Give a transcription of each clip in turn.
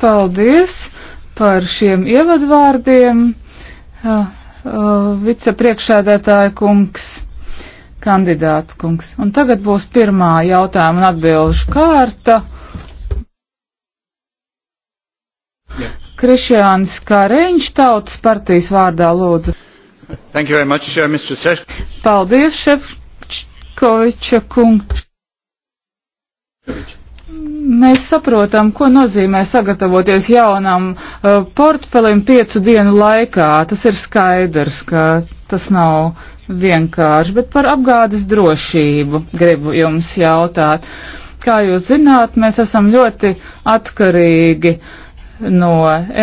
Paldies par šiem ievadvārdiem, uh, uh, vicepriekšēdētāja kungs, kandidāts kungs. Un tagad būs pirmā jautājuma un atbilžu kārta. Yeah. Krišjāns Kāreņš tautas partijas vārdā lūdzu. Thank you very much, uh, Mr. Sef. Paldies, Šefčkoviča kungs. Šefčkoviča. Mēs saprotam, ko nozīmē sagatavoties jaunam uh, portfelim piecu dienu laikā. Tas ir skaidrs, ka tas nav vienkārši, bet par apgādes drošību gribu jums jautāt. Kā jūs zināt, mēs esam ļoti atkarīgi no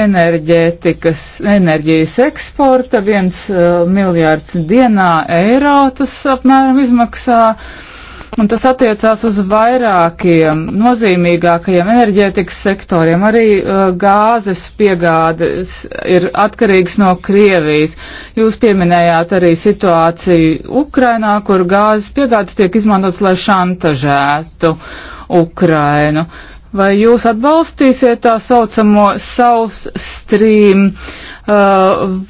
enerģētikas, enerģijas eksporta. Viens uh, miljārds dienā eiro tas apmēram izmaksā. Uh, Un tas attiecās uz vairākiem nozīmīgākajiem enerģētikas sektoriem. Arī uh, gāzes piegādes ir atkarīgs no Krievijas. Jūs pieminējāt arī situāciju Ukrainā, kur gāzes piegādes tiek izmantotas, lai šantažētu Ukrainu. Uh, Vai jūs atbalstīsiet tā saucamo South Stream uh,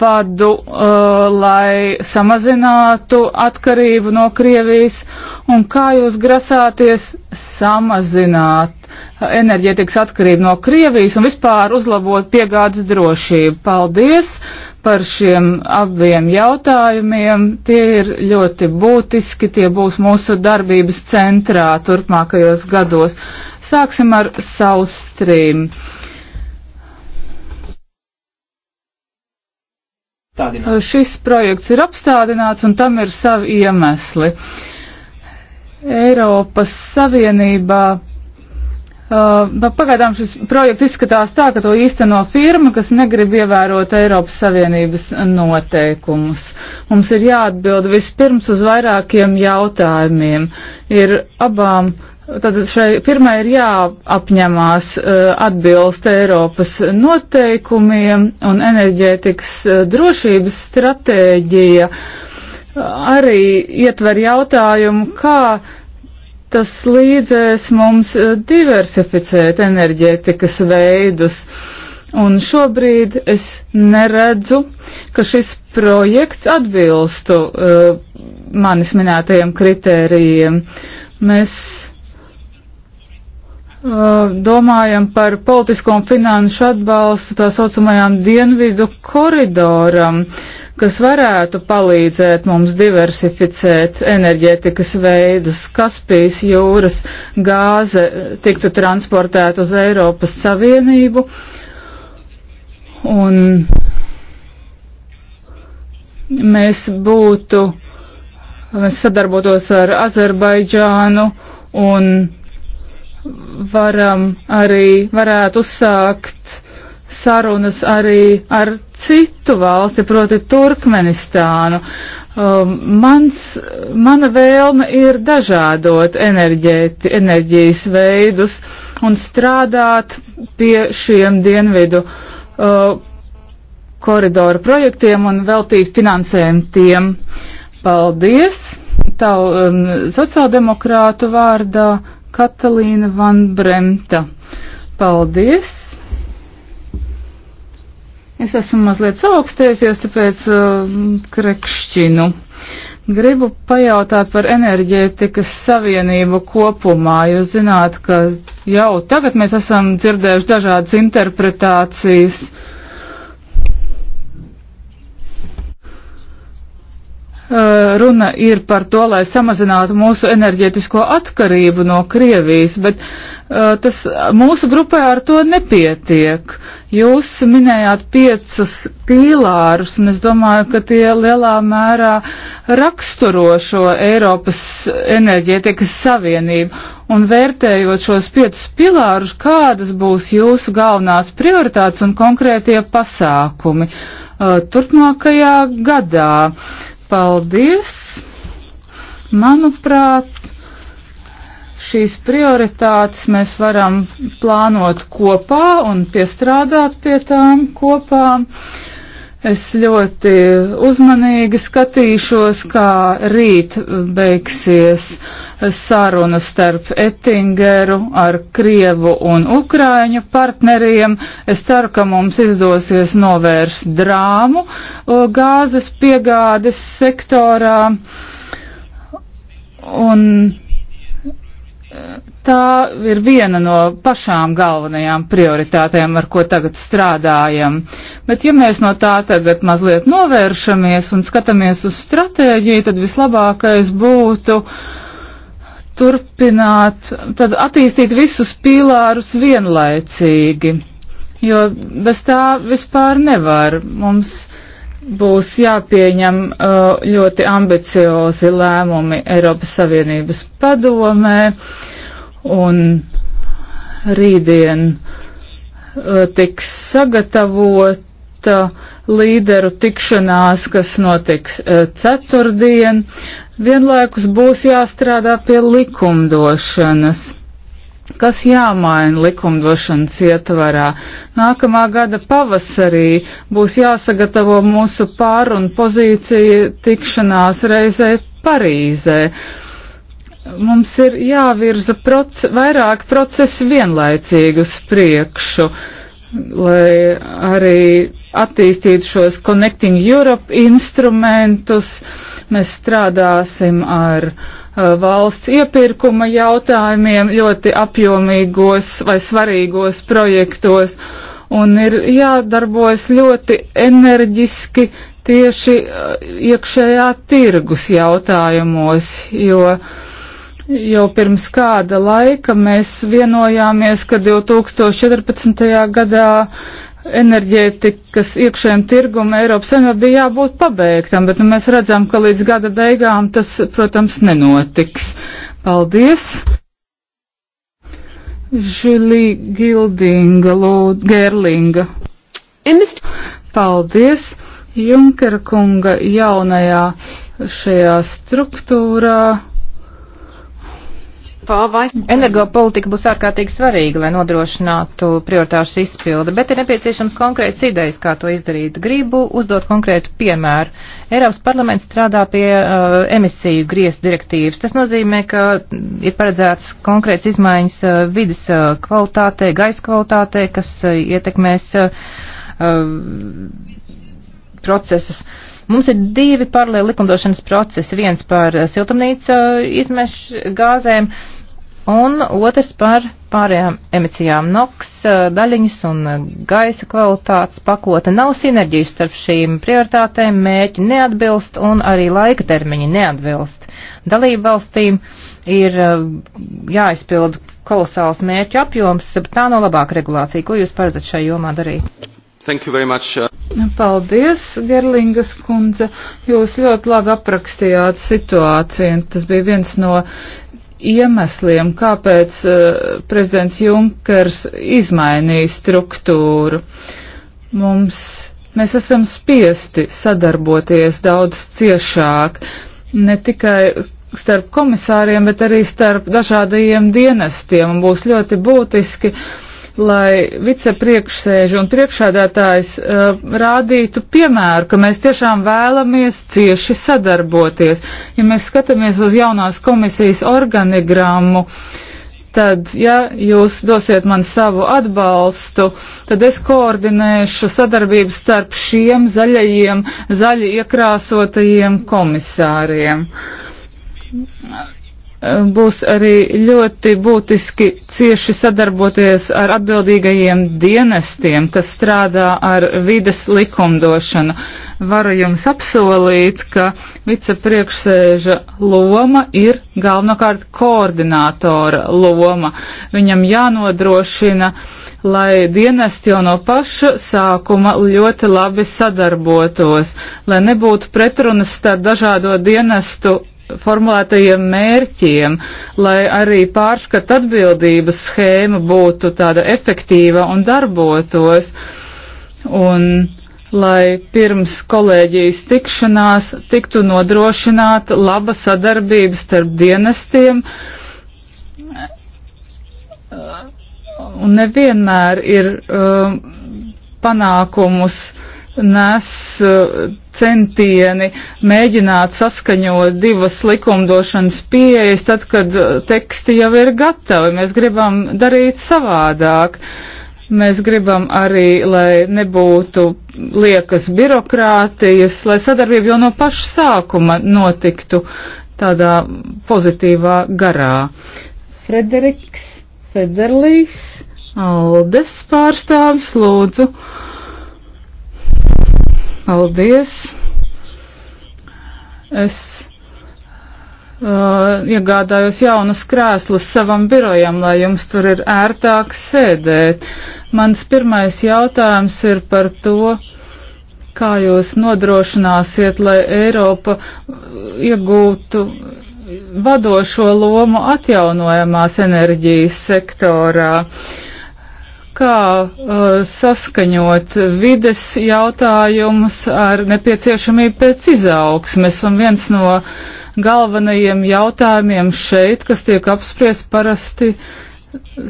vadu, uh, lai samazinātu atkarību no Krievijas? Un kā jūs grasāties samazināt uh, enerģētikas atkarību no Krievijas un vispār uzlabot piegādes drošību? Paldies! par šiem abiem jautājumiem. Tie ir ļoti būtiski, tie būs mūsu darbības centrā turpmākajos gados. Sāksim ar South Stream. Tādināt. Šis projekts ir apstādināts un tam ir savi iemesli. Eiropas Savienībā Uh, pagaidām šis projekts izskatās tā, ka to īsteno firma, kas negrib ievērot Eiropas Savienības noteikumus. Mums ir jāatbild vispirms uz vairākiem jautājumiem. Ir abām, tad šai firmai ir jāapņemās uh, atbilst Eiropas noteikumiem un enerģētikas uh, drošības stratēģija arī ietver jautājumu, kā Tas līdzēs mums eh, diversificēt enerģētikas veidus. Un šobrīd es neredzu, ka šis projekts atbilstu uh, eh, manis minētajiem kritērijiem. Mēs uh, domājam par politisko un finanšu atbalstu tā saucamajām dienvidu koridoram. Uh, kas varētu palīdzēt mums diversificēt enerģētikas veidus. Kaspijas jūras gāze tiktu transportēt uz Eiropas Savienību. Un mēs būtu, mēs sadarbotos ar Azerbaidžānu un varam arī, varētu uzsākt sarunas arī ar citu valsti, proti Turkmenistānu. Um, mans, mana vēlme ir dažādot enerģēti, enerģijas veidus un strādāt pie šiem dienvidu uh, koridoru projektiem un veltīt finansējumu tiem. Paldies! Tā um, sociāldemokrātu vārdā Katalīna Van Bremta. Paldies! Es esmu mazliet saaugstējusies, tāpēc uh, krekšķinu. Gribu pajautāt par enerģētikas savienību kopumā. Jūs zināt, ka jau tagad mēs esam dzirdējuši dažādas interpretācijas. Uh, runa ir par to, lai samazinātu mūsu enerģetisko atkarību no Krievijas, bet tas mūsu grupē ar to nepietiek. Jūs minējāt piecus pīlārus, un es domāju, ka tie lielā mērā raksturo šo Eiropas enerģētikas savienību. Un vērtējot šos piecus pilārus, kādas būs jūsu galvenās prioritātes un konkrētie pasākumi uh, turpmākajā gadā? Uh, Paldies! Manuprāt, šīs prioritātes mēs varam plānot kopā un piestrādāt pie tām kopā. Uh, Es ļoti uzmanīgi skatīšos, kā rīt beigsies saruna starp Ettingeru ar Krievu un Ukraiņu partneriem. Es ceru, ka mums izdosies novērst drāmu gāzes piegādes sektorā. Un tā ir viena no pašām galvenajām prioritātēm, ar ko tagad strādājam. Bet ja mēs no tā tagad mazliet novēršamies un skatāmies uz stratēģiju, tad vislabākais būtu turpināt, tad attīstīt visus pīlārus vienlaicīgi, jo bez tā vispār nevar. Mums būs jāpieņem uh, ļoti ambiciozi lēmumi Eiropas Savienības padomē, un rītdien uh, tiks sagatavota līderu tikšanās, kas notiks uh, ceturtdien. Vienlaikus būs jāstrādā pie likumdošanas kas jāmaina likumdošanas ietvarā. Nākamā gada pavasarī būs jāsagatavo mūsu pārunu pozīcija tikšanās reizē Parīzē. Mums ir jāvirza proce vairāk procesu vienlaicīgi uz priekšu, lai arī attīstītu šos Connecting Europe instrumentus. Mēs strādāsim ar uh, Uh, valsts iepirkuma jautājumiem ļoti apjomīgos vai svarīgos projektos un ir jādarbojas ļoti enerģiski tieši uh, iekšējā tirgus jautājumos, jo jau pirms kāda laika mēs vienojāmies, ka 2014. gadā enerģētikas iekšējiem tirgumu Eiropas Savienībā bija jābūt pabeigtam, bet nu, mēs redzam, ka līdz gada beigām tas, protams, nenotiks. Paldies! Žilī Gildinga, lūd, Gerlinga. Paldies! Junkera kunga jaunajā šajā struktūrā Energopolitika būs ārkārtīgi svarīga, lai nodrošinātu prioritāšu izpildi, bet ir nepieciešams konkrēts idejas, kā to izdarīt. Gribu uzdot konkrētu piemēru. Eiropas parlaments strādā pie uh, emisiju griestu direktīvas. Tas nozīmē, ka ir paredzēts konkrēts izmaiņas uh, vidas uh, kvalitātei, gaisa kvalitātei, kas uh, ietekmēs uh, uh procesus. Uh, Mums ir divi paralēli likumdošanas procesi, viens par eh, siltumnīca eh, izmešu gāzēm un otrs par pārējām emisijām. NOX eh, daļiņas un gaisa kvalitātes pakota nav sinerģijas starp šīm prioritātēm, mēķi neatbilst un arī laika termiņi neatbilst. Dalību valstīm ir jāizpild kolosāls mērķu apjoms, bet tā nav no labāka regulācija. Ko jūs paredzat šai jomā darīt? Uh, Paldies, Gerlingas kundze. Jūs ļoti labi aprakstījāt situāciju, un tas bija viens no iemesliem, kāpēc uh, prezidents Junkers izmainīja struktūru. Mums, mēs esam spiesti sadarboties daudz ciešāk, ne tikai starp komisāriem, bet arī starp dažādajiem dienestiem, un būs ļoti būtiski. Uh, lai vicepriekšsēži un priekšādātājs uh, rādītu piemēru, ka mēs tiešām vēlamies cieši sadarboties. Ja mēs skatāmies uz jaunās komisijas organigrammu, tad, ja jūs dosiet man savu atbalstu, tad es koordinēšu sadarbību starp šiem zaļajiem, zaļi iekrāsotajiem komisāriem. Eh, būs arī ļoti būtiski cieši sadarboties ar atbildīgajiem dienestiem, kas strādā ar vides likumdošanu. Varu jums apsolīt, ka vicepriekšsēža loma ir galvenokārt koordinātora loma. Viņam jānodrošina, lai dienesti jau no paša sākuma ļoti labi sadarbotos, lai nebūtu pretrunas starp dažādo dienestu formulētajiem mērķiem, lai arī pārskat atbildības schēma būtu tāda efektīva un darbotos. Un lai pirms kolēģijas tikšanās tiktu nodrošināta laba sadarbība starp dienestiem. Un nevienmēr ir um, panākumus nes uh, centieni mēģināt saskaņot divas likumdošanas pieejas, tad, kad uh, teksti jau ir gatavi. Mēs gribam darīt savādāk. Mēs gribam arī, lai nebūtu liekas birokrātijas, lai sadarbība jau no paša sākuma notiktu tādā pozitīvā garā. Frederiks Federlīs, Aldes pārstāvis, lūdzu. Uh, Paldies! Es uh, iegādājos jaunus krēslus savam birojam, lai jums tur ir ērtāk sēdēt. Mans pirmais jautājums ir par to, kā jūs nodrošināsiet, lai Eiropa uh, iegūtu vadošo lomu atjaunojamās enerģijas sektorā. Uh, kā uh, saskaņot vides jautājumus ar nepieciešamību pēc izaugsmes. Un viens no galvenajiem jautājumiem šeit, kas tiek apspriest parasti,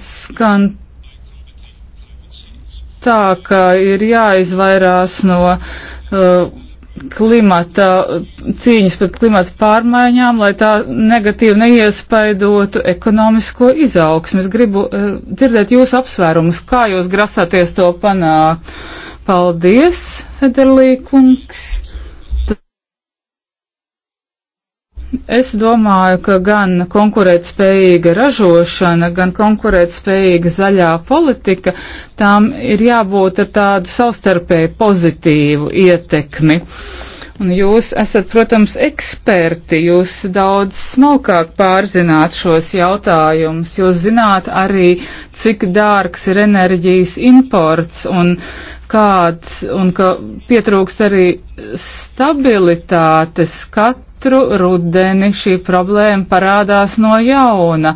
skan tā, ka ir jāizvairās no uh, klimata, cīņas pret klimata pārmaiņām, lai tā negatīvi neiespaidotu ekonomisko izaugsmu. Es gribu uh, dzirdēt jūsu apsvērumus, kā jūs grasāties to panākt. Paldies, Federlī kungs. Es domāju, ka gan konkurētspējīga ražošana, gan konkurētspējīga zaļā politika, tām ir jābūt ar tādu savstarpēju pozitīvu ietekmi. Un jūs esat, protams, eksperti, jūs daudz smalkāk pārzināt šos jautājumus, jūs zināt arī, cik dārgs ir enerģijas imports un kāds, un ka pietrūkst arī stabilitātes skatu katru rudeni šī problēma parādās no jauna.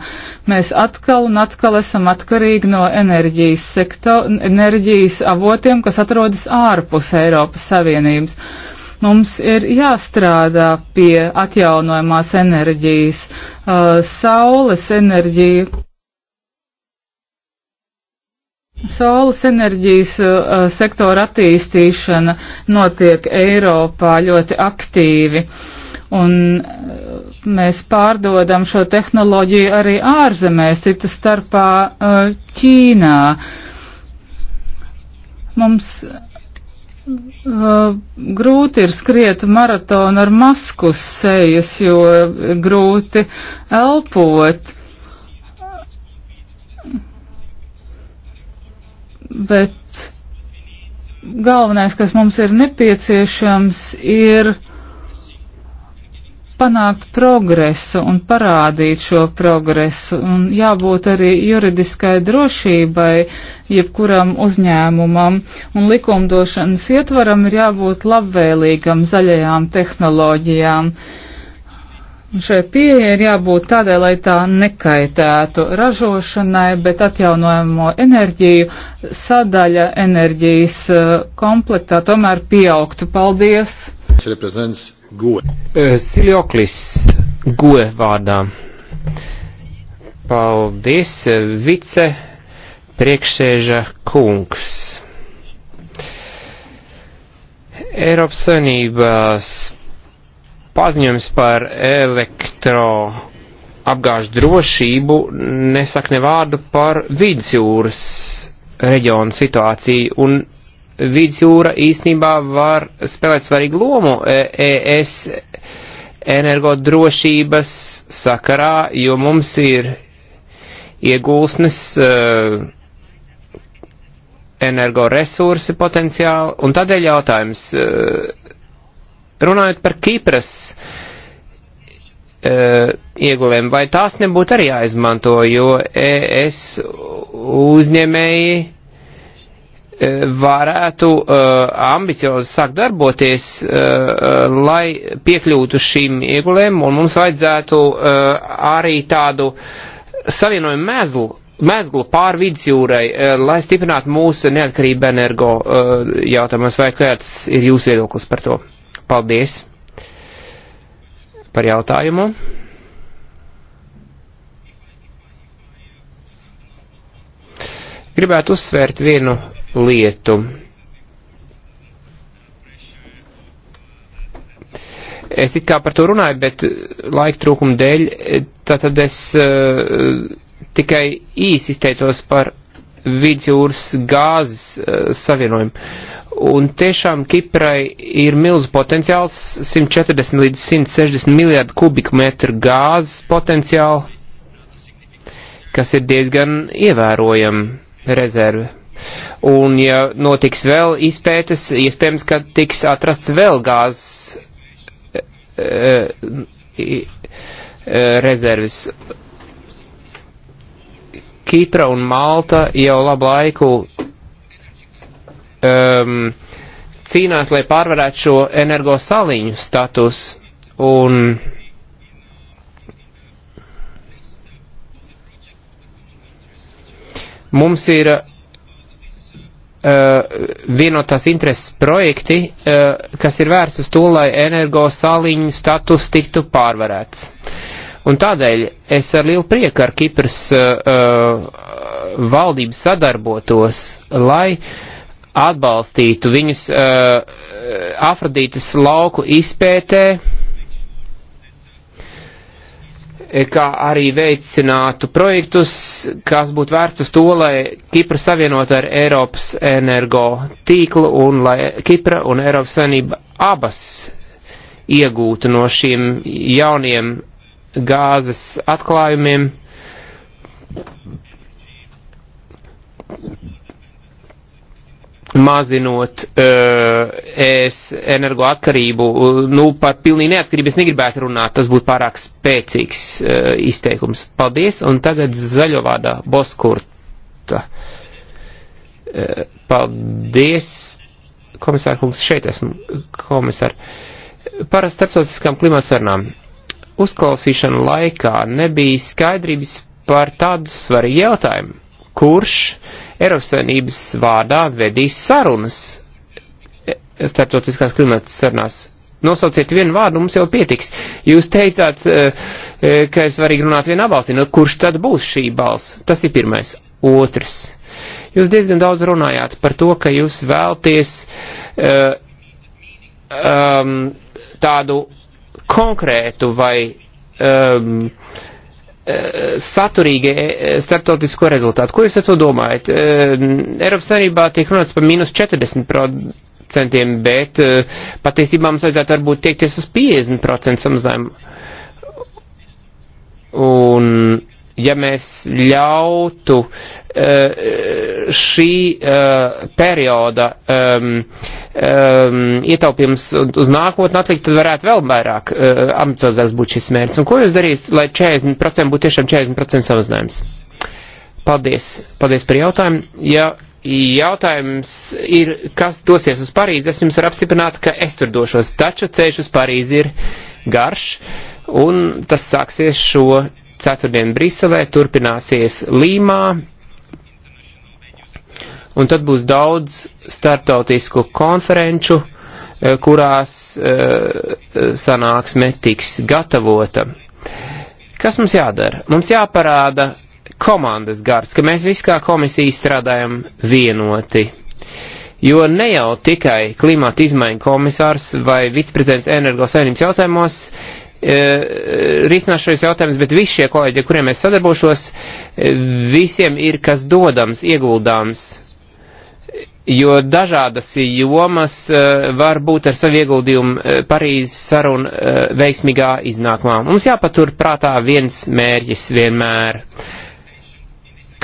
Mēs atkal un atkal esam atkarīgi no enerģijas, sekto, enerģijas avotiem, kas atrodas ārpus Eiropas Savienības. Mums ir jāstrādā pie atjaunojumās enerģijas, uh, saules enerģija, Saules enerģijas uh, sektora attīstīšana notiek Eiropā ļoti aktīvi. Uh, Un uh, mēs pārdodam šo tehnoloģiju arī ārzemēs, cita starpā uh, Ķīnā. Mums uh, grūti ir skriet maratonu ar masku sejas, jo grūti elpot. Bet galvenais, kas mums ir nepieciešams, ir panākt progresu un parādīt šo progresu, un jābūt arī juridiskai drošībai jebkuram uzņēmumam, un likumdošanas ietvaram ir jābūt labvēlīgam zaļajām tehnoloģijām. Un šai pieeja ir jābūt tādai, lai tā nekaitētu ražošanai, bet atjaunojamo enerģiju sadaļa enerģijas eh, komplektā tomēr pieaugtu. Paldies! Reprezents Goe. Silioklis Goe vārdā. Paldies, vice priekšsēža kungs. Eiropas Savienības paziņojums par elektro apgāžu drošību nesaka ne vārdu par vidusjūras reģionu situāciju un vidusjūra īstenībā var spēlēt svarīgu lomu ES e energodrošības sakarā, jo mums ir iegūsnes uh, energoresursi potenciāli, un tādēļ jautājums, uh, runājot par Kipras uh, iegulēm, vai tās nebūtu arī jāizmanto, jo es uzņēmēji varētu uh, ambiciozi sākt darboties, uh, lai piekļūtu šīm iegulēm, un mums vajadzētu uh, arī tādu savienojumu mezlu, mezglu pār vidusjūrai, uh, lai stiprinātu mūsu neatkarību energo uh, jautājumos, vai kāds ir jūsu viedoklis par to. Paldies par jautājumu. Gribētu uzsvērt vienu lietu. Es it kā par to runāju, bet laika trūkuma dēļ, tātad es uh, tikai īsi izteicos par vidusjūras gāzes uh, savienojumu. Un tiešām Kiprai ir milz potenciāls, 140 līdz 160 miljārdu kubikmetru gāzes potenciāli, kas ir diezgan ievērojama rezerve un ja notiks vēl izpētes, iespējams, ka tiks atrasts vēl gāzes e, e, e rezervis. Kipra un Malta jau labu laiku um, cīnās, lai pārvarētu šo energo saliņu status. Un mums ir uh, Uh, vienotās intereses projekti, uh, kas ir vērsts uz to, lai energo saliņu status tiktu pārvarēts. Un tādēļ es ar lielu prieku ar Kipras uh, uh valdību sadarbotos, lai atbalstītu viņus uh, Afrodītas lauku izpētē, uh, kā arī veicinātu projektus, kas būtu vērts uz to, lai Kipra savienot ar Eiropas energo tīklu un lai Kipra un Eiropas savienība abas iegūtu no šiem jauniem gāzes atklājumiem mazinot uh, es energoatkarību, nu par pilnīgi neatkarību es negribētu runāt, tas būtu pārāk spēcīgs uh, izteikums. Paldies, un tagad zaļo vārdā Boskurta. Uh, paldies, komisār kungs, šeit esmu komisār. Par starptautiskām klimatsarnām uzklausīšana laikā nebija skaidrības par tādu svarīgu jautājumu, kurš uh, Eiropas Savienības vārdā vedīs sarunas e, starptautiskās klimata sarunās. Nosauciet vienu vārdu, mums jau pietiks. Jūs teicāt, e, e, ka es varu runāt vienā balsī. Nu, kurš tad būs šī balss? Tas ir pirmais. Otrs. Jūs diezgan daudz runājāt par to, ka jūs vēlties uh, um, tādu konkrētu vai um, uh, Eh, saturīgi eh, starptautisko rezultātu. Ko jūs ar to domājat? Eh, Eiropas Savienībā tiek runāts par mīnus 40%, bet patiesībā mums vajadzētu varbūt tiekties uz 50% samazinājumu. Un ja mēs ļautu šī perioda ehm, um, ietaupījums uz nākotnē atlikt, tad varētu vēl vairāk uh, ambiciozāks būt šis mērķis. Un ko jūs darīs, lai 40% būtu tiešām 40% samazinājums? Paldies, paldies par jautājumu. Ja jautājums ir, kas dosies uz Parīzi, es jums varu apstiprināt, ka es tur došos, taču ceļš uz Parīzi ir garš, un tas sāksies šo ceturtdienu Briselē, turpināsies Līmā, un tad būs daudz startautisku konferenču, eh, kurās eh, sanāksme tiks gatavota. Kas mums jādara? Mums jāparāda komandas gars, ka mēs visi kā komisija strādājam vienoti. Jo ne jau tikai klimata izmaiņu komisārs vai viceprezidents energosaimnības jautājumos e, risinās šos jautājumus, bet visi šie kolēģi, ar kuriem es sadarbošos, e, visiem ir kas dodams, ieguldāms jo dažādas jomas eh, var būt ar savu ieguldījumu eh, Parīzes sarunu eh, veiksmīgā iznākumā. Mums jāpatur prātā viens mērķis vienmēr.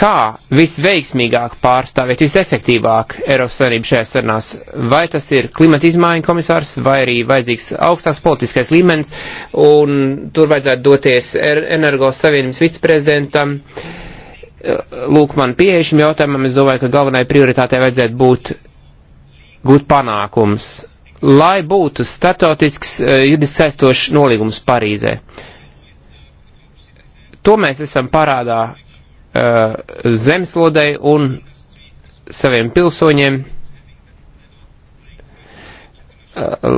Kā visveiksmīgāk pārstāvēt, visefektīvāk Eiropas Savienību šajās sarunās? Vai tas ir klimata izmaiņu komisārs, vai arī vajadzīgs augstāks politiskais līmenis, un tur vajadzētu doties er-, Energos Savienības viceprezidentam? Uh, lūk man pieeja šim jautājumam, es domāju, ka galvenai prioritātei vajadzētu būt gūt panākums, lai būtu startautisks eh, juridiski saistošs nolīgums Parīzē. To mēs esam parādā uh, eh, zemeslodei un saviem pilsoņiem, uh,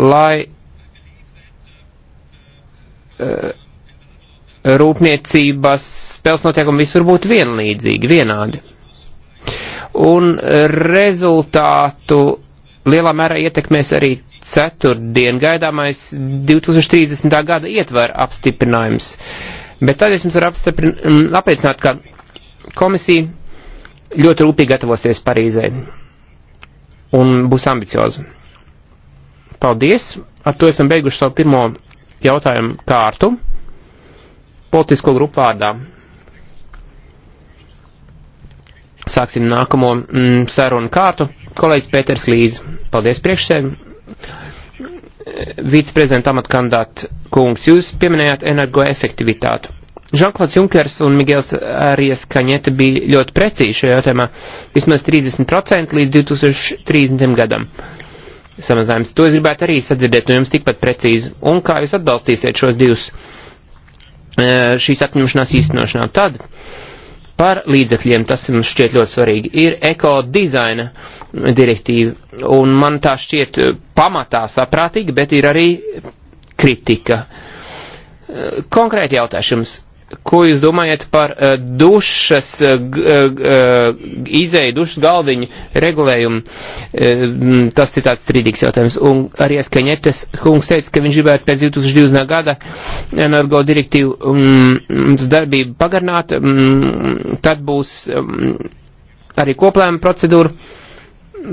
lai uh, rūpniecības spēles notiekumi visur būtu vienlīdzīgi, vienādi. Un rezultātu lielā mērā ietekmēs arī ceturtdien gaidāmais 2030. gada ietver apstiprinājums. Bet tad es jums varu apliecināt, ka komisija ļoti rūpīgi gatavosies Parīzē un būs ambicioza. Paldies! Ar to esam beiguši savu pirmo jautājumu kārtu politisko grupu vārdā. Sāksim nākamo mm, sarunu kārtu. Kolēģis Pēters Līdz. Paldies priekšsēm. Viceprezidenta amatkandāta kungs, jūs pieminējāt energoefektivitātu. Žanklāts Junkers un Migels Arijas Kaņete bija ļoti precīzi šajā jautājumā. Vismaz 30% līdz 2030. gadam samazinājums. To es gribētu arī sadzirdēt no jums tikpat precīzi. Un kā jūs atbalstīsiet šos divus? Uh, E, šīs apņemšanās īstenošanā. Tad par līdzekļiem, tas mums šķiet ļoti svarīgi, ir ekodizaina direktīva. Un man tā šķiet pamatā saprātīga, bet ir arī kritika. E, konkrēti jautājums ko jūs domājat par uh, dušas, uh, uh, izēju dušas galdiņu regulējumu? Uh, tas ir tāds strīdīgs jautājums. Un arī Skaņetes kungs teica, ka viņš gribētu pēc 2020. gada energo direktīvu um, darbību pagarināt, um, tad būs um, arī koplēma procedūra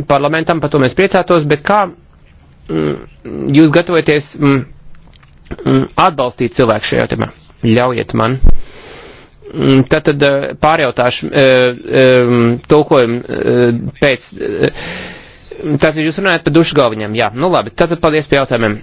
parlamentam, par to mēs priecātos, bet kā um, jūs gatavojaties um, atbalstīt cilvēku šajā jautājumā? Ļaujiet man. Mm, tad, tad eh, pārjautāšu eh, eh, tulkojumu pēc. Tātad jūs runājat par dušu galviņiem, jā. Nu labi, tātad paldies par jautājumiem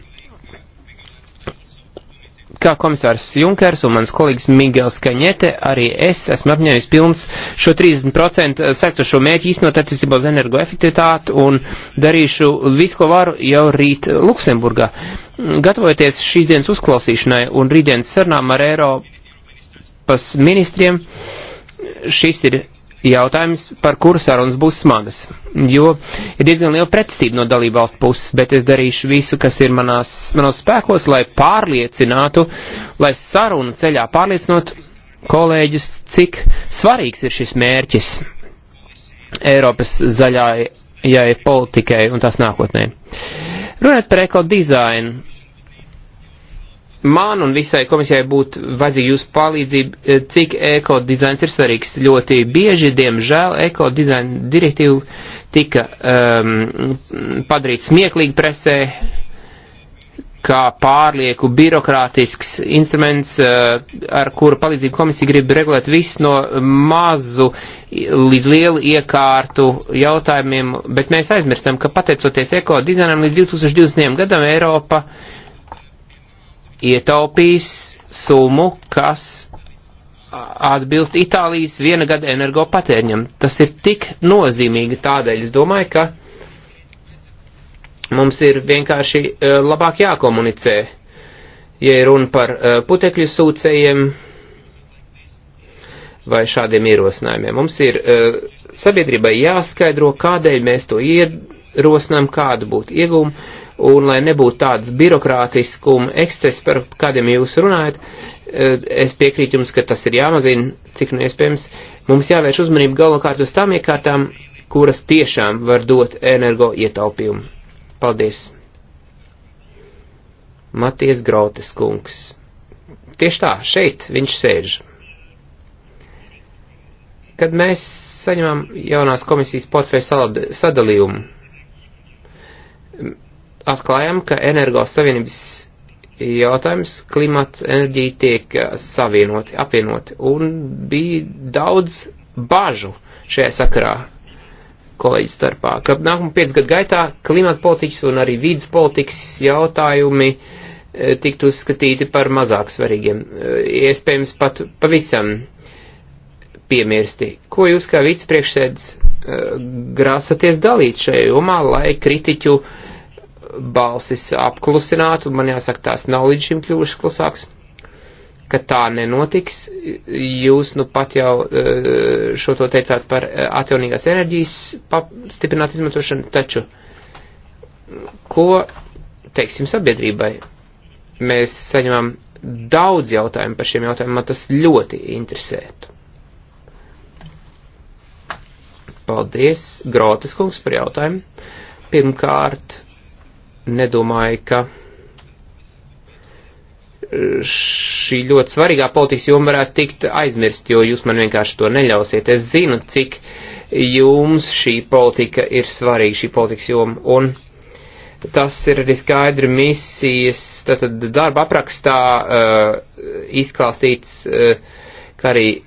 kā komisārs Junkers un mans kolēģis Miguels Kaņete, arī es esmu apņēmis pilns šo 30% sektošo mērķi īstenot attiecībā uz energoefektivitāti un darīšu visu, ko varu jau rīt Luksemburgā. Gatavojoties šīs dienas uzklausīšanai un rītdienas sarunām ar Eiropas ministriem, šis ir jautājums, par kuru sarunas būs smagas, jo ir diezgan liela pretestība no dalību valstu puses, bet es darīšu visu, kas ir manās, manos spēkos, lai pārliecinātu, lai sarunu ceļā pārliecinot kolēģus, cik svarīgs ir šis mērķis Eiropas zaļājai politikai un tās nākotnē. Runāt par ekodizainu man un visai komisijai būtu vajadzīga jūsu palīdzība, e, cik ekodizains ir svarīgs. Ļoti bieži, diemžēl, ekodizaina direktīva tika um, padarīta smieklīgi presē, kā pārlieku birokrātisks instruments, uh, ar kuru palīdzību komisija grib regulēt visu no mazu līdz lielu iekārtu jautājumiem, bet mēs aizmirstam, ka pateicoties ekodizainam līdz 2020. gadam Eiropa uh, ietaupīs summu, kas atbilst Itālijas viena gada energo patēriņam. Tas ir tik nozīmīgi tādēļ, es domāju, ka mums ir vienkārši uh, labāk jākomunicē, ja ir runa par uh, putekļu sūcējiem vai šādiem ierosinājumiem. Mums ir uh, sabiedrībai jāskaidro, kādēļ mēs to ierosinām, kādu būtu ieguvumu un lai nebūtu tāds birokrātiskuma ekscess, par kādiem jūs runājat, eh, es piekrītu jums, ka tas ir jāmazina, cik nu iespējams. Mums jāvērš uzmanība galvenokārt uz tām iekārtām, kuras tiešām var dot energo ietaupījumu. Paldies! Maties Grotes kungs. Tieši tā, šeit viņš sēž. Kad mēs saņemam jaunās komisijas portfeļu sadalījumu, atklājām, ka energos savienības jautājums klimats enerģija tiek uh, savienoti, apvienoti, un bija daudz bažu šajā sakarā kolēģi starpā, ka nākamā piec gadu gaitā klimata politikas un arī vīdas politikas jautājumi uh, tiktu uzskatīti par mazāk svarīgiem, uh, iespējams pat pavisam piemirsti. Ko jūs kā vicepriekšsēdis grāsaties dalīt šajā jomā, lai kritiķu uh, balsis apklusināt, un man jāsaka, tās nav līdz šim kļuvušas klusāks, ka tā nenotiks. Jūs nu pat jau e, šo to teicāt par e, atjaunīgās enerģijas stiprināt izmantošanu, taču ko teiksim sabiedrībai? Mēs saņemam daudz jautājumu par šiem jautājumiem, man tas ļoti interesētu. Paldies, Grotas kungs, par jautājumu. Pirmkārt, nedomāju, ka šī ļoti svarīgā politikas joma varētu tikt aizmirst, jo jūs man vienkārši to neļausiet. Es zinu, cik jums šī politika ir svarīga, šī politikas joma, un tas ir arī skaidri misijas, tātad darba aprakstā uh, izklāstīts, uh, kā arī uh,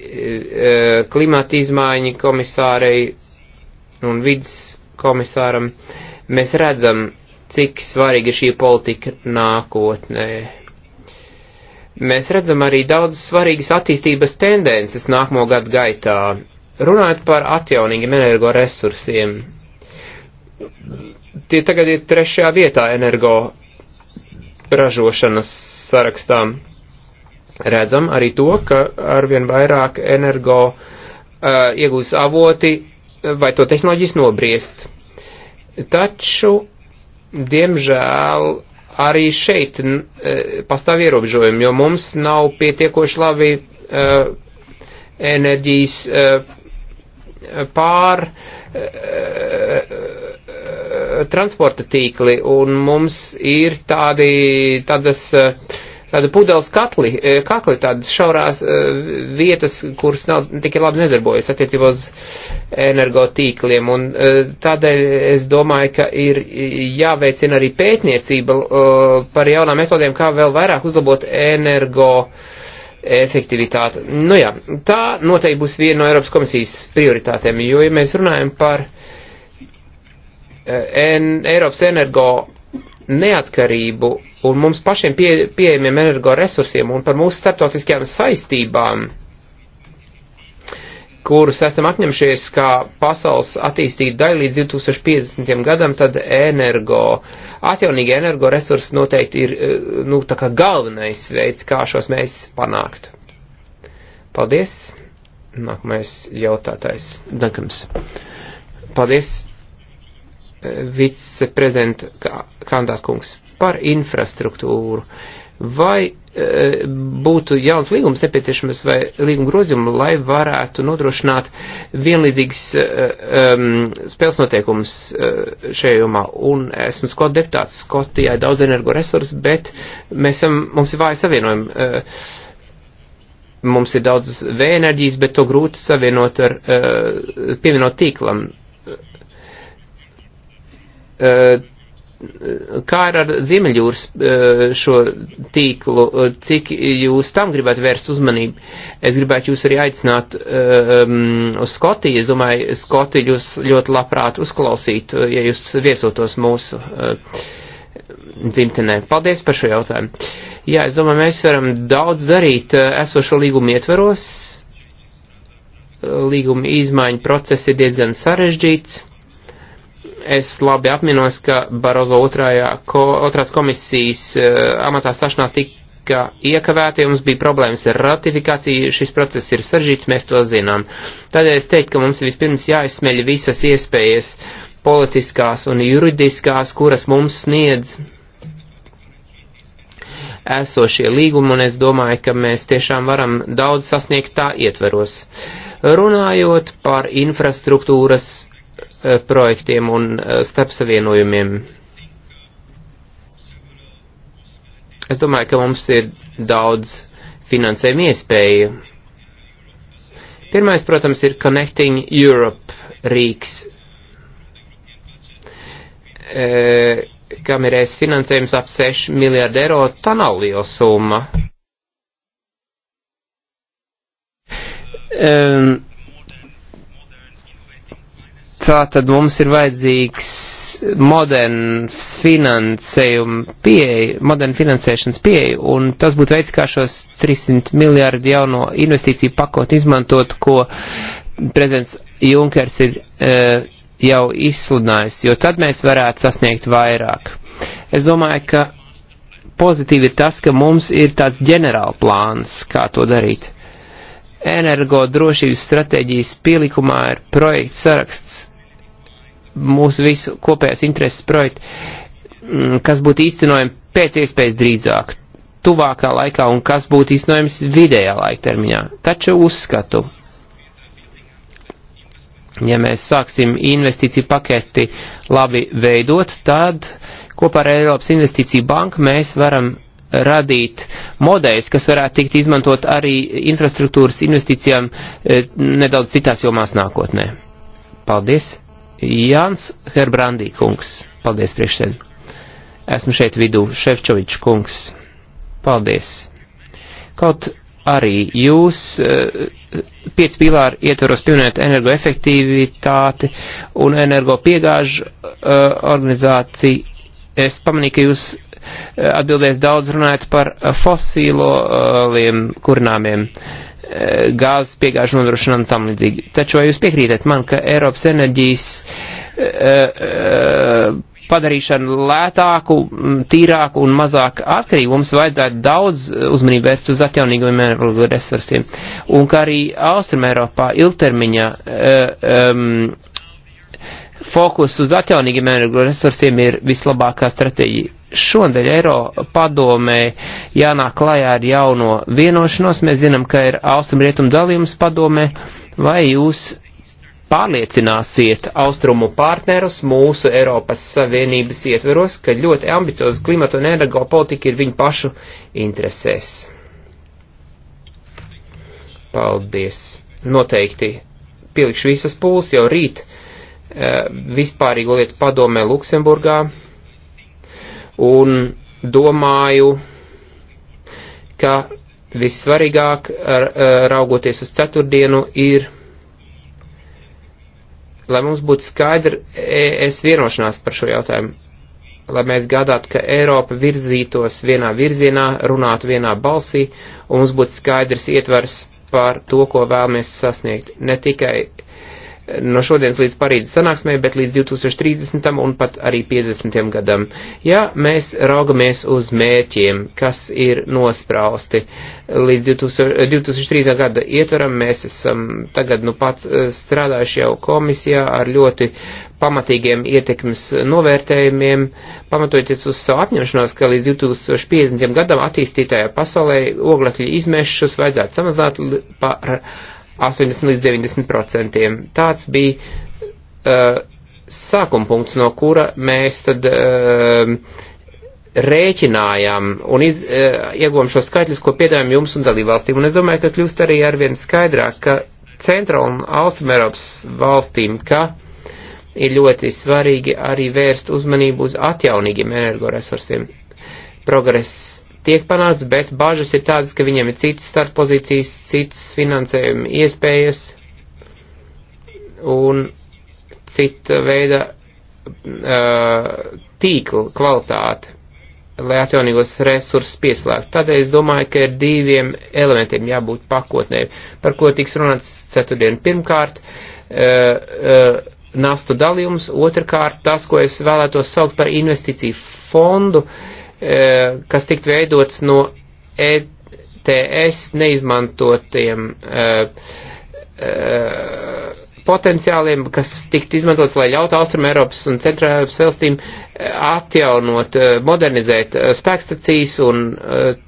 klimata izmaiņa komisārei un vidas komisāram. Mēs redzam, cik svarīga šī politika nākotnē. Mēs redzam arī daudz svarīgas attīstības tendences nākamo gadu gaitā. Runājot par atjaunīgiem energoresursiem, tie tagad ir trešajā vietā energo ražošanas sarakstām. Redzam arī to, ka arvien vairāk energo uh, iegūs avoti vai to tehnoloģijas nobriest. Taču Diemžēl arī šeit e, pastāv ierobežojumi, jo mums nav pietiekoši labi e, enerģijas e, pār transporta tīkli, un mums ir tādi, tādas uh, tādu pudeles katli, e, kakli, tādas šaurās e, vietas, kuras nav tik labi nedarbojas attiecībā uz energotīkliem. Un e, tādēļ es domāju, ka ir jāveicina arī pētniecība par jaunām metodēm, kā vēl vairāk uzlabot energo efektivitāti. Nu jā, tā noteikti būs viena no Eiropas komisijas prioritātēm, jo, ja mēs runājam par en, Eiropas energo neatkarību un mums pašiem pie, pieejamiem energoresursiem un par mūsu starptautiskajām saistībām, kurus esam apņemšies kā pasaules attīstīt daļu līdz 2050. gadam, tad energo, atjaunīgi energoresursi noteikti ir, eh, nu, tā kā galvenais veids, kā šos mēs panākt. Paldies! Nākamais jautātais. Dankams. Paldies, eh, viceprezidenta kandātkungs par infrastruktūru. Vai e, būtu jauns līgums nepieciešams vai līguma grozījuma, lai varētu nodrošināt vienlīdzīgas e, um, spēles noteikumus e, šajā jomā. Un esmu Skotu deputāts, Skotijai daudz energoresursu, bet mēs esam, mums ir vāja savienojuma. E, mums ir daudz vēja enerģijas, bet to grūti savienot ar, uh, pievienot tīklam. Uh, kā ir ar Ziemeļjūras eh, šo tīklu, cik jūs tam gribētu vērst uzmanību? Es gribētu jūs arī aicināt um, uz Skotiju. Es domāju, Skoti jūs ļoti labprāt uzklausītu, eh, ja jūs viesotos mūsu uh, dzimtenē. Paldies par šo jautājumu. Jā, es domāju, mēs varam daudz darīt esošo līgumu ietveros. Līguma izmaiņu process ir diezgan sarežģīts es labi apminos, ka Barozo otrajā, ko, otrās komisijas uh, amatā stašanās tika iekavēta, ja mums bija problēmas ar ratifikāciju, šis process ir saržīts, mēs to zinām. Tādēļ es teiktu, ka mums vispirms jāizsmeļ visas iespējas politiskās un juridiskās, kuras mums sniedz esošie līgumi, un es domāju, ka mēs tiešām varam daudz sasniegt tā ietveros. Runājot par infrastruktūras Eh, projektiem un eh, starpsavienojumiem. Es domāju, ka mums ir daudz finansējuma iespēju. Pirmais, protams, ir Connecting Europe rīks, e, kam ir es finansējums ap 6 miljārdu eiro. Tā nav liela summa. Um, e, Tā tad mums ir vajadzīgs moderns finansējuma pieeja, moderna finansēšanas pieeja, un tas būtu veids, kā šos 300 miljārdu jauno investīciju pakotni izmantot, ko prezidents Junkers ir e, jau izsludinājis, jo tad mēs varētu sasniegt vairāk. Es domāju, ka pozitīvi ir tas, ka mums ir tāds ģenerālplāns, kā to darīt energodrošības stratēģijas pielikumā ir projekts saraksts mūsu visu kopējās intereses projektu, mm, kas būtu īstenojami pēc iespējas drīzāk, tuvākā laikā un kas būtu īstenojams vidējā laiktermiņā. Taču uzskatu, ja mēs sāksim investīciju paketi labi veidot, tad kopā ar Eiropas investīciju banku mēs varam radīt modeļus, kas varētu tikt izmantot arī infrastruktūras investīcijām eh, nedaudz citās jomās nākotnē. Paldies! Jāns Herbrandī kungs. Paldies priekšsēd. Esmu šeit vidū, Ševčovičs kungs. Paldies. Kaut arī jūs eh, pieci pīlāri ietvaros pieminēt energoefektivitāti un energopiegāžu eh, organizāciju. Es pamanīju, ka jūs eh, atbildēs daudz runājat par fosīliem kurināmiem. Uh, Eh, gāzes piegāžu nodrošināšanu tam līdzīgi. Taču vai jūs piekrītat man, ka Eiropas enerģijas eh, eh, padarīšanu lētāku, tīrāku un mazāk atkarīgu mums vajadzētu daudz uzmanību vērst uz atjaunīgiem enerģijas resursiem. Un kā arī Austrum Eiropā ilgtermiņā um, fokus uz atjaunīgiem enerģijas resursiem ir vislabākā stratēģija šodien Eiro padomē jānāk klajā ar jauno vienošanos. Mēs zinām, ka ir austrum rietumu dalījums padomē. Vai jūs pārliecināsiet austrumu partnerus mūsu Eiropas Savienības ietveros, ka ļoti ambicioza klimata un energo politika ir viņu pašu interesēs? Paldies! Noteikti pielikšu visas pūles jau rīt eh, vispārīgo lietu padomē Luksemburgā un domāju, ka vissvarīgāk, eh, raugoties uz ceturtdienu, ir, lai mums būtu skaidra es vienošanās par šo jautājumu, lai mēs gādātu, ka Eiropa virzītos vienā virzienā, runātu vienā balsī, un mums būtu skaidrs ietvers par to, ko vēlamies sasniegt. Ne tikai uh, no šodienas līdz Parīzes sanāksmē, bet līdz 2030. un pat arī 50. gadam. Ja mēs raugamies uz mērķiem, kas ir nosprausti līdz 2000, 2030. gada ietvaram, mēs esam tagad nu pat eh, strādājuši jau komisijā ar ļoti pamatīgiem ietekmes novērtējumiem, pamatojoties uz savu apņemšanos, ka līdz 2050. gadam attīstītajā pasaulē oglekļa izmešus vajadzētu samazināt par 80 līdz 90 procentiem. Tāds bija uh, sākuma punkts, no kura mēs tad uh, rēķinājām un iz, uh, ieguvām šo skaitļus, ko piedāvājam jums un dalībvalstīm. Un es domāju, ka kļūst arī arvien skaidrāk, ka Centra un Austrum Eiropas valstīm, ka ir ļoti svarīgi arī vērst uzmanību uz atjaunīgiem energoresursiem. Progress tiek panāts, bet bažas ir tādas, ka viņiem ir citas startpozīcijas, citas finansējuma iespējas un cita veida uh, tīkla kvalitāte, lai atjaunīgos resursus pieslēgtu. Tādēļ es domāju, ka ir diviem elementiem jābūt pakotnē, par ko tiks runāts ceturtdien. Pirmkārt, uh, uh, nastu dalījums, otrkārt tas, ko es vēlētos saukt par investīciju fondu, uh, E, kas tikt veidots no ETS neizmantotiem e, e, potenciāliem, kas tikt izmantots, lai ļautu Austrum Eiropas un Centrā Eiropas valstīm atjaunot, modernizēt spēkstacijas un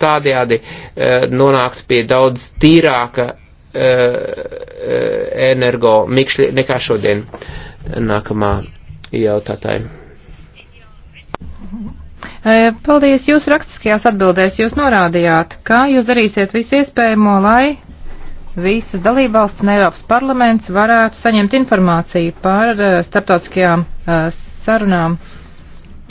tādējādi nonākt pie daudz tīrāka energo mikšļa nekā šodien nākamā jautātāja. Mhm. E, paldies! Jūs rakstiskajās atbildēs jūs norādījāt, kā jūs darīsiet visu iespējamo, lai visas dalībvalsts un Eiropas parlaments varētu saņemt informāciju par e, starptautiskajām e, sarunām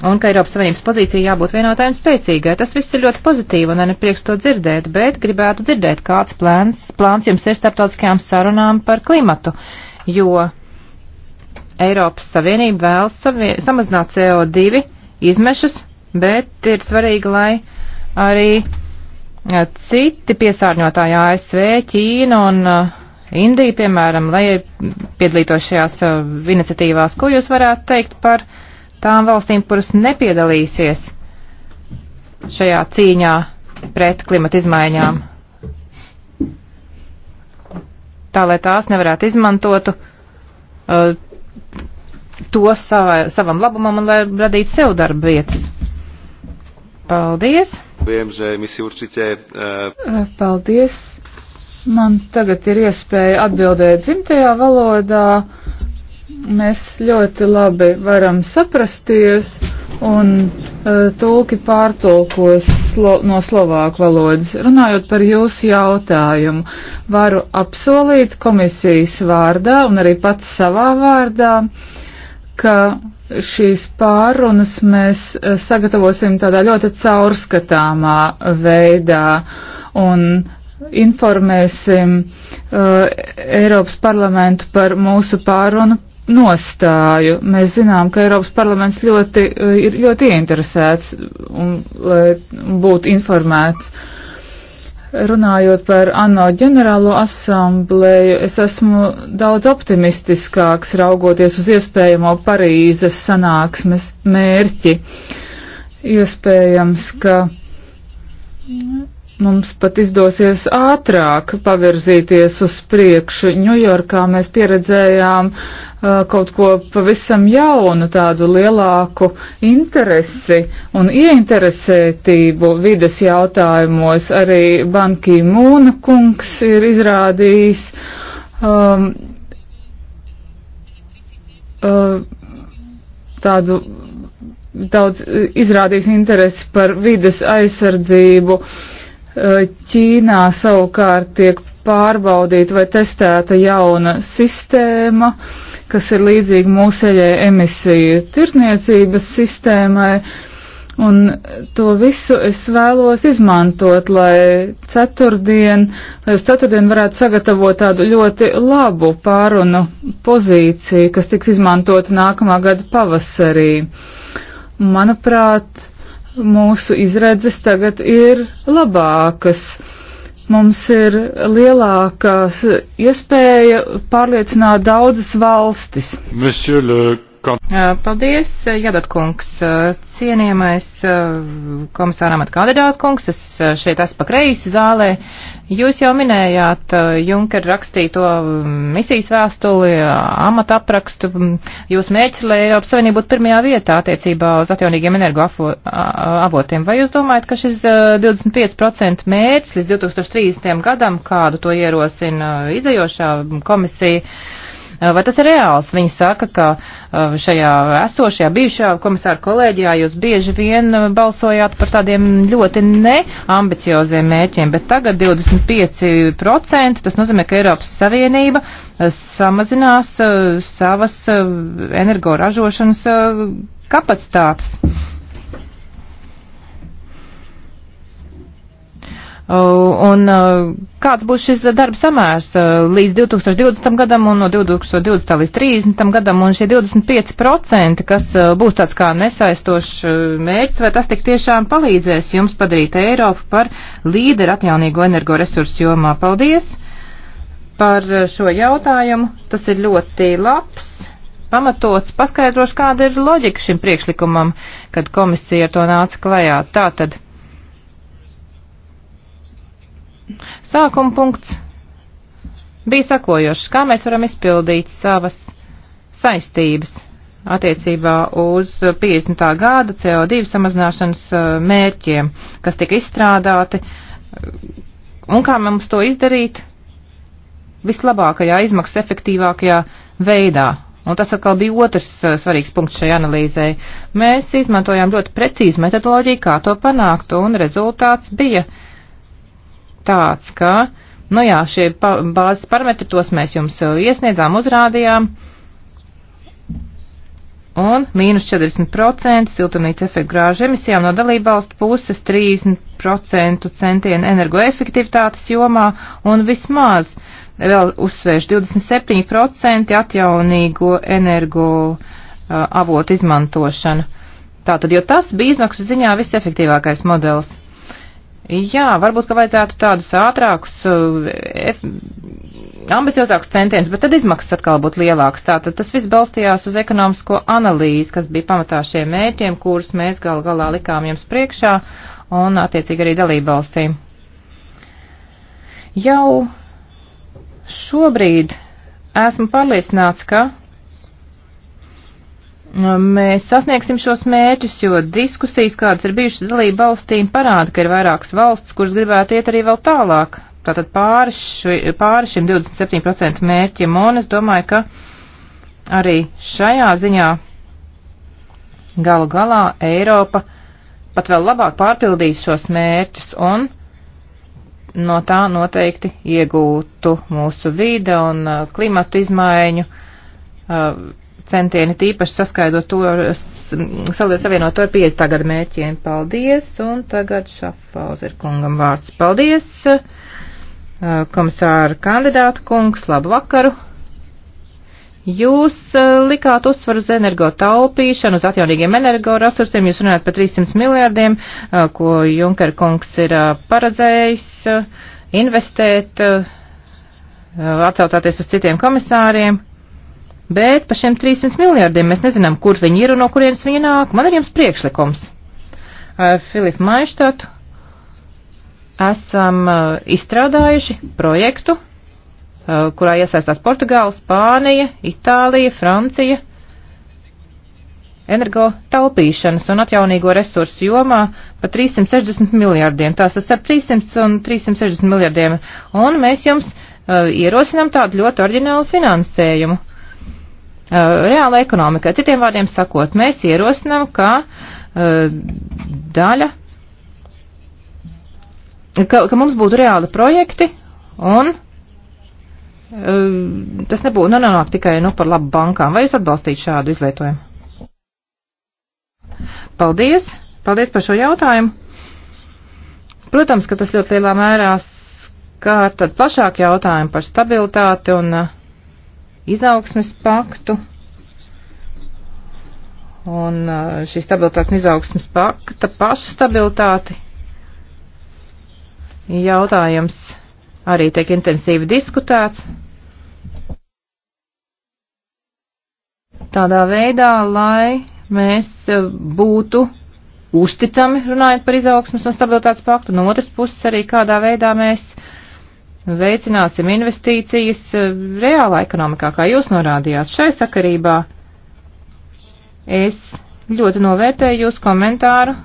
un ka Eiropas Savienības pozīcija jābūt vienotai un spēcīgai. Tas viss ir ļoti pozitīvi un man ir prieks to dzirdēt, bet gribētu dzirdēt, kāds plāns, plāns jums ir starptautiskajām sarunām par klimatu, jo Eiropas Savienība vēlas savie, samazināt CO2 izmešus bet ir svarīgi, lai arī citi piesārņotāji ASV, Ķīna un Indija, piemēram, lai piedalītos šajās iniciatīvās. Ko jūs varētu teikt par tām valstīm, kuras nepiedalīsies šajā cīņā pret klimata izmaiņām? Tā, lai tās nevarētu izmantotu uh, to savai, savam labumam un lai radītu sev darba vietas. Paldies! Viem, že my si určite... Uh... Paldies! Man tagad ir iespēja atbildēt dzimtajā valodā. Mēs ļoti labi varam saprasties un uh, tulki pārtulkos slo no slovāku valodas. Runājot par jūsu jautājumu, varu apsolīt komisijas vārdā un arī pats savā vārdā. Uh, ka šīs pārunas mēs e, sagatavosim tādā ļoti caurskatāmā veidā un informēsim uh, Eiropas parlamentu par mūsu pārunu nostāju. Mēs zinām, ka Eiropas parlaments ļoti, e, ir ļoti ieinteresēts un lai būtu informēts uh, runājot par ANO ģenerālo asamblēju, es esmu daudz optimistiskāks raugoties uz iespējamo Parīzes sanāksmes mērķi. Iespējams, ka mums pat izdosies ātrāk pavirzīties uz priekšu. Ņujorkā mēs pieredzējām uh, kaut ko pavisam jaunu, tādu lielāku interesi un ieinteresētību vides jautājumos. Arī Bankī Mūna kungs ir izrādījis. Um, uh, tādu daudz izrādījis interesi par vides aizsardzību. Uh, Eh, Ķīnā savukārt tiek pārbaudīta vai testēta jauna sistēma, kas ir līdzīga mūsējai emisiju tirzniecības sistēmai. Un to visu es vēlos izmantot, lai ceturtdien, lai uz ceturtdien varētu sagatavot tādu ļoti labu pārunu pozīciju, kas tiks izmantota nākamā gada pavasarī. Manuprāt, mūsu izredzes tagad ir labākas. Mums ir lielākas iespēja pārliecināt daudzas valstis. Monsieur le Paldies, Jadat kungs, cienījamais komisāram atkandidāt kungs, es šeit esmu pa kreisi zālē. Jūs jau minējāt Junker rakstīto misijas vēstuli, amata aprakstu, jūs mēģināt, lai Eiropas Savienība būtu pirmajā vietā attiecībā uz atjaunīgiem energoavotiem. Vai jūs domājat, ka šis 25% mērķis līdz 2030. gadam, kādu to ierosina izajošā komisija, Eh, vai tas ir reāls? Viņi saka, ka eh, šajā esošajā bijušajā komisāra kolēģijā jūs bieži vien eh, balsojāt par tādiem ļoti neambicioziem mērķiem, bet tagad 25% tas nozīmē, ka Eiropas Savienība samazinās savas energoražošanas kapacitātes. Uh, un uh, kāds būs šis darba samērs uh, līdz 2020. gadam un no 2020. līdz 30. gadam un šie 25%, kas būs tāds kā nesaistošs mērķis, vai tas tik tiešām palīdzēs jums padarīt Eiropu par līderu atjaunīgo energoresursu jomā? Paldies par šo jautājumu. Tas ir ļoti labs, pamatots, paskaidrošu, kāda ir loģika šim priekšlikumam, kad komisija ar to nāca klajā. Tātad Sākuma punkts bija sakojošs, kā mēs varam izpildīt savas saistības attiecībā uz 50. gada CO2 samazināšanas uh, mērķiem, kas tika izstrādāti, un kā mums to izdarīt vislabākajā, izmaksas efektīvākajā veidā. Un tas atkal bija otrs uh, svarīgs punkts šai analīzē. Mēs izmantojām ļoti precīzu metodoloģiju, kā to panākt, un rezultāts bija uh, tāds, ka, nu jā, šie pa, bāzes parametri, tos mēs jums uh, iesniedzām, uzrādījām. Un mīnus 40% siltumnīca efekta grāžu emisijām no dalībvalstu puses, 30% centienu energoefektivitātes jomā un vismaz vēl uzsvērš 27% atjaunīgo energo uh, avotu izmantošanu. Tātad, jo tas bija izmaksu ziņā visefektīvākais modelis. Jā, varbūt, ka vajadzētu tādus ātrākus, eh, ambiciozākus centienus, bet tad izmaksas atkal būtu lielākas. Tātad tas viss balstījās uz ekonomisko analīzi, kas bija pamatā šiem mērķiem, kurus mēs gal galā likām jums priekšā un attiecīgi arī dalību valstīm. Jau šobrīd esmu pārliecināts, ka mēs sasniegsim šos mērķus, jo diskusijas, kādas ir bijušas dalība valstīm, parāda, ka ir vairākas valsts, kuras gribētu iet arī vēl tālāk. Tātad pāri, ši, pāri šim 27% mērķim, un es domāju, ka arī šajā ziņā galu galā Eiropa pat vēl labāk pārpildīs šos mērķus un no tā noteikti iegūtu mūsu vīda un uh, klimatu izmaiņu uh, centieni tīpaši saskaidot to, savienot to ar 50. gadu mērķiem. Paldies, un tagad Šafauzer kungam vārds. Paldies, komisāra kandidāta kungs, labu vakaru. Jūs likāt uzsvaru uz energo taupīšanu, uz atjaunīgiem energoresursiem, jūs runājat par 300 miljārdiem, ko Junker kungs ir paredzējis investēt, atsautāties uz citiem komisāriem. Bet par šiem 300 miljārdiem mēs nezinām, kur viņi ir un no kurienes viņi nāk. Man ir jums priekšlikums. Ar Filipu Maištatu esam uh, izstrādājuši projektu, uh, kurā iesaistās Portugāla, Spānija, Itālija, Francija. Energo taupīšanas un atjaunīgo resursu jomā par 360 miljārdiem. Tās ir starp 300 un 360 miljārdiem. Un mēs jums uh, ierosinām tādu ļoti oriģinālu finansējumu. Uh, Eh, reāla ekonomika. Citiem vārdiem sakot, mēs ierosinām, ka eh, daļa, ka, ka mums būtu reāli projekti un eh, tas nebūtu nu, nenonāk tikai nu, par labu bankām. Vai jūs atbalstītu šādu izlietojumu? Paldies! Paldies par šo jautājumu! Protams, ka tas ļoti lielā mērā skār tad plašāk jautājumu par stabilitāti un uh, izaugsmes paktu. Un uh, šī stabilitātes un izaugsmes pakta paša stabilitāte jautājums arī tiek intensīvi diskutēts. Tādā veidā, lai mēs uh, būtu uzticami runājot par izaugsmas un stabilitātes paktu, no otras puses arī kādā veidā mēs uh, veicināsim investīcijas eh, reālā ekonomikā, kā jūs norādījāt. Šai sakarībā es ļoti novērtēju jūsu komentāru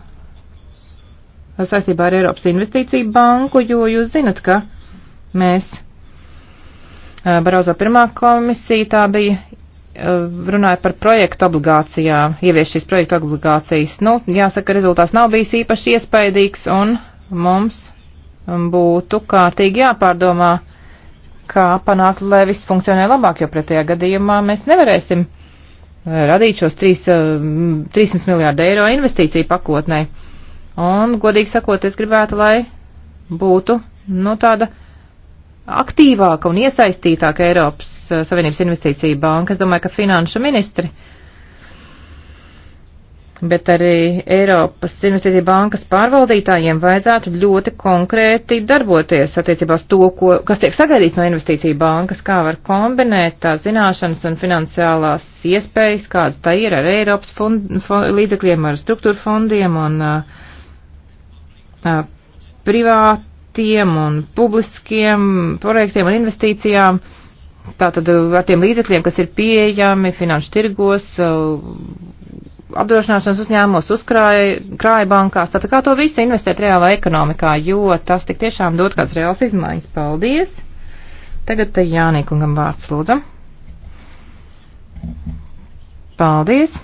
saistībā ar Eiropas investīciju banku, jo jūs zinat, ka mēs eh, Barozo pirmā komisija tā bija eh, runāja par projektu obligācijām, ievies šīs projektu obligācijas. Nu, jāsaka, rezultāts nav bijis īpaši iespaidīgs un mums Um, būtu kārtīgi jāpārdomā, kā panākt, lai viss funkcionē labāk, jo pretējā gadījumā mēs nevarēsim uh, radīt šos 3, 300 uh, miljārdu eiro investīciju pakotnē. Un, godīgi sakot, es gribētu, lai būtu, nu, tāda aktīvāka un iesaistītāka Eiropas uh, Savienības investīcija banka. Es domāju, ka finanšu ministri uh, bet arī Eiropas Investīcija bankas pārvaldītājiem vajadzētu ļoti konkrēti darboties attiecībā uz to, ko, kas tiek sagaidīts no Investīcija bankas, kā var kombinēt tās zināšanas un finansiālās iespējas, kādas tā ir ar Eiropas fund, fond, līdzekļiem, ar struktūra fondiem un uh, uh, privātiem un publiskiem projektiem un investīcijām. Uh, Tātad eh, ar tiem līdzekļiem, kas ir pieejami finanšu tirgos, eh, apdrošināšanas uzņēmumos, uzkrājbankās, tātad kā to visu investēt reālā ekonomikā, jo tas tik tiešām dod kāds reāls izmaiņas. Paldies! Tagad Jānīkungam vārds lūdzam. Paldies!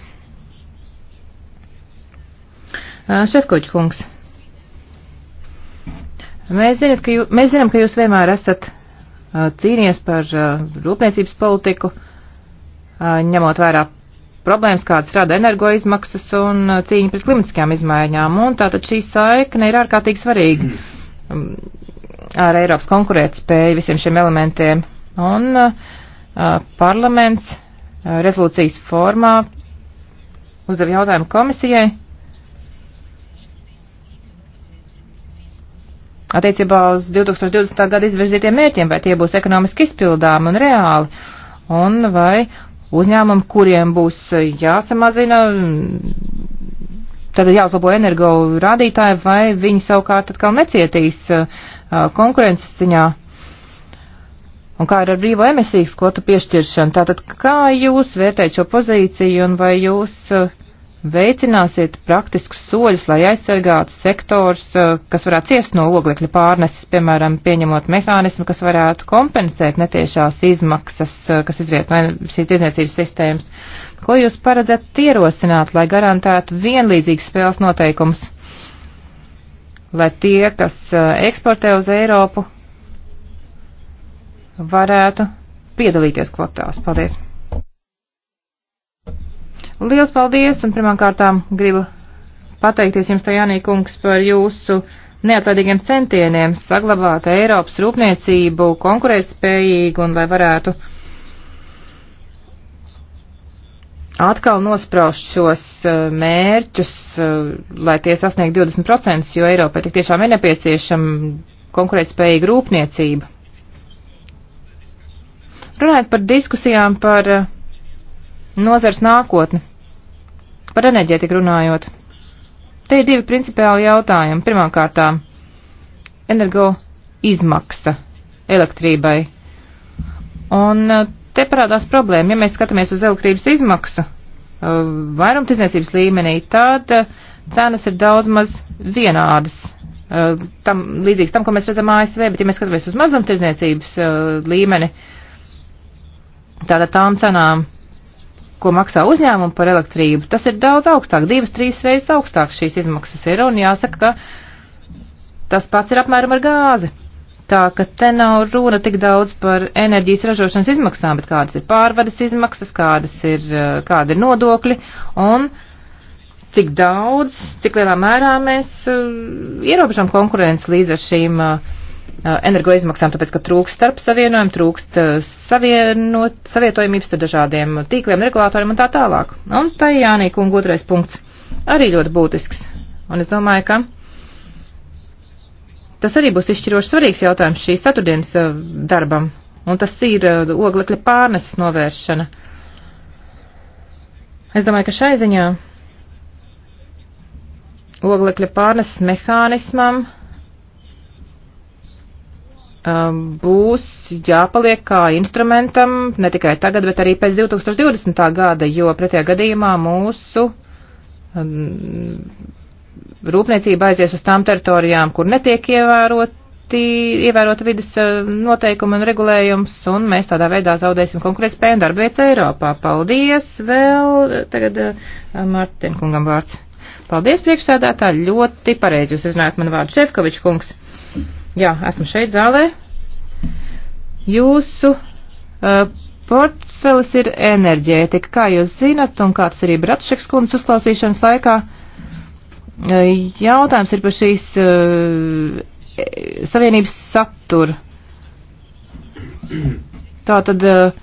Eh, Šefkoģi kungs, mēs, zinat, ka jū, mēs zinām, ka jūs vienmēr esat cīnījies par rūpniecības politiku, ņemot vērā problēmas, kādas rada energoizmaksas un cīņa pret klimatiskajām izmaiņām. Un tātad šī saikne ir ārkārtīgi svarīga um, ar Eiropas konkurētspēju visiem šiem elementiem. Un parlaments rezolūcijas formā uzdev jautājumu komisijai attiecībā uz 2020. gada izvirzītiem mērķiem, vai tie būs ekonomiski izpildāmi un reāli, un vai uzņēmumi, kuriem būs jāsamazina, tad jāuzlabo energo rādītāji, vai viņi savukārt atkal necietīs uh, konkurences ziņā. Un kā ir ar brīvo emisijas kvotu piešķiršanu? Tātad, kā jūs vērtējat šo pozīciju un vai jūs uh, veicināsiet praktiskus soļus, lai aizsargātu sektors, eh, kas varētu ciest no oglekļa pārneses, piemēram, pieņemot mehānismu, kas varētu kompensēt netiešās izmaksas, eh, kas izriet no šīs tirdzniecības sistēmas. Ko jūs paredzat ierosināt, lai garantētu vienlīdzīgas spēles noteikumus, lai tie, kas eh, eksportē uz Eiropu, varētu piedalīties kvotās? Paldies! Liels paldies un pirmām kārtām gribu pateikties jums, Tajānī kungs, par jūsu neatlaidīgiem centieniem saglabāt Eiropas rūpniecību konkurētspējīgu un lai varētu atkal nospraust šos eh, mērķus, eh, lai tie sasniegtu 20%, jo Eiropai tik tiešām ir nepieciešama konkurētspējīga rūpniecība. Runājot par diskusijām par eh, nozars nākotni. Par enerģētiku runājot. Te ir divi principiāli jautājumi. Pirmkārtām, energo izmaksa elektrībai. Un eh, te parādās problēma, ja mēs skatāmies uz elektrības izmaksu eh, vairumtirdzniecības līmenī, tad eh, cenas ir daudz maz vienādas. Tam, līdzīgs tam, ko mēs redzam ASV, bet ja mēs skatāmies uz mazumtirdzniecības līmeni, tātad tām cenām, ko maksā uzņēmumu par elektrību, tas ir daudz augstāk, divas, trīs reizes augstāk šīs izmaksas ir, un jāsaka, ka tas pats ir apmēram ar gāzi. Tā ka te nav runa tik daudz par enerģijas ražošanas izmaksām, bet kādas ir pārvades izmaksas, kādas ir, eh, kāda ir nodokļi un cik daudz, cik lielā mērā mēs uh, ierobežam konkurences līdz ar šīm uh, Uh, energoizmaksām, tāpēc, ka trūkst uh, starp savienojumu, trūkst savienot, savietojumības ar dažādiem tīkliem, regulātoriem un tā tālāk. Un tā ir Jānī kunga otrais punkts. Arī ļoti būtisks. Un es domāju, ka tas arī būs izšķiroši svarīgs jautājums šīs ceturtdienas uh, darbam. Un tas ir oglekļa pārneses novēršana. Es domāju, ka šai ziņā oglekļa pārneses mehānismam Um, būs jāpaliek kā instrumentam ne tikai tagad, bet arī pēc 2020. gada, jo pretējā gadījumā mūsu um, rūpniecība aizies uz tām teritorijām, kur netiek ievēroti, ievērota vidas uh, noteikumi un regulējums, un mēs tādā veidā zaudēsim konkurētspēju un darbvietas Eiropā. Paldies! Vēl uh, tagad uh, Mārtiņkungam vārds. Paldies, priekšsēdētāji, ļoti pareizi jūs izrunājat man vārdu Šefkovičs kungs. Jā, esmu šeit zālē. Jūsu uh, portfelis ir enerģētika, kā jūs zinat, un kāds arī Bratšeks kundas uzklausīšanas laikā. Uh, jautājums ir par šīs uh, savienības saturu. Tā tad. Uh,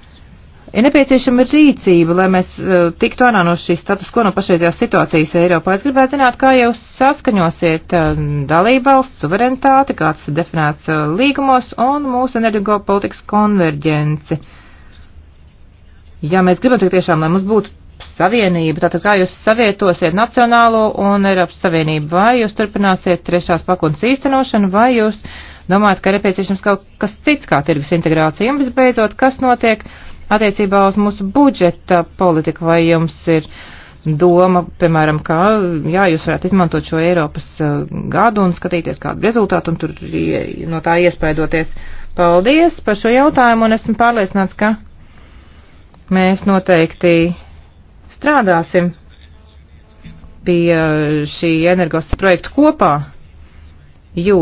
Ir nepieciešama rīcība, lai mēs e, tiktu ārā no šīs status quo no pašreizējās situācijas Eiropā. Es gribētu zināt, kā jūs saskaņosiet e, dalībvalsts suverenitāti, kāds ir definēts e, līgumos un mūsu energo politikas konverģenci. Ja mēs gribam tik tiešām, lai mums būtu savienība, tātad kā jūs savietosiet Nacionālo un Eiropas Savienību, vai jūs turpināsiet trešās pakotnes īstenošanu, vai jūs domājat, ka ir nepieciešams kaut kas cits kā tirgus integrācija, un visbeidzot, kas notiek? Attiecībā uz mūsu budžeta politiku, vai jums ir doma, piemēram, kā, jā, jūs varētu izmantot šo Eiropas uh, gadu un skatīties kādu rezultātu un tur no tā iespaidoties. Paldies par šo jautājumu un esmu pārliecināts, ka mēs noteikti strādāsim pie uh, šī energos projekta kopā, jo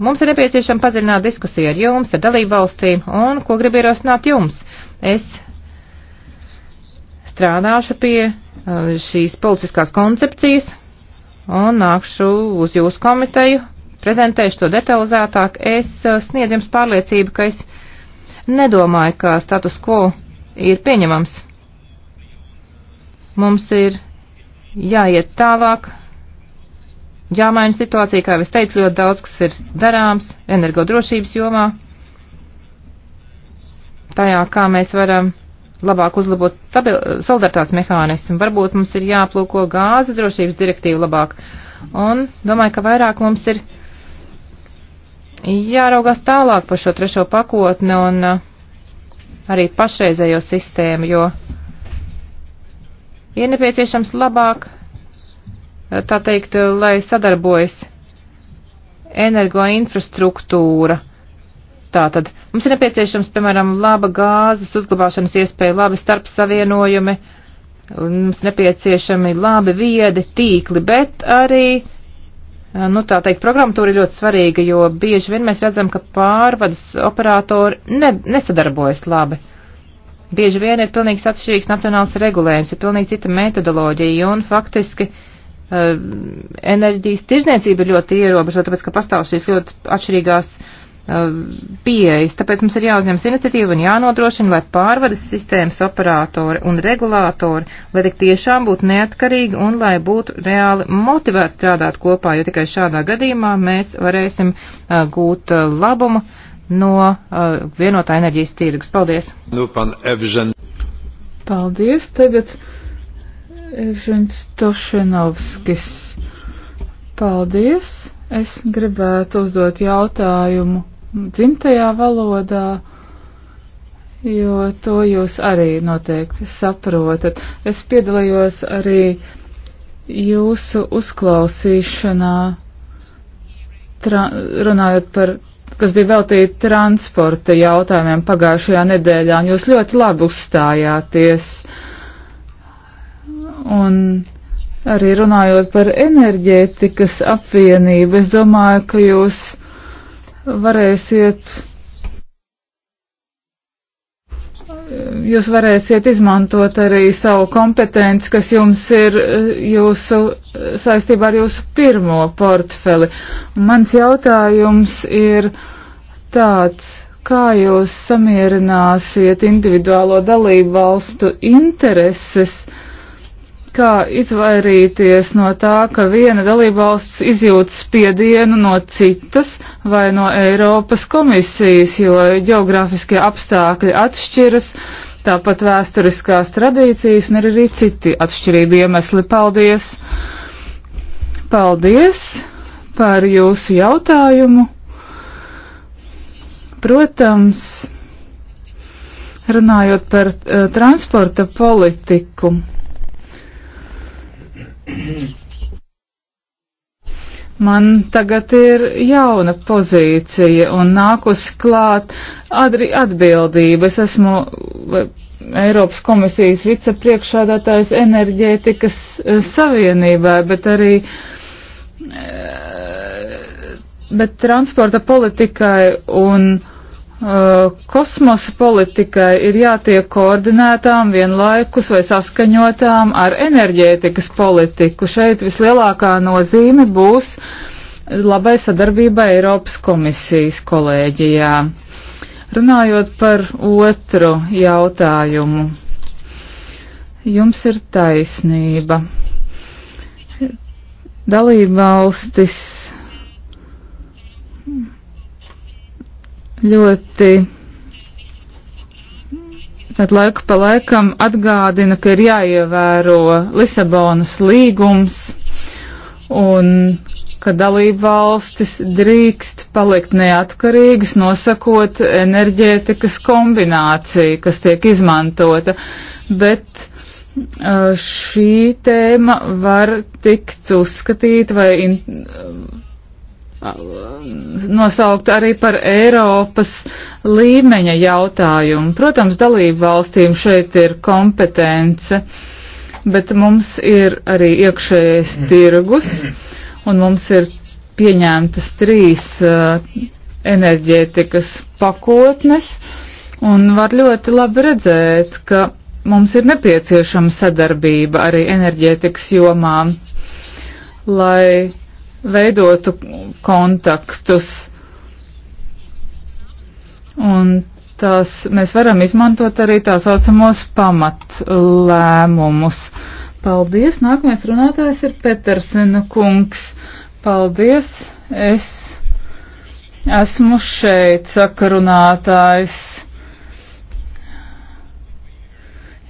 mums ir nepieciešama padziļināt diskusiju ar jums, ar dalībvalstīm un ko grib ierosināt jums es strādāšu pie uh, šīs politiskās koncepcijas un nākšu uz jūsu komiteju, prezentēšu to detalizētāk. Es uh, sniedzu jums pārliecību, ka es nedomāju, ka status quo ir pieņemams. Mums ir jāiet tālāk, jāmaina situācija, kā jau es teicu, ļoti daudz, kas ir darāms energodrošības jomā tajā, kā mēs varam labāk uzlabot solidaritātes mehānismu. Varbūt mums ir jāplūko gāzes drošības direktīva labāk. Un domāju, ka vairāk mums ir jāraugās tālāk par šo trešo pakotni un uh, arī pašreizējo sistēmu, jo ir nepieciešams labāk, uh, tā teikt, uh, lai sadarbojas energoinfrastruktūra Tātad mums ir nepieciešams, piemēram, laba gāzes uzglabāšanas iespēja, labi starpsavienojumi, mums nepieciešami labi viedi, tīkli, bet arī, eh, nu tā teikt, programmatūra ir ļoti svarīga, jo bieži vien mēs redzam, ka pārvades operatori ne, nesadarbojas labi. Bieži vien ir pilnīgs atšķirīgs nacionāls regulējums, ir pilnīgi cita metodoloģija un faktiski eh, enerģijas tirzniecība ir ļoti ierobežota, tāpēc, ka pastāv šīs ļoti atšķirīgās uh, Uh, pieejas, tāpēc mums ir jāuzņemas iniciatīva un jānodrošina, lai pārvades sistēmas operatori un regulātori, lai tik tiešām būtu neatkarīgi un lai būtu reāli motivēti strādāt kopā, jo tikai šādā gadījumā mēs varēsim uh, gūt uh, labumu no uh, vienotā enerģijas tirgus. Paldies! Nu, pan Evžen. Paldies! Tagad Evžens Tošenovskis. Paldies! Es gribētu uzdot jautājumu dzimtajā valodā, jo to jūs arī noteikti saprotat. Es piedalījos arī jūsu uzklausīšanā, runājot par, kas bija veltīti transporta jautājumiem pagājušajā nedēļā, un jūs ļoti labi uzstājāties. Un Arī runājot par enerģētikas apvienību, es domāju, ka jūs varēsiet, jūs varēsiet izmantot arī savu kompetenci, kas jums ir eh, jūsu, saistībā ar jūsu pirmo portfeli. Un mans jautājums ir tāds kā jūs samierināsiet individuālo dalību valstu intereses kā izvairīties no tā, ka viena dalībvalsts izjūt spiedienu no citas vai no Eiropas komisijas, jo geogrāfiskie apstākļi atšķiras, tāpat vēsturiskās tradīcijas un ir arī citi atšķirība iemesli. Paldies! Paldies par jūsu jautājumu! Protams, runājot par uh, transporta politiku. Man tagad ir jauna pozīcija un nākus klāt atbildība. Es esmu Eiropas komisijas vicepriekšādātājs enerģētikas eh, savienībai, bet arī eh, bet transporta politikai un Uh, kosmosa politikai ir jātiek koordinētām vienlaikus vai saskaņotām ar enerģētikas politiku. Šeit vislielākā nozīme būs labai sadarbībai Eiropas komisijas kolēģijā. Runājot par otru jautājumu, jums ir taisnība. Dalībvalstis ļoti tad laiku pa laikam atgādina, ka ir jāievēro Lisabonas līgums un ka dalība valstis drīkst palikt neatkarīgas, nosakot enerģētikas kombināciju, kas tiek izmantota, bet uh, šī tēma var tikt uzskatīta vai in, Uh, nosaukt arī par Eiropas līmeņa jautājumu. Protams, dalību valstīm šeit ir kompetence, bet mums ir arī iekšējais mm. tirgus, mm. un mums ir pieņemtas trīs uh, enerģētikas pakotnes, un var ļoti labi redzēt, ka mums ir nepieciešama sadarbība arī enerģētikas jomā, lai veidotu kontaktus. Un tās mēs varam izmantot arī tā saucamos pamatlēmumus. Paldies! Nākamais runātājs ir Petersena kungs. Paldies! Es esmu šeit, saka runātājs.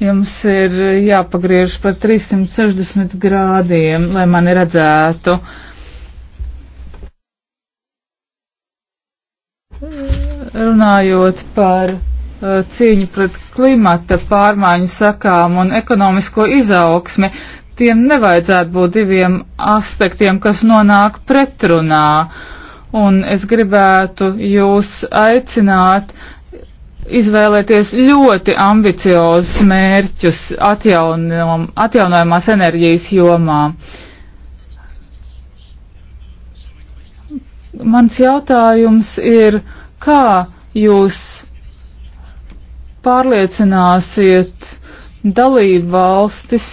Jums ir jāpagriež par 360 grādiem, lai mani redzētu. Uh, Runājot par uh, cīņu pret klimata pārmaiņu sakām un ekonomisko izaugsmi, tiem nevajadzētu būt diviem aspektiem, kas nonāk pretrunā. Un es gribētu jūs aicināt izvēlēties ļoti ambiciozus mērķus atjaunojum, atjaunojumās enerģijas jomā. Mans jautājums ir, Kā jūs pārliecināsiet dalību valstis,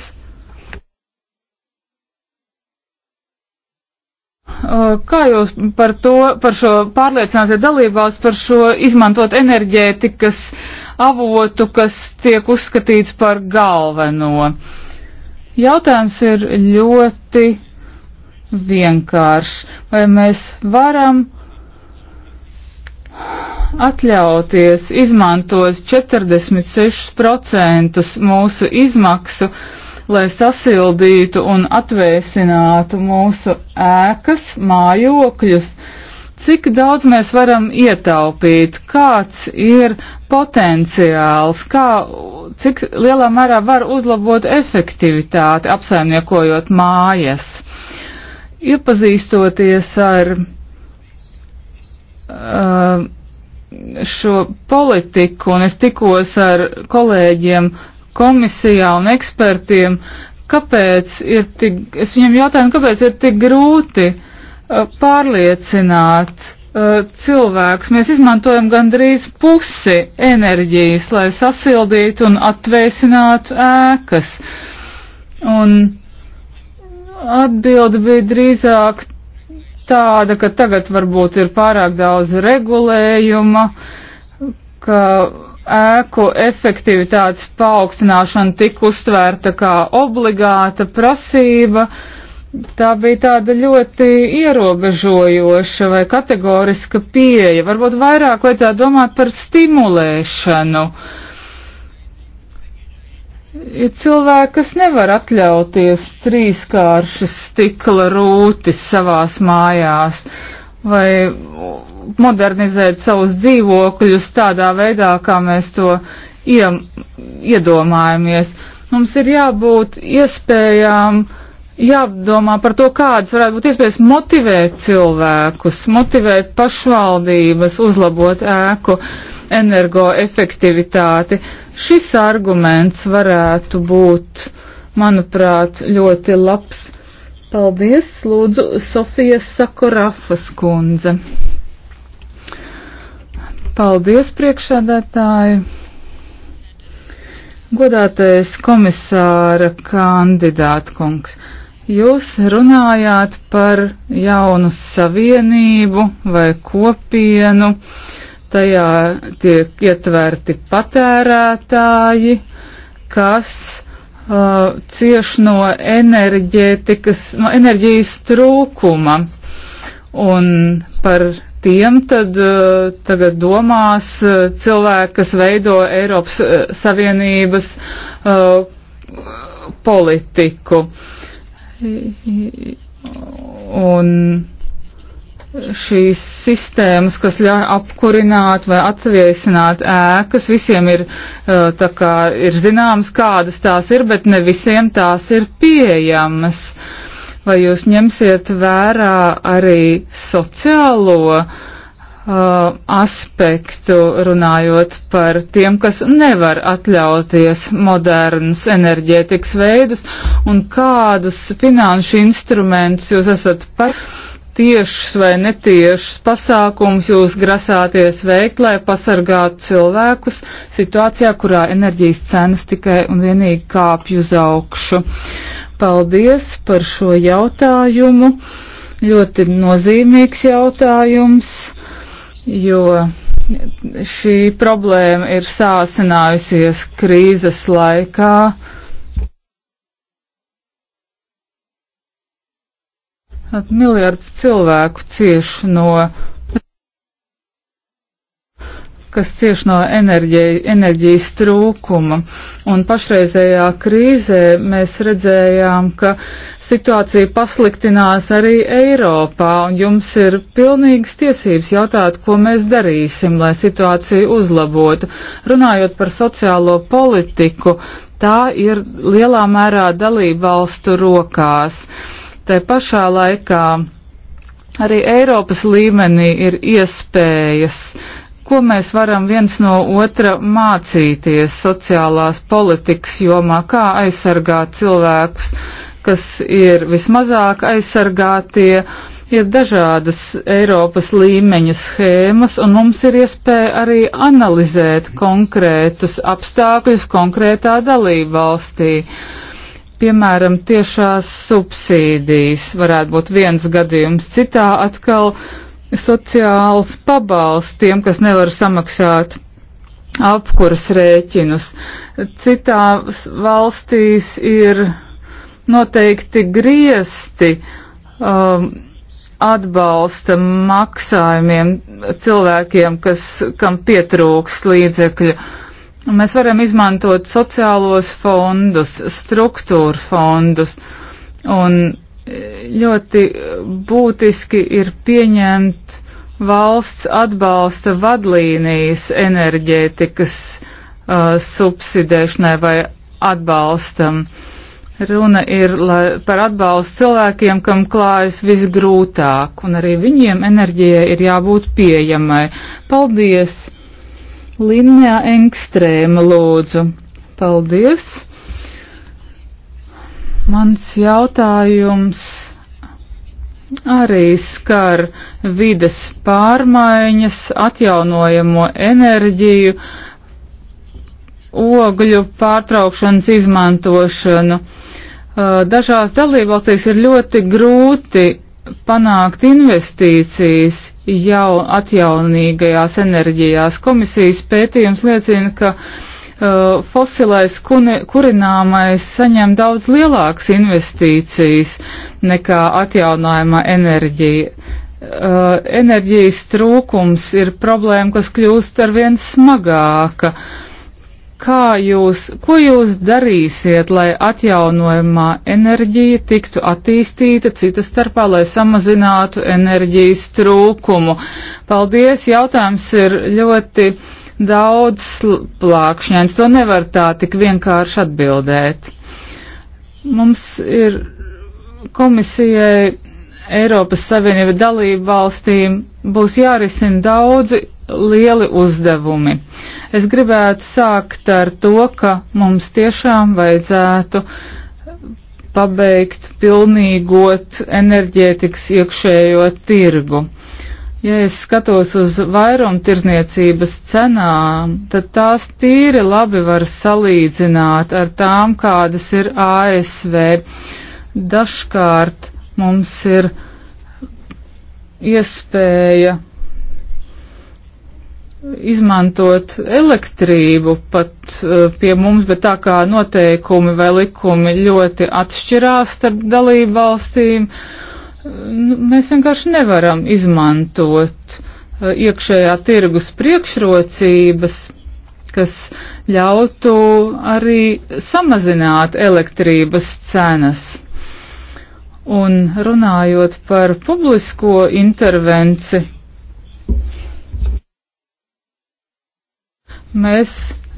uh, kā jūs par to, par šo pārliecināsiet dalību valsts par šo izmantot enerģētikas avotu, kas tiek uzskatīts par galveno? Jautājums ir ļoti vienkāršs. Vai mēs varam atļauties izmantos 46% mūsu izmaksu, lai sasildītu un atvēsinātu mūsu ēkas, mājokļus, cik daudz mēs varam ietaupīt, kāds ir potenciāls, kā, cik lielā mērā var uzlabot efektivitāti apsaimniekojot mājas. Iepazīstoties ar uh, šo politiku, un es tikos ar kolēģiem komisijā un ekspertiem, kāpēc ir tik, es viņiem jautāju, kāpēc ir tik grūti uh, pārliecināt uh, cilvēkus. Mēs izmantojam gandrīz pusi enerģijas, lai sasildītu un atvēsinātu ēkas. Un atbildi bija drīzāk tāda, ka tagad varbūt ir pārāk daudz regulējuma, ka ēku efektivitātes paaugstināšana tika uztvērta kā obligāta prasība. Tā bija tāda ļoti ierobežojoša vai kategoriska pieeja. Varbūt vairāk vajadzētu domāt par stimulēšanu. Uh, Ir cilvēki, kas nevar atļauties trīskāršas stikla rūtis savās mājās vai modernizēt savus dzīvokļus tādā veidā, kā mēs to iem, iedomājamies. Mums ir jābūt iespējām, jādomā par to, kādas varētu būt iespējas motivēt cilvēkus, motivēt pašvaldības, uzlabot ēku energoefektivitāti. Šis arguments varētu būt, manuprāt, ļoti labs. Paldies, lūdzu, Sofijas Sakorafas kundze. Paldies, priekšādātāji. Godātais komisāra kandidātkungs, jūs runājāt par jaunu savienību vai kopienu. Uh, Tajā tiek ietverti patērētāji, kas uh, cieš no enerģētikas, no enerģijas trūkuma. Un par tiem tad uh, tagad domās uh, cilvēki, kas veido Eiropas uh, Savienības uh, politiku. Un šīs sistēmas, kas ļauj apkurināt vai atviesināt ēkas. Visiem ir, tā kā, ir zināms, kādas tās ir, bet ne visiem tās ir pieejamas. Vai jūs ņemsiet vērā arī sociālo uh, aspektu, runājot par tiem, kas nevar atļauties modernas enerģētikas veidus, un kādus finanšu instrumentus jūs esat par tiešs vai netiešs pasākums jūs grasāties veikt, lai pasargātu cilvēkus situācijā, kurā enerģijas cenas tikai un vienīgi kāpj uz augšu? Paldies par šo jautājumu. Ļoti nozīmīgs jautājums, jo šī problēma ir sāsinājusies krīzes laikā Miljards cilvēku cieš no kas cieš no enerģija, enerģijas trūkuma. Un pašreizējā krīzē mēs redzējām, ka situācija pasliktinās arī Eiropā, un jums ir pilnīgas tiesības jautāt, ko mēs darīsim, lai situāciju uzlabotu. Runājot par sociālo politiku, tā ir lielā mērā dalība valstu rokās. Uh, Te pašā laikā arī Eiropas līmenī ir iespējas, ko mēs varam viens no otra mācīties sociālās politikas jomā, kā aizsargāt cilvēkus, kas ir vismazāk aizsargātie. Ir dažādas Eiropas līmeņa schēmas, un mums ir iespēja arī analizēt konkrētus apstākļus konkrētā dalība valstī. Uh, Piemēram, tiešās subsīdijas varētu būt viens gadījums, citā atkal sociāls pabalsts tiem, kas nevar samaksāt apkuras rēķinus. Citās valstīs ir noteikti griesti um, atbalsta maksājumiem cilvēkiem, kas, kam pietrūks līdzekļu. Un nu, mēs varam izmantot sociālos fondus, struktūru fondus. Un e, ļoti būtiski ir pieņemt valsts atbalsta vadlīnijas enerģētikas uh, subsidēšanai vai atbalstam. Runa ir lai, par atbalstu cilvēkiem, kam klājas visgrūtāk, un arī viņiem enerģijai ir jābūt pieejamai. Paldies! Linnea Engstrēma lūdzu. Paldies. Mans jautājums arī skar vides pārmaiņas, atjaunojamo enerģiju, ogļu pārtraukšanas izmantošanu. Dažās dalībvalstīs ir ļoti grūti panākt investīcijas jau atjaunīgajās enerģijās. Komisijas pētījums liecina, ka uh, fosilais kuni, kurināmais saņem daudz lielākas investīcijas nekā atjaunājumā enerģija. Uh, enerģijas trūkums ir problēma, kas kļūst arvien smagāka. Uh, kā jūs, ko jūs darīsiet, lai atjaunojumā enerģija tiktu attīstīta, cita starpā, lai samazinātu enerģijas trūkumu? Paldies, jautājums ir ļoti daudz plākšņains, to nevar tā tik vienkārši atbildēt. Mums ir komisijai Eiropas Savienība dalību valstīm būs jārisina daudzi lieli uzdevumi. Es gribētu sākt ar to, ka mums tiešām vajadzētu pabeigt, pilnīgot enerģētikas iekšējo tirgu. Ja es skatos uz vairumtirdzniecības cenām, tad tās tīri labi var salīdzināt ar tām, kādas ir ASV. Dažkārt mums ir uh, iespēja izmantot elektrību pat uh, pie mums, bet tā kā noteikumi vai likumi ļoti atšķirās starp dalību valstīm, nu, mēs vienkārši nevaram izmantot uh, iekšējā tirgus priekšrocības, kas ļautu arī samazināt elektrības cenas. Un runājot par publisko intervenci, mēs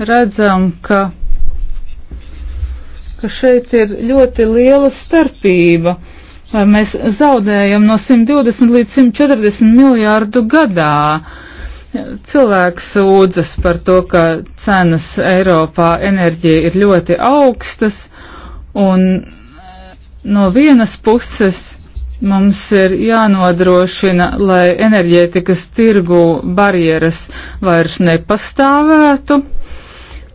redzam, ka, ka šeit ir ļoti liela starpība. Vai mēs zaudējam no 120 līdz 140 miljārdu gadā. Cilvēks sūdzas par to, ka cenas Eiropā enerģija ir ļoti augstas un no vienas puses mums ir jānodrošina, lai enerģētikas tirgu barjeras vairs nepastāvētu,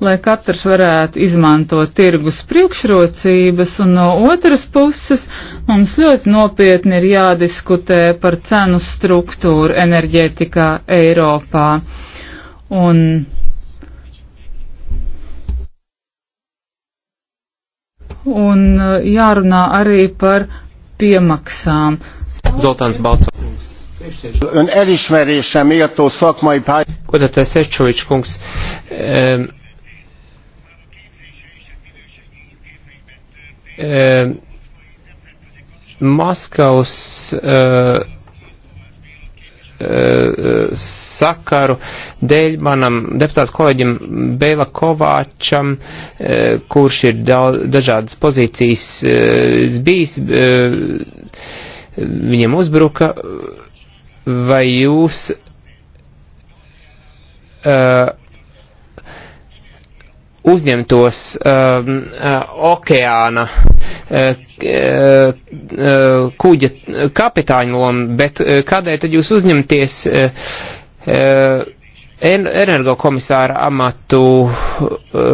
lai katrs varētu izmantot tirgus priekšrocības, un no otras puses mums ļoti nopietni ir jādiskutē par cenu struktūru enerģētikā Eiropā. Un un uh, jārunā arī par piemaksām. Zoltāns Balcovs. Ön elismerésre méltó szakmai pály... Oda te Szecsovics kungs, um, um, Maskavas uh, Eh, eh, sakaru dēļ manam deputātu kolēģim Bēla Kovāčam, eh, kurš ir daudz, dažādas pozīcijas bijis, viņam uzbruka, vai jūs uzņemtos um, uh, okeāna uh, uh, uh, kuģa kapitāņu lomu, bet kādēļ tad jūs uzņemties energokomisāra amatu,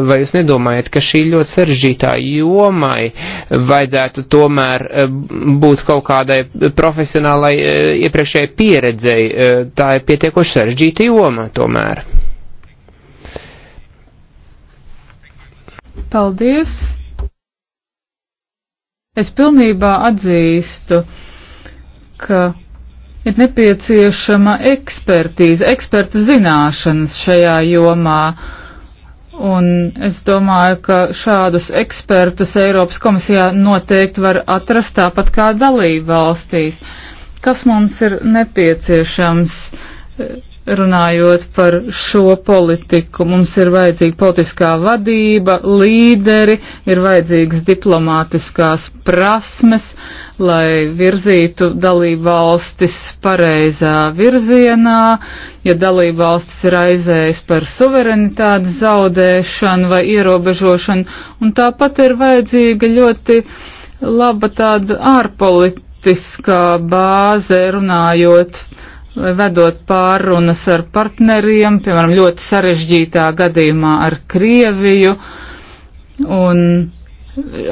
vai jūs nedomājat, ka šī ļoti sarežģītā jomai vajadzētu tomēr būt kaut kādai profesionālai iepriekšējai pieredzei? Tā ir pietiekoši sarežģīta joma tomēr. Paldies! Es pilnībā atzīstu, ka ir nepieciešama ekspertīze, eksperta zināšanas šajā jomā. Un es domāju, ka šādus ekspertus Eiropas komisijā noteikti var atrast tāpat kā dalību valstīs. Kas mums ir nepieciešams? runājot par šo politiku. Mums ir vajadzīga politiskā vadība, līderi, ir vajadzīgas diplomātiskās prasmes, lai virzītu dalību valstis pareizā virzienā. Ja dalību valstis ir aizējis par suverenitātes zaudēšanu vai ierobežošanu, un tāpat ir vajadzīga ļoti laba tāda ārpolitiskā bāze runājot vedot pārunas ar partneriem, piemēram, ļoti sarežģītā gadījumā ar Krieviju. Un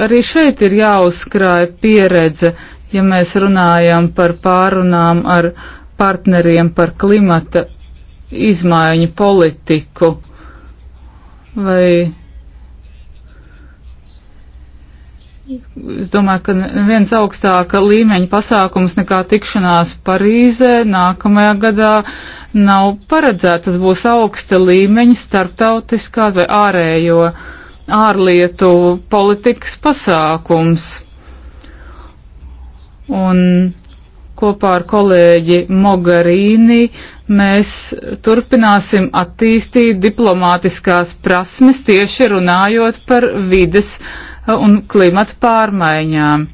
arī šeit ir jāuzkrāja pieredze, ja mēs runājam par pārunām ar partneriem par klimata izmaiņu politiku vai Es domāju, ka viens augstāka līmeņa pasākums nekā tikšanās Parīzē nākamajā gadā nav paredzēts. Tas būs augsta līmeņa starptautiskā vai ārējo ārlietu politikas pasākums. Un kopā ar kolēģi Mogarīni mēs turpināsim attīstīt diplomātiskās prasmes tieši runājot par vides un klimata pārmaiņām.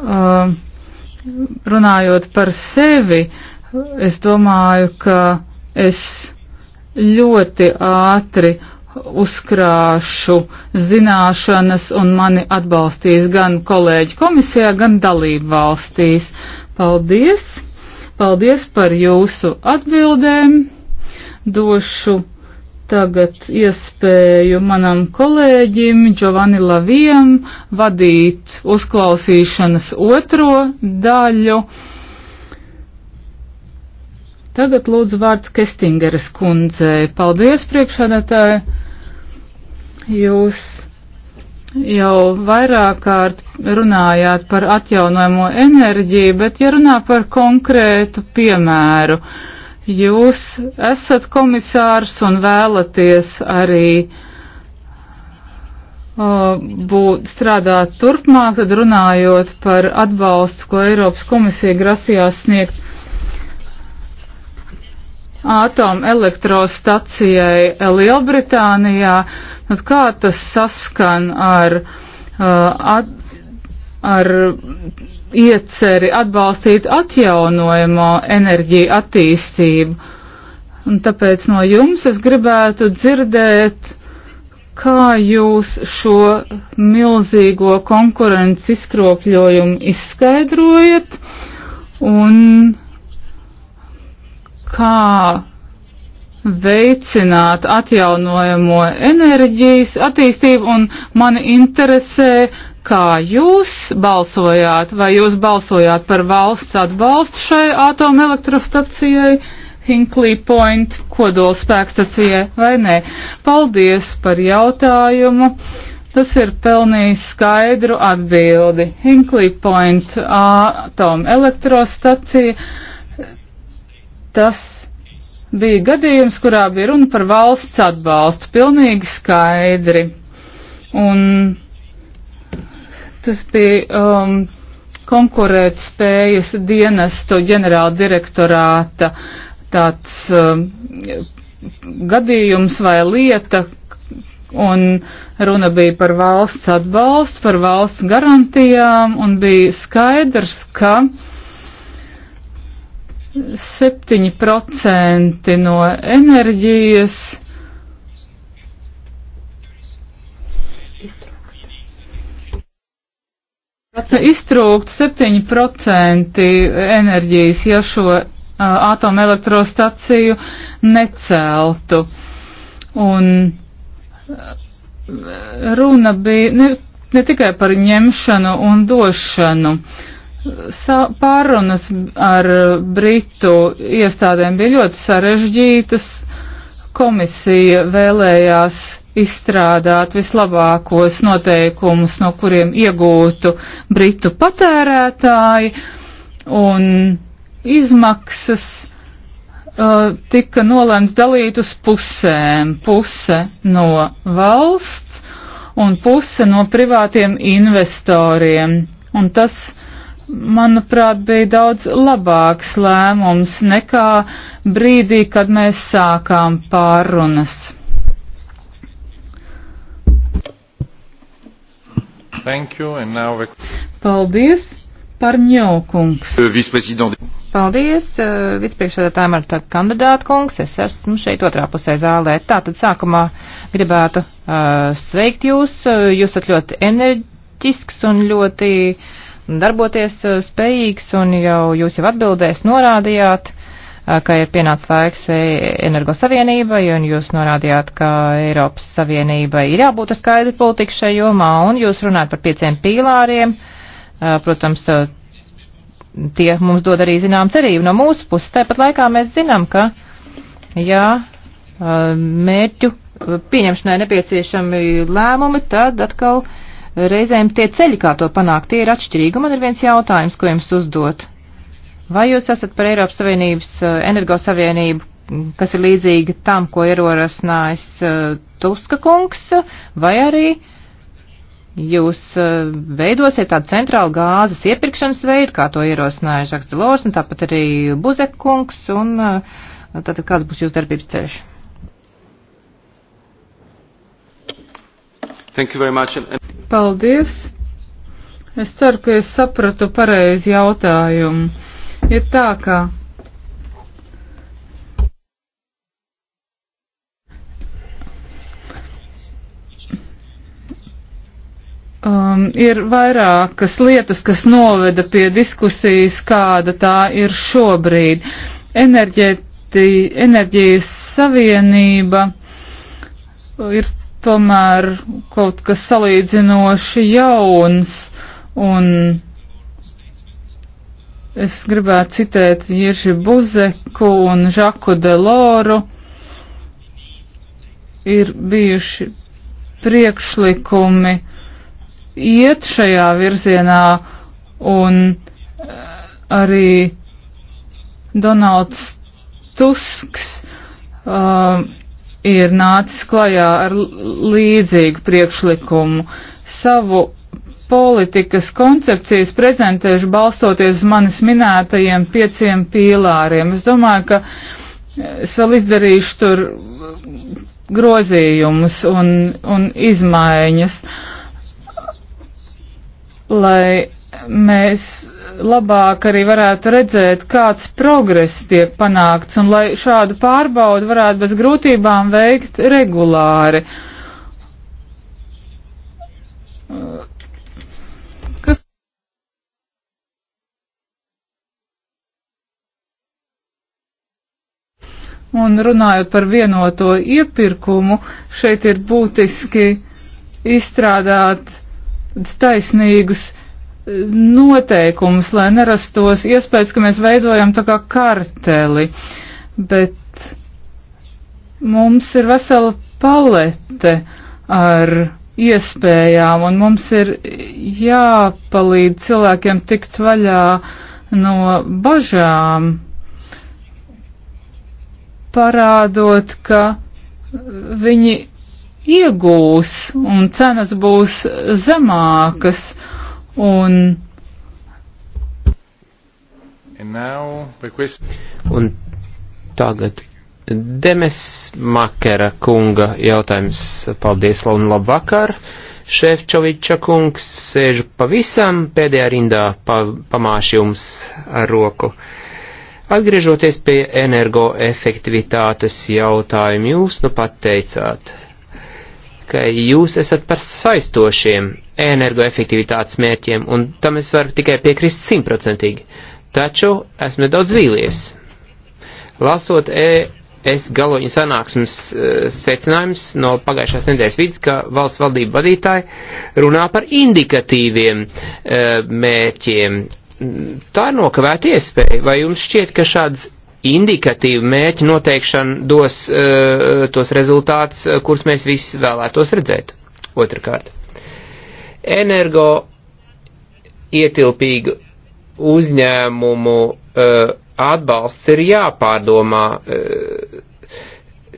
Uh, runājot par sevi, es domāju, ka es ļoti ātri uzkrāšu zināšanas un mani atbalstīs gan kolēģi komisijā, gan dalību valstīs. Paldies! Paldies par jūsu atbildēm! Došu tagad iespēju manam kolēģim Giovanni Laviem vadīt uzklausīšanas otro daļu. Tagad lūdzu vārds Kestingeres kundzei. Paldies priekšādātāji. Jūs jau vairāk kārt runājāt par atjaunojamo enerģiju, bet ja runā par konkrētu piemēru, uh, Jūs esat komisārs un vēlaties arī uh, būt strādāt turpmāk, tad runājot par atbalstu, ko Eiropas komisija grasījās sniegt atomelektrostacijai Lielbritānijā. Nu, kā tas saskan ar, uh, at, ar ieceri atbalstīt atjaunojamo enerģiju attīstību. Un tāpēc no jums es gribētu dzirdēt, kā jūs šo milzīgo konkurences izkropļojumu izskaidrojat un kā veicināt atjaunojamo enerģijas attīstību un mani interesē, kā jūs balsojāt, vai jūs balsojāt par valsts atbalstu šai atomelektrostacijai, Hinkley Point kodolspēkstacijai vai nē. Paldies par jautājumu. Tas ir pelnījis skaidru atbildi. Hinkley Point atomelektrostacija. Tas bija gadījums, kurā bija runa par valsts atbalstu. Pilnīgi skaidri. Un Tas bija um, konkurētspējas dienestu ģenerāldirektorāta tāds um, gadījums vai lieta, un runa bija par valsts atbalstu, par valsts garantijām, un bija skaidrs, ka 7% no enerģijas Iztrūkt 7% enerģijas, ja šo uh, atomelektrostaciju neceltu. Un runa bija ne, ne tikai par ņemšanu un došanu. Sā, pārunas ar Britu iestādēm bija ļoti sarežģītas. Komisija vēlējās izstrādāt vislabākos noteikumus, no kuriem iegūtu britu patērētāji, un izmaksas uh, tika nolēmts dalīt uz pusēm. Puse no valsts un puse no privātiem investoriem. Un tas, manuprāt, bija daudz labāks lēmums nekā brīdī, kad mēs sākām pārunas. Thank you, and now... Paldies, Parņo kungs. Euh, Paldies, uh, vicepriekšsēdētājiem ar tādu kandidātu kungs. Es esmu šeit otrā pusē zālē. Tātad sākumā gribētu uh, sveikt jūs. Jūs esat ļoti enerģisks un ļoti darboties uh, spējīgs, un jau jūs jau atbildēs norādījāt ka ir pienācis laiks energosavienībai, un jūs norādījāt, ka Eiropas Savienībai ir jābūt skaidri politika šajā jomā, un jūs runājat par pieciem pīlāriem. Protams, tie mums dod arī zinām cerību no mūsu puses. Tāpat laikā mēs zinām, ka, jā, mērķu pieņemšanai nepieciešami lēmumi, tad atkal reizēm tie ceļi, kā to panākt, tie ir atšķirīgi. Un man ir viens jautājums, ko jums uzdot. Vai jūs esat par Eiropas Savienības eh, energosavienību, kas ir līdzīga tam, ko ierosinājis eh, Tuska kungs, vai arī jūs eh, veidosiet tādu centrālu gāzes iepirkšanas veidu, kā to ierosināja Žaks Delors un tāpat arī Buzek kungs, un tad kāds būs jūsu darbības ceļš? Paldies! Es ceru, ka es sapratu pareizi jautājumu. Ir tā, ka um, ir vairākas lietas, kas noveda pie diskusijas, kāda tā ir šobrīd. Enerģēti, enerģijas savienība ir tomēr kaut kas salīdzinoši jauns un Es gribētu citēt Jirži Buzeku un Žaku Deloru. Ir bijuši priekšlikumi iet šajā virzienā un eh, arī Donalds Tusks uh, ir nācis klajā ar līdzīgu priekšlikumu. Savu politikas koncepcijas prezentēšu balstoties uz manis minētajiem pieciem pīlāriem. Es domāju, ka es vēl izdarīšu tur grozījumus un, un izmaiņas, lai mēs labāk arī varētu redzēt, kāds progress tiek panākts un lai šādu pārbaudu varētu bez grūtībām veikt regulāri. Uh, Un runājot par vienoto iepirkumu, šeit ir būtiski izstrādāt taisnīgus e, noteikumus, lai nerastos iespējas, ka mēs veidojam tā kā karteli. Bet mums ir vesela palete ar iespējām, un mums ir jāpalīdz cilvēkiem tikt vaļā no bažām parādot, ka viņi iegūs un cenas būs zemākas. Un, un tagad Demes Makera kunga jautājums. Paldies, un labvakar! Šefčoviča kungs sēžu pavisam pēdējā rindā pa, pamāš jums ar roku. Uh, Atgriežoties pie energoefektivitātes jautājuma, jūs nu pat teicāt, ka jūs esat par saistošiem energoefektivitātes mērķiem, un tam es varu tikai piekrist simtprocentīgi. Taču esmu nedaudz vīlies. Lasot ES galoņa sanāksmes e, secinājums no pagājušās nedēļas vidus, ka valsts valdība vadītāji runā par indikatīviem e, mērķiem tā ir nokavēta iespēja. Vai jums šķiet, ka šāds indikatīvu mērķu noteikšana dos uh, tos rezultātus, eh, kurus mēs visi vēlētos redzēt? Otrakārt, energo ietilpīgu uzņēmumu uh, atbalsts ir jāpārdomā, uh,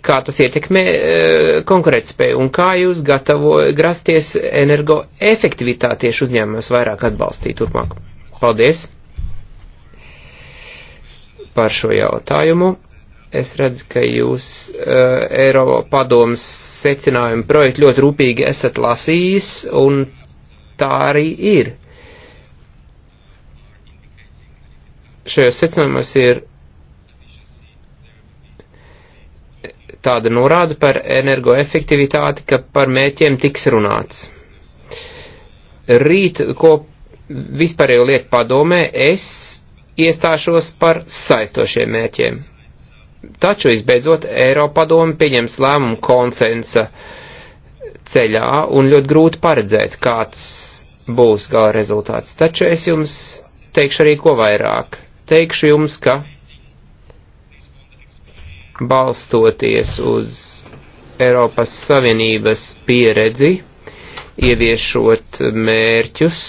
kā tas ietekmē uh, konkurētspēju un kā jūs gatavo grasties energo efektivitāti tieši uzņēmumos vairāk atbalstīt turpmāk. Paldies par šo jautājumu. Es redzu, ka jūs uh, eh, Eiropadomas secinājumu projektu ļoti rūpīgi esat lasījis, un tā arī ir. Šajos secinājumos ir tāda norāda par energoefektivitāti, ka par mēķiem tiks runāts. Rīt kop vispārējo lietu padomē es iestāšos par saistošiem mērķiem. Taču, izbeidzot, Eiropadome pieņems lēmumu konsensa ceļā un ļoti grūti paredzēt, kāds būs gala rezultāts. Taču es jums teikšu arī ko vairāk. Teikšu jums, ka balstoties uz Eiropas Savienības pieredzi, ieviešot mērķus,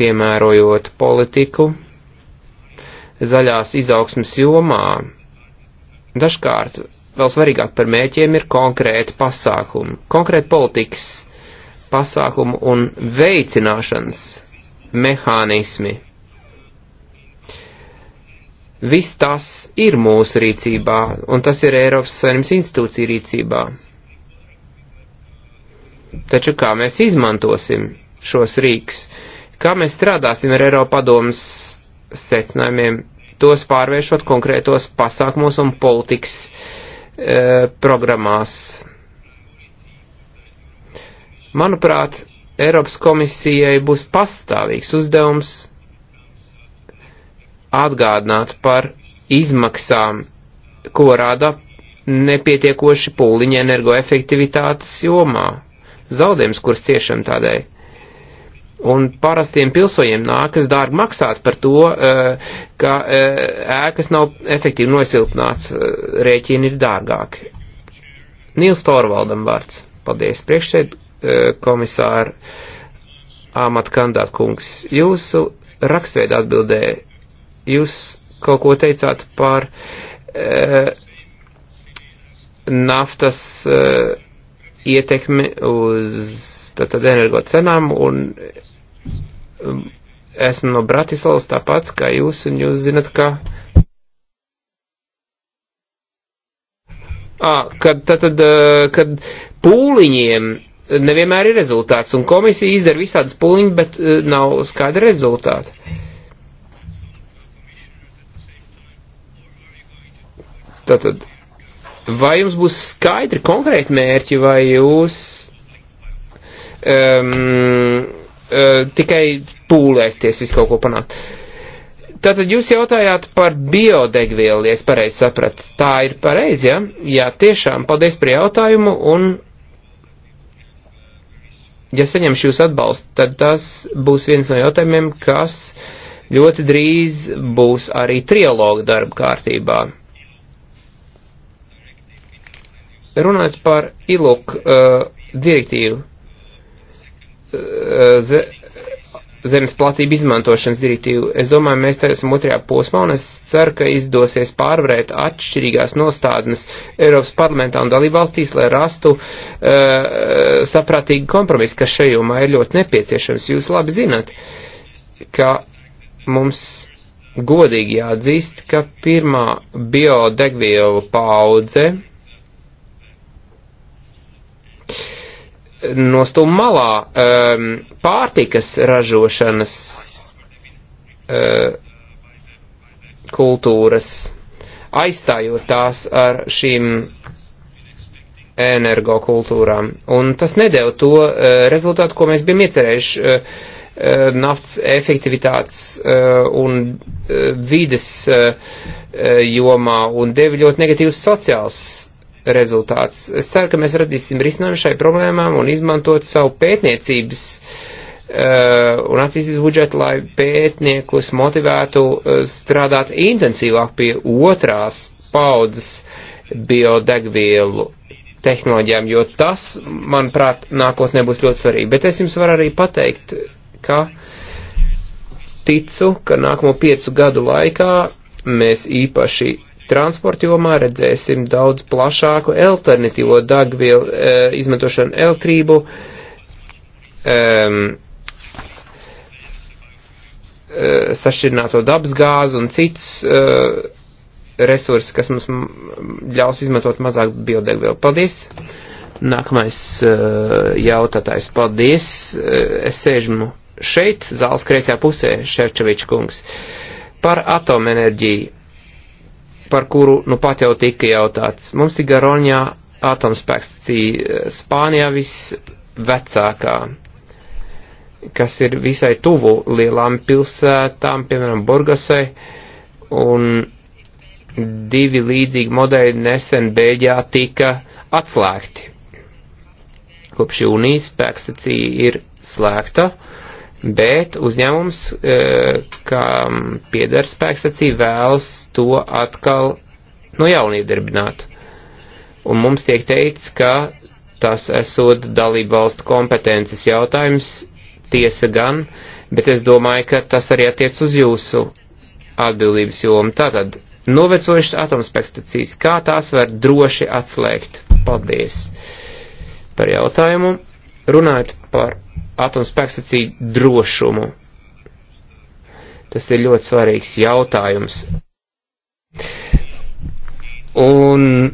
piemērojot politiku zaļās izaugsmas jomā. Dažkārt vēl svarīgāk par mēķiem ir konkrēti pasākumi, konkrēti politikas pasākumu un veicināšanas mehānismi. Viss tas ir mūsu rīcībā, un tas ir Eiropas Savienības institūcija rīcībā. Taču kā mēs izmantosim šos rīks? Uh, Kā mēs strādāsim ar Eiropa padomas secinājumiem, tos pārvēršot konkrētos pasākumos un politikas e, programmās? Manuprāt, Eiropas komisijai būs pastāvīgs uzdevums atgādināt par izmaksām, ko rada nepietiekoši pūliņi energoefektivitātes jomā, zaudējums, kurus ciešam tādēļ. Un parastiem pilsoņiem nākas dārgi maksāt par to, eh, ka eh, ēkas nav efektīvi nosiltināts, eh, rēķini ir dārgāki. Nils Torvaldam vārds. Paldies, priekšsēd komisāra Āmat Kandāt kungs. Jūsu rakstveida atbildē jūs kaut ko teicāt par naftas ietekmi uz tātad energo cenām un Um, esmu no Bratislavas tāpat kā jūs, un jūs zinat, ka. À, kad, tad, tad, uh, kad pūliņiem nevienmēr ir rezultāts, un komisija izdara visādas pūliņas, bet uh, nav skaidra rezultāta. Tātad, vai jums būs skaidri konkrēti mērķi, vai jūs um, Eh, tikai pūlēsties visu kaut ko panākt. Tātad jūs jautājāt par biodegvielu, ja es pareizi sapratu. Tā ir pareizi, ja? Jā, tiešām, paldies par jautājumu un ja saņemšu jūs atbalstu, tad tas būs viens no jautājumiem, kas ļoti drīz būs arī trialoga darba kārtībā. Runājot par ILUK uh, direktīvu, Eh, zemes platību izmantošanas direktīvu. Es domāju, mēs te esam otrajā posmā, un es ceru, ka izdosies pārvarēt atšķirīgās nostādnes Eiropas parlamentā un dalībvalstīs, lai rastu uh, eh, saprātīgu kompromisu, kas šajumā ir ļoti nepieciešams. Jūs labi zinat, ka mums godīgi jāatzīst, ka pirmā biodegvielu paudze nostum malā um, pārtikas ražošanas uh, kultūras, aizstājot tās ar šīm energokultūrām. Un tas nedēļ to uh, rezultātu, ko mēs bijām iecerējuši. Uh, eh, naftas efektivitātes uh, un uh, vides uh, jomā un deva ļoti negatīvas sociāls rezultāts. Es ceru, ka mēs radīsim risinājumu šai problēmām un izmantot savu pētniecības uh, un attīstības budžetu, lai pētniekus motivētu uh, strādāt intensīvāk pie otrās paudzes biodegvielu tehnoloģijām, jo tas, manuprāt, nākotnē būs ļoti svarīgi. Bet es jums varu arī pateikt, ka ticu, ka nākamo piecu gadu laikā mēs īpaši Transporta jomā redzēsim daudz plašāku alternatīvo dagvielu e, izmantošanu elektrību. Um, e, sašķirināto dabasgāzi un cits uh, e, resursi, kas mums ļaus izmantot mazāk biodegvielu. Paldies! Nākamais uh, jautātājs. Paldies! Uh, es sēžmu šeit, zāles kreisajā pusē, Šerčevičs kungs. Par atomenerģiju par kuru nu pat jau tika jautāts. Mums ir Garoņā atomspēkstacija Spānijā visvecākā, kas ir visai tuvu lielām pilsētām, piemēram, Burgasai, un divi līdzīgi modeļi nesen Bēļģijā tika atslēgti. Kopš jūnijas spēkstacija ir slēgta bet uzņēmums, e, kam pieder spēksacīja, vēlas to atkal no jauna iedarbināt. Un mums tiek teikts, ka tas esot dalību valstu kompetences jautājums, tiesa gan, bet es domāju, ka tas arī attiec uz jūsu atbildības jomu. Tātad, novecojušas atomspēkstacijas, kā tās var droši atslēgt? Paldies par jautājumu. Runājot par atomspēkstacīju drošumu. Tas ir ļoti svarīgs jautājums. Un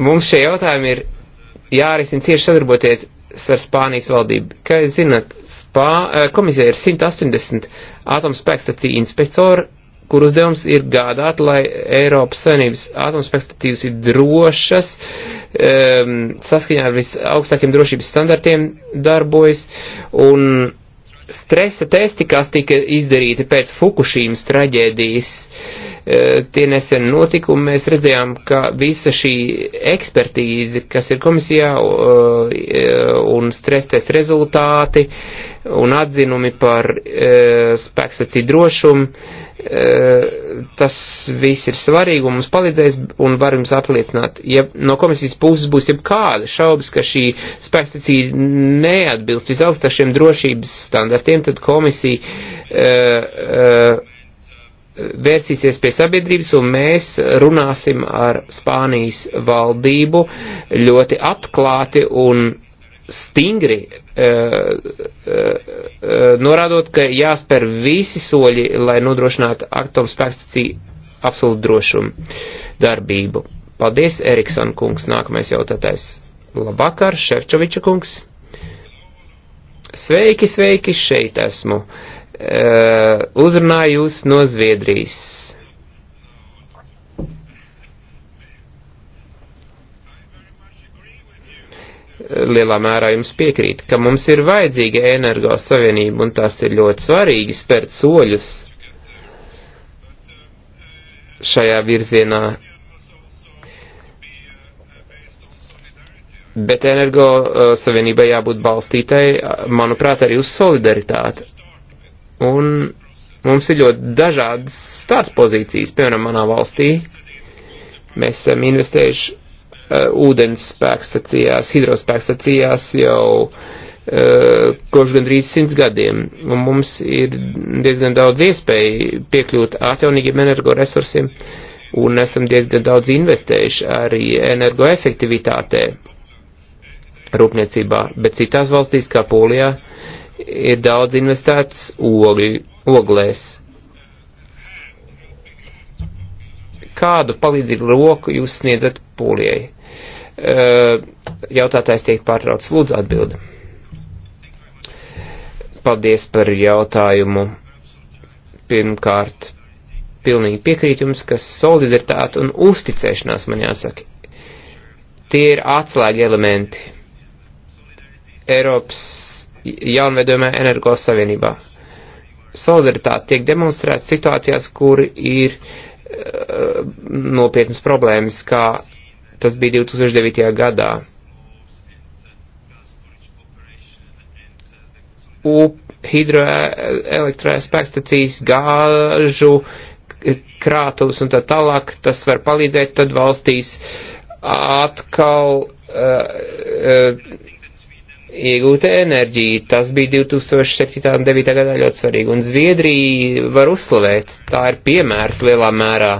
mums šie jautājumi ir jārisina cieši sadarboties ar Spānijas valdību. Kā jūs zināt, Spā, eh, komisija ir 180 atomspēkstacīju inspektori kur uzdevums ir gādāt, lai Eiropas Savienības atomspektatīvas ir drošas, um, saskaņā ar visaugstākiem drošības standartiem darbojas, un stresa testi, kas tika izdarīti pēc Fukušīmas traģēdijas, uh, Eh, tie nesen notikumi, mēs redzējām, ka visa šī ekspertīze, kas ir komisijā eh, un stresstest rezultāti un atzinumi par eh, spēksacī drošumu, tas viss ir svarīgi un mums palīdzēs un var jums apliecināt. Ja no komisijas puses būs jebkāda šaubas, ka šī spēkstacija neatbilst visaugstākajiem drošības standartiem, tad komisija uh, uh, vērsīsies pie sabiedrības un mēs runāsim ar Spānijas valdību ļoti atklāti un stingri eh, eh, norādot, ka jāspēr visi soļi, lai nodrošinātu atomspēkstaciju absolūtu drošumu darbību. Paldies, Erikson kungs, nākamais jautātais. Labvakar, Ševčoviča kungs. Sveiki, sveiki, šeit esmu. Uh, Uh, uzrunāju jūs no Zviedrijas. Lielā mērā jums piekrīt, ka mums ir vajadzīga energos savienība, un tās ir ļoti svarīgi spērt soļus šajā virzienā. Bet energo savienībai jābūt balstītai, manuprāt, arī uz solidaritāti Un mums ir ļoti dažādas startpozīcijas. Piemēram, manā valstī mēs esam investējuši uh, ūdens spēkstacijās, hidrospēkstacijās jau uh, kopš gandrīz simts gadiem. Un mums ir diezgan daudz iespēju piekļūt atjaunīgiem energoresursiem un esam diezgan daudz investējuši arī energoefektivitātē rūpniecībā, bet citās valstīs, kā Polijā, ir daudz investēts ogļu, oglēs. Kādu palīdzību roku jūs sniedzat pūlijai? Jautātājs tiek pārtraucis. Lūdzu atbildi. Paldies par jautājumu. Pirmkārt, pilnīgi piekrīt jums, ka solidaritāte un uzticēšanās man jāsaka. Tie ir atslēga elementi Eiropas jaunvedojumā energos savienībā. Solidaritāte tiek demonstrēta situācijās, kur ir uh, nopietnas problēmas, kā tas bija 2009. gadā. hidroelektrospēkstacijas gāžu krātuvs un tā tālāk, tas var palīdzēt tad valstīs atkal uh, uh, iegūta enerģija. Tas bija 2007. un 2009. gadā ļoti svarīgi. Un Zviedrija var uzslavēt. Tā ir piemērs lielā mērā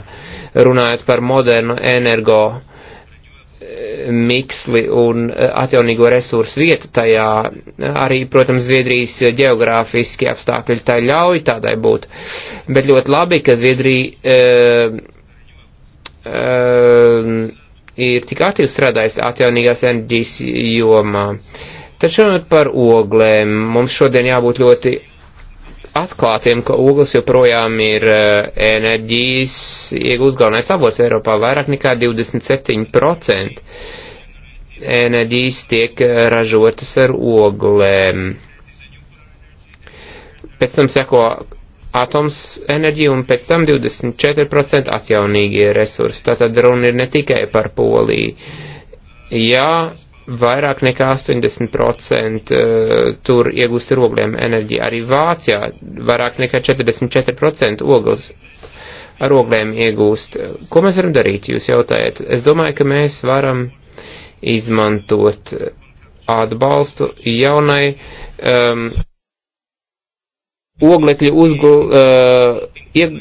runājot par modernu energo eh, miksli un eh, atjaunīgo resursu vietu tajā. Arī, protams, Zviedrijas geogrāfiski apstākļi tā ļauj tādai būt. Bet ļoti labi, ka Zviedrija uh, uh, ir tik aktīvi strādājis atjaunīgās enerģijas jomā. Uh, Taču runāt par oglēm, mums šodien jābūt ļoti atklātiem, ka ogles joprojām ir eh, enerģijas iegūst galvenais avots Eiropā vairāk nekā 27% enerģijas tiek eh, ražotas ar oglēm. Pēc tam seko atoms enerģija un pēc tam 24% atjaunīgie resursi. Tātad runa ir ne tikai par Poliju. Jā, vairāk nekā 80% eh, tur iegūst ir ogliem enerģija. Arī Vācijā vairāk nekā 44% ogles ar oglēm iegūst. Ko mēs varam darīt, jūs jautājat? Es domāju, ka mēs varam izmantot atbalstu jaunai um, oglekļu uzgul, uh, ieg,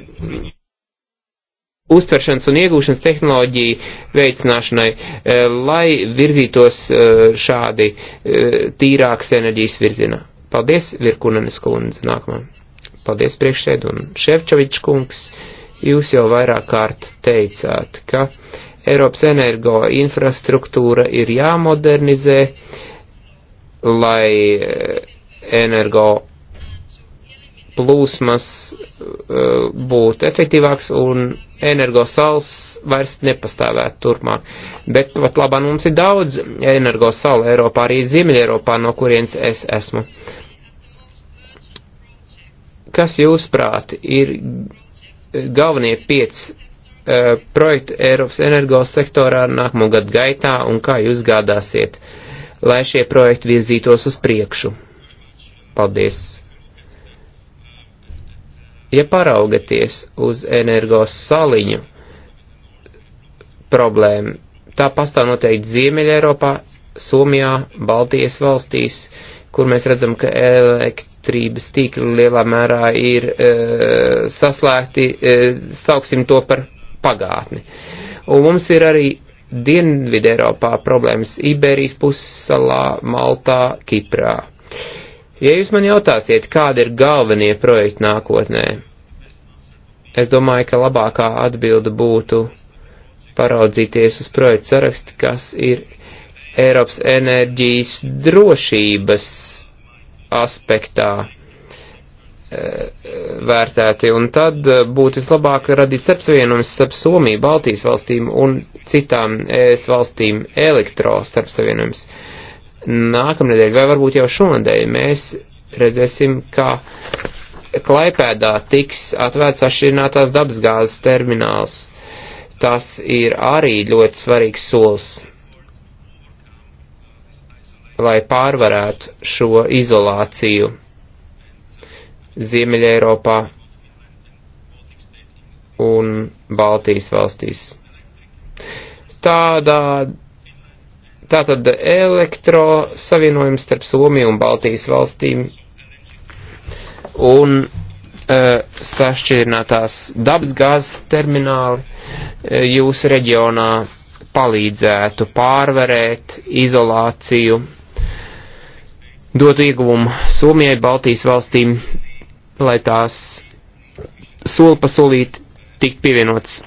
uztveršanas un iegūšanas tehnoloģiju veicināšanai, eh, lai virzītos eh, šādi eh, tīrākas enerģijas virzienā. Paldies, Virkunenes kundze, nākamā. Paldies, priekšsēd un Ševčovičs kungs. Jūs jau vairāk kārt teicāt, ka Eiropas energo infrastruktūra ir jāmodernizē, lai energo plūsmas būtu efektīvāks un energosals vairs nepastāvētu turpmāk. Bet pat labā mums ir daudz energosalu Eiropā, arī Ziemeļa Eiropā, no kurienes es esmu. Kas jūs prāt ir galvenie pieci uh, projekti Eiropas energos sektorā nākamo gadu gaitā un kā jūs gādāsiet, lai šie projekti virzītos uz priekšu? Paldies! Ja paraugaties uz energos saliņu problēmu, tā pastāv noteikti Ziemeļa Eiropā, Somijā, Baltijas valstīs, kur mēs redzam, ka elektrības tīkli lielā mērā ir e, saslēgti, e, sauksim to par pagātni. Un mums ir arī Dienvidē Eiropā problēmas Iberijas pussalā, Maltā, Kiprā Ja jūs man jautāsiet, kādi ir galvenie projekti nākotnē, es domāju, ka labākā atbilda būtu paraudzīties uz projektu sarakstu, kas ir Eiropas enerģijas drošības aspektā eh, vērtēti, un tad eh, būtu vislabāk radīt starpsavienojums starp Somiju, Baltijas valstīm un citām ES valstīm elektrostarpsavienojums. savienojums nākamnedēļ, vai varbūt jau šonadēļ, mēs redzēsim, kā Klaipēdā tiks atvērts ašķirinātās dabasgāzes termināls. Tas ir arī ļoti svarīgs solis, lai pārvarētu šo izolāciju Ziemeļa Eiropā un Baltijas valstīs. Tādā Tātad elektro savienojums starp Somiju un Baltijas valstīm un uh, sašķirinātās dabasgāzes termināli uh, jūsu reģionā palīdzētu pārvarēt izolāciju, dotu ieguvumu Somijai, Baltijas valstīm, lai tās soli pa solīt tikt pievienots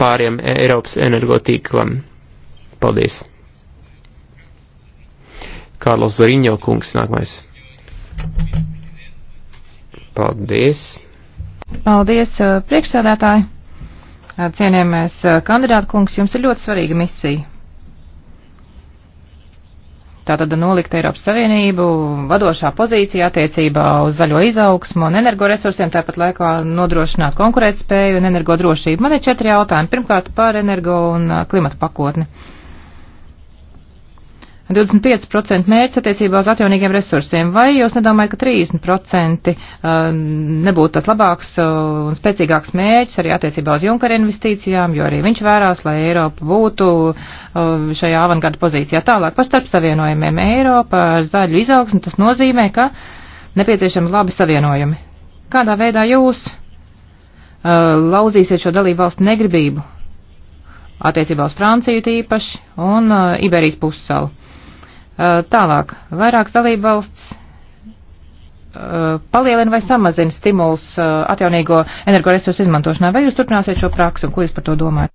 pāriem Eiropas energotīklam. Paldies. Kārlis Zariņo kungs nākamais. Paldies. Paldies, uh, priekšsēdētāji. Uh, Cienījamais uh, kandidāta kungs, jums ir ļoti svarīga misija. Tātad nolikt Eiropas Savienību vadošā pozīcija attiecībā uz zaļo izaugsmu un energoresursiem, tāpat laikā nodrošināt konkurētspēju un energodrošību. Man ir četri jautājumi. Pirmkārt par energo un klimata pakotni. Uh, 25% mērķis attiecībā uz atjaunīgiem resursiem, vai jūs nedomājat, ka 30% uh, nebūtu tas labāks uh, un spēcīgāks mērķis arī attiecībā uz Junkara investīcijām, jo arī viņš vērās, lai Eiropa būtu uh, šajā avangarda pozīcijā tālāk par starp savienojumiem Eiropa ar zaļu izaugsmu, tas nozīmē, ka nepieciešams labi savienojumi. Kādā veidā jūs lauzīsiet šo dalību valstu negribību? Attiecībā uz Franciju tīpaši un uh, Iberijas pussalu. Tālāk, vairākas dalībvalsts palielina vai samazina stimulus atjaunīgo energoresursu izmantošanā. Vai jūs turpināsiet šo praksu un ko jūs par to domājat?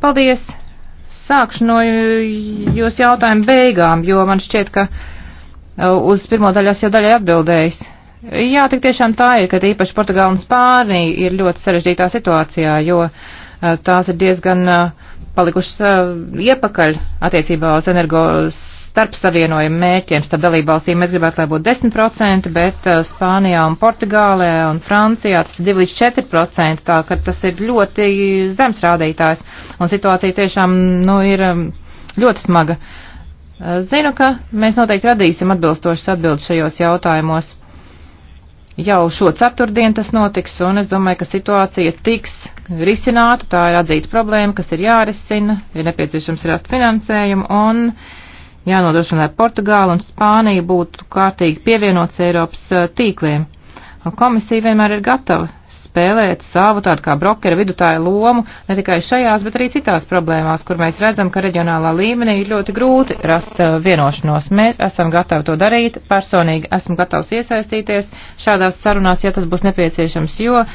Paldies! Sākšu no jūsu jautājumu beigām, jo man šķiet, ka uz pirmo daļu es jau daļai atbildējis. Jā, tik tiešām tā ir, ka īpaši Portugāla un Spānija ir ļoti sarežģītā situācijā, jo uh, Eh, tās ir diezgan eh, palikušas eh, iepakaļ attiecībā uz energo starp savienojumu mērķiem starp dalībvalstīm. Mēs gribētu, lai būtu 10%, bet Spānijā un Portugālē un Francijā tas ir 2 līdz 4%, tā ka tas ir ļoti zems rādītājs. Un situācija tiešām nu, ir ļoti smaga. Zinu, ka mēs noteikti radīsim atbilstošas atbildes šajos jautājumos. Jau šo ceturtdienu tas notiks, un es domāju, ka situācija tiks risināta. Tā ir atzīta problēma, kas ir jārisina, ir nepieciešams rast finansējumu, un jānodrošina, lai Portugāla un Spānija būtu kārtīgi pievienots Eiropas eh, tīkliem. Komisija vienmēr ir gatava spēlēt savu tādu kā brokera vidutāju lomu ne tikai šajās, bet arī citās problēmās, kur mēs redzam, ka reģionālā līmenī ir ļoti grūti rast eh, vienošanos. Mēs esam gatavi to darīt, personīgi esmu gatavs iesaistīties šādās sarunās, ja tas būs nepieciešams, jo eh,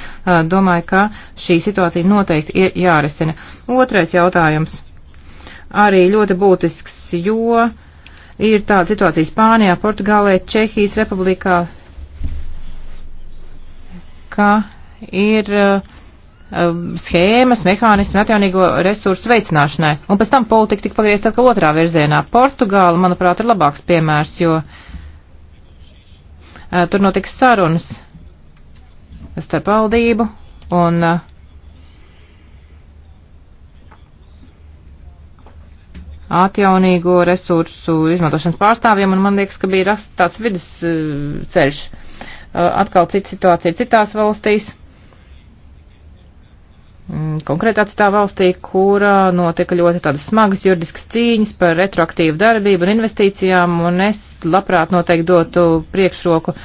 domāju, ka šī situācija noteikti ir jārisina. Otrais jautājums arī ļoti būtisks, jo ir tāda situācija Spānijā, Portugālē, Čehijas republikā, ka ir uh, schēmas, mehānismi atjaunīgo resursu veicināšanai. Un pēc tam politika tika pagriezta atkal otrā virzienā. Portugāla, manuprāt, ir labāks piemērs, jo uh, tur notiks sarunas starp valdību un uh, atjaunīgo resursu izmantošanas pārstāvjiem, un man liekas, ka bija rasts tāds vidusceļš. Atkal cita situācija citās valstīs. Mm, konkrēti atstā valstī, kurā notika ļoti tādas smagas juridiskas cīņas par retroaktīvu darbību un investīcijām, un es labprāt noteikti dotu priekšroku uh,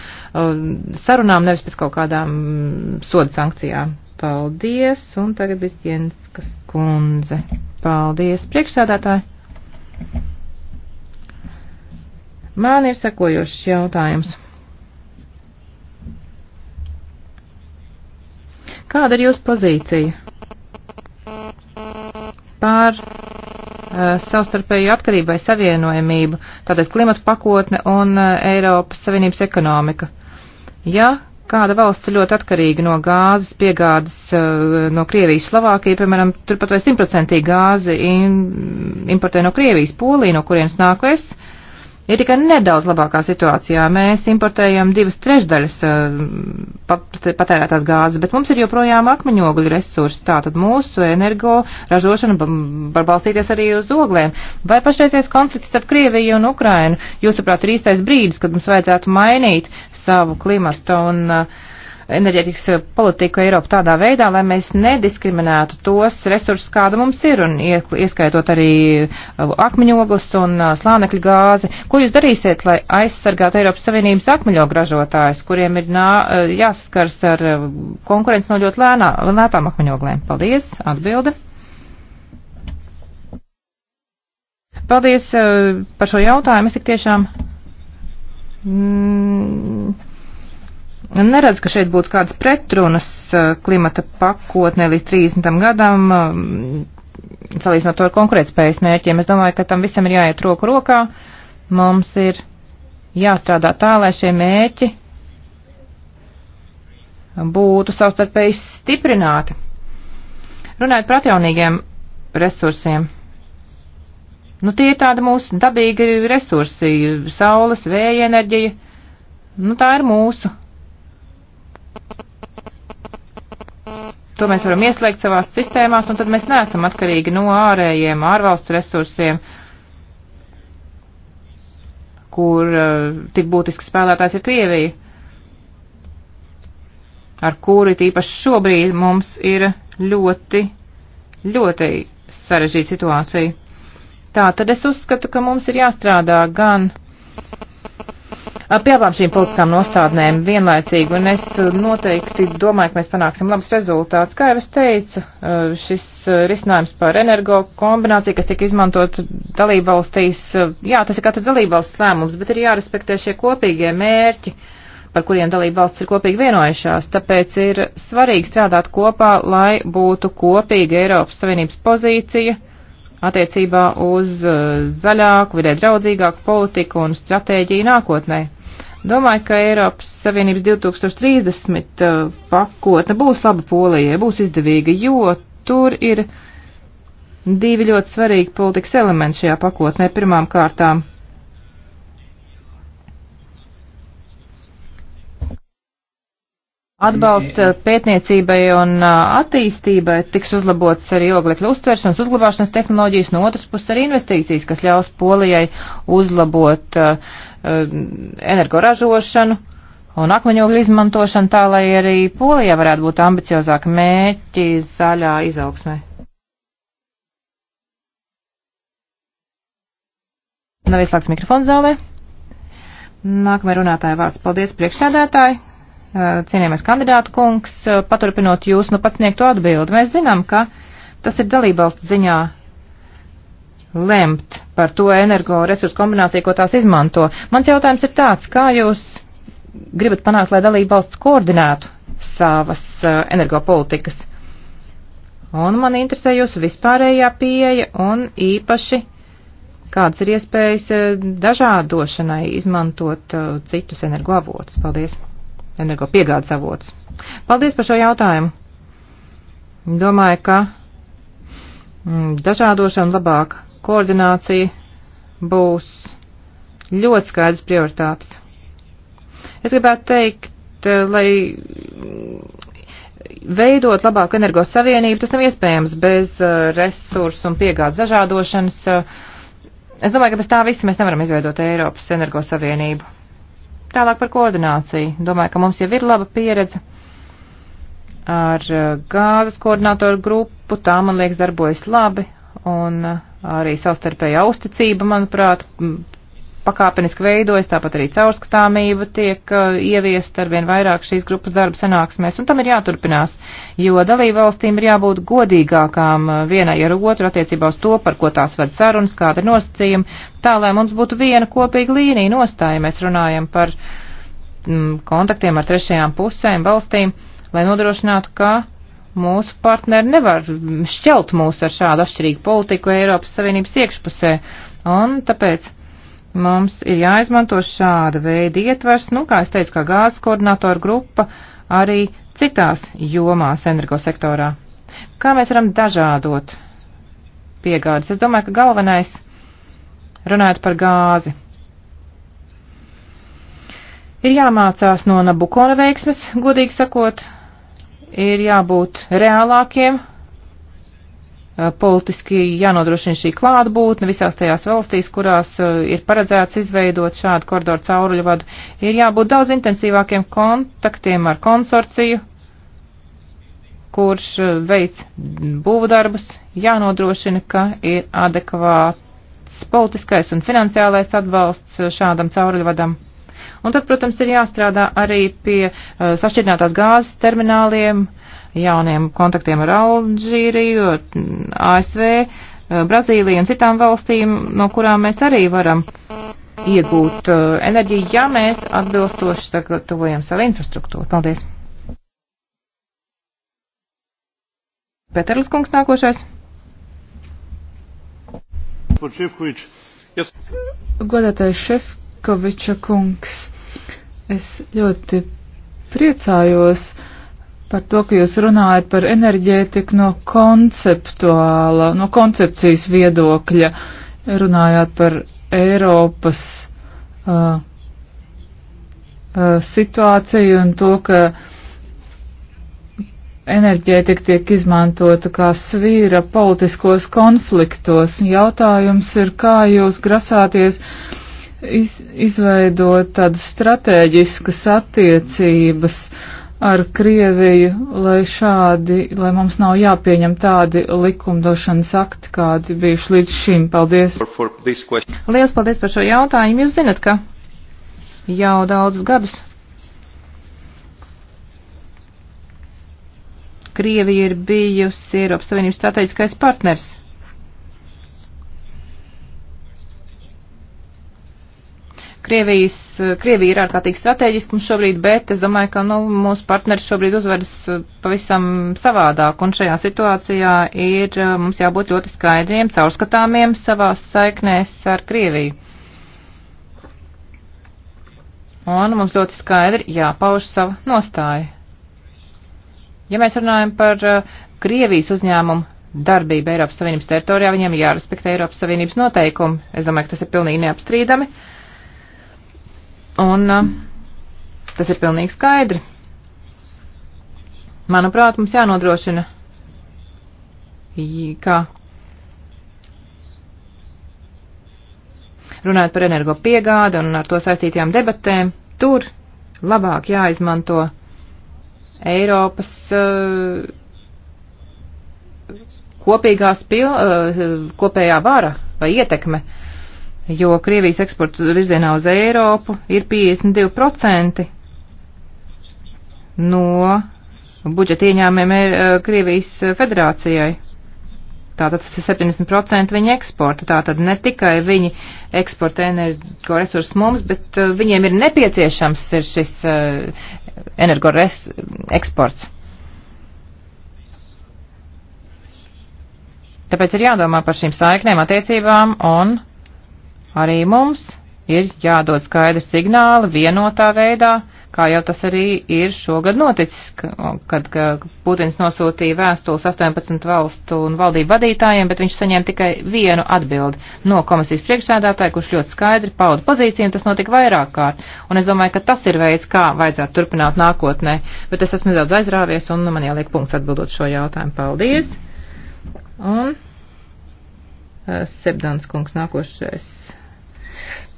sarunām, nevis pēc kaut kādām mm, soda sankcijām. Paldies, un tagad bija Jenskas kundze. Paldies, priekšsādātāji. Man ir sekojošs jautājums. Kāda ir jūsu pozīcija par uh, savstarpēju atkarību vai savienojamību, tātad klimata pakotne un uh, Eiropas Savienības ekonomika. Ja kāda valsts ir ļoti atkarīga no gāzes piegādes uh, no Krievijas, Slovākija, piemēram, turpat vai simtprocentīgi gāzi in, importē no Krievijas, Polija, no kurienes nāku es, uh, ir tikai nedaudz labākā situācijā. Mēs importējam divas trešdaļas eh, pat, patērētās gāzes, bet mums ir joprojām akmeņogļu resursi. Tātad mūsu energo ražošana var balstīties arī uz oglēm. Vai pašreizies konflikts starp Krieviju un Ukrainu, jūsuprāt, ir īstais brīdis, kad mums vajadzētu mainīt savu klimatu un uh, enerģētikas politiku Eiropu tādā veidā, lai mēs nediskriminētu tos resursus, kāda mums ir, un ieskaitot arī uh, akmeņoglis un uh, slānekļa gāzi. Ko jūs darīsiet, lai aizsargātu Eiropas Savienības akmeņogražotājus, kuriem ir nā, uh, jāsaskars ar konkurenci no ļoti lēnā, lētām akmeņoglēm? Paldies, atbilde. Paldies par šo jautājumu. Es tik tiešām. Mm, Nu, neredz, ka šeit būtu kādas pretrunas uh, klimata pakotnē līdz 30. gadam, um, salīdzinot to ar konkurētspējas mērķiem. Es domāju, ka tam visam ir jāiet roku rokā. Mums ir jāstrādā tā, lai šie mērķi būtu savstarpēji stiprināti. Runājot par atjaunīgiem resursiem. Nu, tie ir tādi mūsu dabīgi resursi - saules, vēja enerģija. Nu, tā ir mūsu To mēs varam ieslēgt savās sistēmās, un tad mēs neesam atkarīgi no ārējiem, ārvalstu resursiem, kur uh, tik būtisks spēlētājs ir Krievija, ar kuri tīpaši šobrīd mums ir ļoti, ļoti sarežģīta situācija. Tā tad es uzskatu, ka mums ir jāstrādā gan pie abām šīm politiskām nostādnēm vienlaicīgi, un es eh, noteikti domāju, ka mēs panāksim labus rezultātus. Kā jau es teicu, eh, šis eh, risinājums par energo kombināciju, kas tika izmantot dalībvalstīs, jā, tas ir katrs dalībvalsts lēmums, bet ir jārespektē šie kopīgie mērķi par kuriem dalībvalsts ir kopīgi vienojušās, tāpēc ir svarīgi strādāt kopā, lai būtu kopīga Eiropas Savienības pozīcija attiecībā uz uh, zaļāku, vidē draudzīgāku politiku un stratēģiju nākotnē. Domāju, ka Eiropas Savienības 2030 uh, pakotne būs laba polijai, būs izdevīga, jo tur ir divi ļoti svarīgi politikas elementi šajā pakotnē. Pirmām kārtām Atbalsts eh, pētniecībai un eh, attīstībai tiks uzlabots arī oglekļa uztveršanas, uzglabāšanas tehnoloģijas, no otras puses arī investīcijas, kas ļaus Polijai uzlabot uh, energoražošanu un akmeņogļu izmantošanu tā, lai arī Polijā varētu būt ambiciozāki mērķi zaļā izaugsmē. Nav ieslēgts mikrofons zālē. Nākamajā runātāja vārds. Paldies, priekšsēdētāji! Eh, cienījamais kandidātu kungs, eh, paturpinot jūs nu pats sniegto atbildi. Mēs zinām, ka tas ir dalībvalsts ziņā lemt par to energoresursu kombināciju, ko tās izmanto. Mans jautājums ir tāds, kā jūs gribat panākt, lai dalībvalsts koordinētu savas eh, energopolitikas? Un man interesē jūsu vispārējā pieeja un īpaši kādas ir iespējas dažādošanai izmantot citus energoavotus. Paldies! energopiegādes avots. Paldies par šo jautājumu. Domāju, ka mm, dažādošana, labāka koordinācija būs ļoti skaidrs prioritātes. Es gribētu teikt, eh, lai mm, veidot labāku energos savienību, tas nav iespējams bez eh, resursu un piegādes dažādošanas. Es domāju, ka bez tā visa mēs nevaram izveidot Eiropas energos savienību. Tālāk par koordināciju. Domāju, ka mums jau ir laba pieredze ar uh, gāzes koordinātoru grupu. Tā, man liekas, darbojas labi. Un uh, arī savstarpējā uzticība, manuprāt, pakāpeniski veidojas, tāpat arī caurskatāmība tiek uh, ieviest ar vien vairāk šīs grupas darba sanāksmēs, un tam ir jāturpinās, jo dalību valstīm ir jābūt godīgākām uh, vienai ar otru attiecībā uz to, par ko tās ved sarunas, kāda ir nosacījuma, tā lai mums būtu viena kopīga līnija nostāja, mēs runājam par mm, kontaktiem ar trešajām pusēm, valstīm, lai nodrošinātu, ka mūsu partneri nevar šķelt mūs ar šādu atšķirīgu politiku Eiropas Savienības iekšpusē, un tāpēc Mums ir jāizmanto šāda veida ietvers, nu, kā es teicu, kā gāzes koordinātora grupa, arī citās jomās energosektorā. Kā mēs varam dažādot piegādes? Es domāju, ka galvenais, runājot par gāzi, ir jāmācās no Nabukona veiksmes, godīgi sakot, ir jābūt reālākiem Eh, politiski jānodrošina šī klātbūtne visās tajās valstīs, kurās eh, ir paredzēts izveidot šādu koridoru cauruļu vadu, ir jābūt daudz intensīvākiem kontaktiem ar konsorciju, kurš eh, veic būvdarbus, jānodrošina, ka ir adekvāts politiskais un finansiālais atbalsts šādam cauruļvadam. Un tad, protams, ir jāstrādā arī pie uh, sašķirinātās gāzes termināliem, uh, jauniem kontaktiem ar Alžīriju, ASV, Brazīliju un citām valstīm, no kurām mēs arī varam iegūt uh, enerģiju, ja mēs atbilstoši sagatavojam savu infrastruktūru. Paldies! Peterlis kungs nākošais. Godātais Šefkoviča kungs, es ļoti priecājos, uh, par to, ka jūs runājat par enerģētiku no konceptuāla, no koncepcijas viedokļa, runājāt par Eiropas uh, uh, situāciju un to, ka enerģētika tiek izmantota kā svīra politiskos konfliktos. Jautājums ir, kā jūs grasāties iz, izveidot tādas strateģiskas attiecības, uh, ar Krieviju, lai šādi, lai mums nav jāpieņem tādi likumdošanas akti, kādi bijuši līdz šim. Paldies! Lielas paldies par šo jautājumu. Jūs zinat, ka jau daudzus gadus Krievija ir bijusi Eiropas Savienības strateģiskais partners. Krievijas, Krievija ir ārkārtīgi strateģiski mums šobrīd, bet es domāju, ka nu, mūsu partneri šobrīd uzvedas uh, pavisam savādāk, un šajā situācijā ir uh, mums jābūt ļoti skaidriem, caurskatāmiem savās saiknēs ar Krieviju. Un mums ļoti skaidri jāpauž savu nostāju. Ja mēs runājam par uh, Krievijas uzņēmumu darbību Eiropas Savienības teritorijā, viņiem jārespektē Eiropas Savienības noteikumi. Es domāju, ka tas ir pilnīgi neapstrīdami. Uh, Un uh, tas ir pilnīgi skaidri. Manuprāt, mums jānodrošina, kā runājot par energo piegādi un ar to saistītajām debatēm, tur labāk jāizmanto Eiropas uh, kopīgās pil, uh, kopējā vara vai ietekme. Uh, jo Krievijas eksports virzienā uz Eiropu ir 52% no budžeta ieņēmumiem eh, Krievijas eh, federācijai. Tātad tas ir 70% viņa eksporta. Tātad ne tikai viņi eksporta energoresursus mums, bet eh, viņiem ir nepieciešams ir šis energoeksports. Tāpēc ir jādomā par šīm saiknēm, attiecībām un arī mums ir jādod skaidri signāli vienotā veidā, kā jau tas arī ir šogad noticis, kad Putins nosūtīja vēstules 18 valstu un valdību vadītājiem, bet viņš saņēma tikai vienu atbildi no komisijas priekšsēdātāja, kurš ļoti skaidri pauda pozīciju, un tas notika vairāk kārt. Un es domāju, ka tas ir veids, kā vajadzētu turpināt nākotnē, bet es esmu nedaudz aizrāvies, un man jāliek punkts atbildot šo jautājumu. Paldies! Un eh, Sebdans kungs nākošais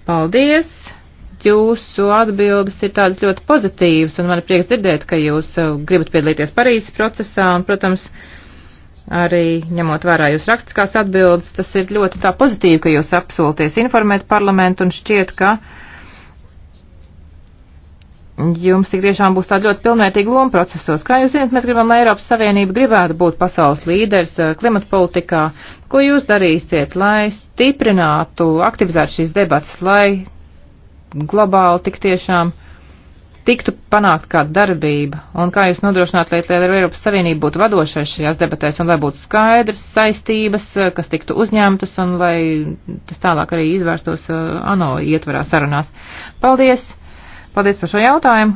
Paldies! Jūsu atbildes ir tādas ļoti pozitīvas, un man ir prieks dzirdēt, ka jūs uh, gribat piedalīties Parīzes procesā, un, protams, arī ņemot vērā jūs rakstiskās atbildes, tas ir ļoti tā pozitīvi, ka jūs apsolties informēt parlamentu, un šķiet, ka uh, Jums tik tiešām būs tāda ļoti pilnvērtīga loma procesos. Kā jūs zināt, mēs gribam, lai Eiropas Savienība gribētu būt pasaules līderis eh, klimata politikā. Ko jūs darīsiet, lai stiprinātu, aktivizētu šīs debatas, lai globāli tik tiešām tiktu panākt kāda darbība? Un kā jūs nodrošināt, lai, lai Eiropas Savienība būtu vadošais šajās debatēs un lai būtu skaidrs saistības, eh, kas tiktu uzņemtas un lai tas tālāk arī izvērstos eh, ANO ietvarā sarunās? Paldies! Paldies par šo jautājumu.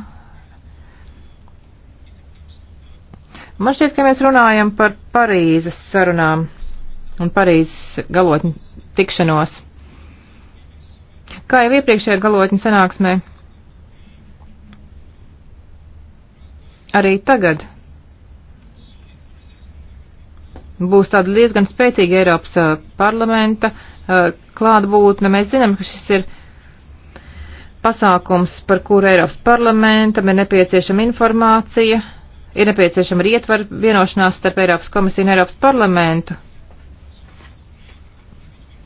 Man šķiet, ka mēs runājam par Parīzes sarunām un Parīzes galotņu tikšanos. Kā jau iepriekšējā galotņu sanāksmē, arī tagad būs tāda diezgan spēcīga Eiropas uh, parlamenta uh, klātbūtne. Mēs zinām, ka šis ir pasākums, par kuru Eiropas parlamentam ir nepieciešama informācija, ir nepieciešama arī ietver vienošanās starp Eiropas komisiju un Eiropas parlamentu.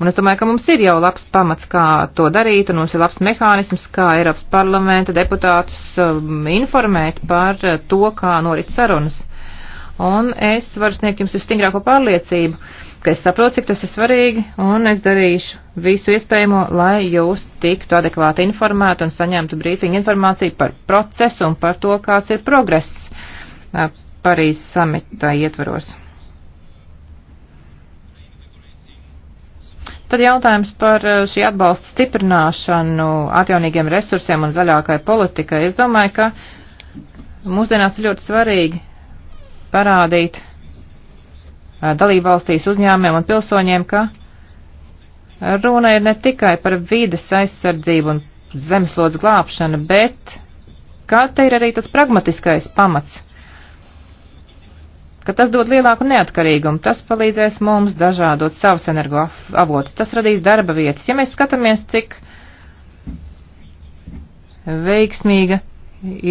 Un es domāju, ka mums ir jau labs pamats, kā to darīt, un mums ir labs mehānisms, kā Eiropas parlamenta deputātus um, informēt par uh, to, kā norit sarunas. Un es varu sniegt jums visstingrāko pārliecību, ka es saprotu, cik tas ir svarīgi, un es darīšu visu iespējamo, lai jūs tiktu adekvāti informēti un saņemtu brīfingu informāciju par procesu un par to, kāds ir progress Parīzes samita ietvaros. Tad jautājums par šī atbalsta stiprināšanu atjaunīgiem resursiem un zaļākai politikai. Es domāju, ka mūsdienās ir ļoti svarīgi parādīt dalībvalstīs uzņēmumiem un pilsoņiem, ka runa ir ne tikai par vides aizsardzību un zemeslodes glābšanu, bet kā te ir arī tas pragmatiskais pamats, ka tas dod lielāku neatkarīgumu, tas palīdzēs mums dažādot savus energoavotus, tas radīs darba vietas. Ja mēs skatāmies, cik veiksmīga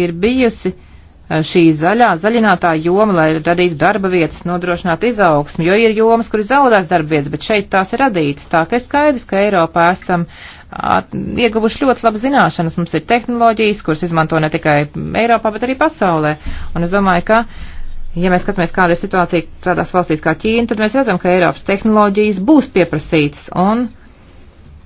ir bijusi, uh, Eh, šī zaļā, zaļinātā joma, lai radītu darba vietas, nodrošinātu izaugsmu, jo ir jomas, kur ir zaudēts darba vietas, bet šeit tās ir radītas. Tā ka ir skaidrs, ka Eiropā esam at, ieguvuši ļoti labu zināšanas. Mums ir tehnoloģijas, kuras izmanto ne tikai Eiropā, bet arī pasaulē. Un es domāju, ka. Ja mēs skatāmies, kāda ir situācija tādās valstīs kā Ķīna, tad mēs redzam, ka Eiropas tehnoloģijas būs pieprasītas un uh,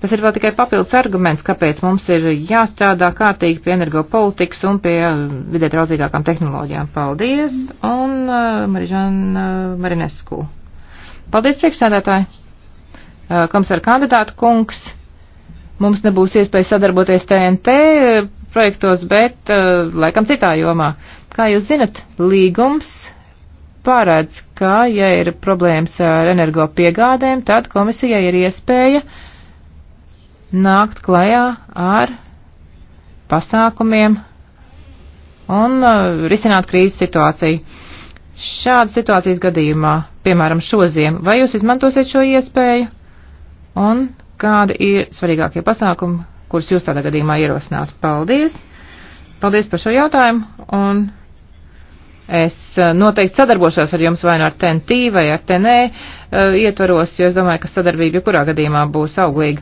Tas ir vēl tikai papildus arguments, kāpēc mums ir jāstrādā kārtīgi pie energopolitikas un pie uh, vidē draudzīgākām tehnoloģijām. Paldies! Un uh, Marižana uh, Marinesku. Paldies, priekšsēdētāji! Uh, Komisāra kandidāta kungs, mums nebūs iespēja sadarboties TNT uh, projektos, bet uh, laikam citā jomā. Kā jūs zinat, līgums pārēdz, ka, ja ir problēmas ar energo piegādēm, tad komisijai ir iespēja uh, nākt klajā ar pasākumiem un uh, risināt krīzes situāciju. Šādas situācijas gadījumā, piemēram, šoziem, vai jūs izmantosiet šo iespēju un kādi ir svarīgākie pasākumi, kurus jūs tādā gadījumā ierosinātu? Paldies! Paldies par šo jautājumu un es uh, noteikti sadarbošos ar jums vai nu no ar TNT vai ar TNE uh, ietvaros, jo es domāju, ka sadarbība jebkurā gadījumā būs auglīga.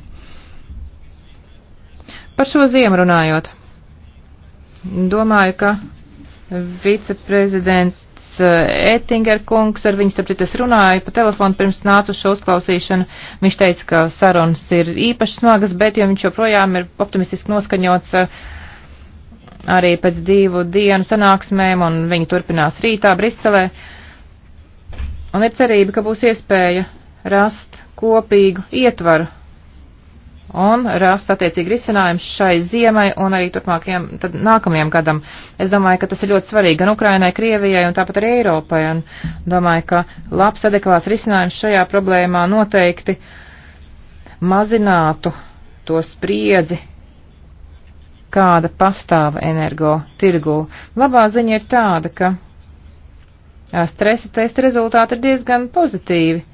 Par šo ziemu runājot, domāju, ka viceprezidents eh, Ettinger kungs, ar viņu starp citu es runāju pa telefonu pirms nācu šo uzklausīšanu. Viņš teica, ka sarunas ir īpaši smagas, bet jo viņš joprojām ir optimistiski noskaņots eh, arī pēc divu dienu sanāksmēm, un viņi turpinās rītā Briselē. Un ir cerība, ka būs iespēja rast kopīgu ietvaru un rast attiecīgi risinājums šai ziemai un arī turpmākajam, tad nākamajam gadam. Es domāju, ka tas ir ļoti svarīgi gan Ukrainai, Krievijai un tāpat arī Eiropai. Un domāju, ka labs adekvāts risinājums šajā problēmā noteikti mazinātu to spriedzi, kāda pastāv energo tirgū. Labā ziņa ir tāda, ka stresa testa rezultāti ir diezgan pozitīvi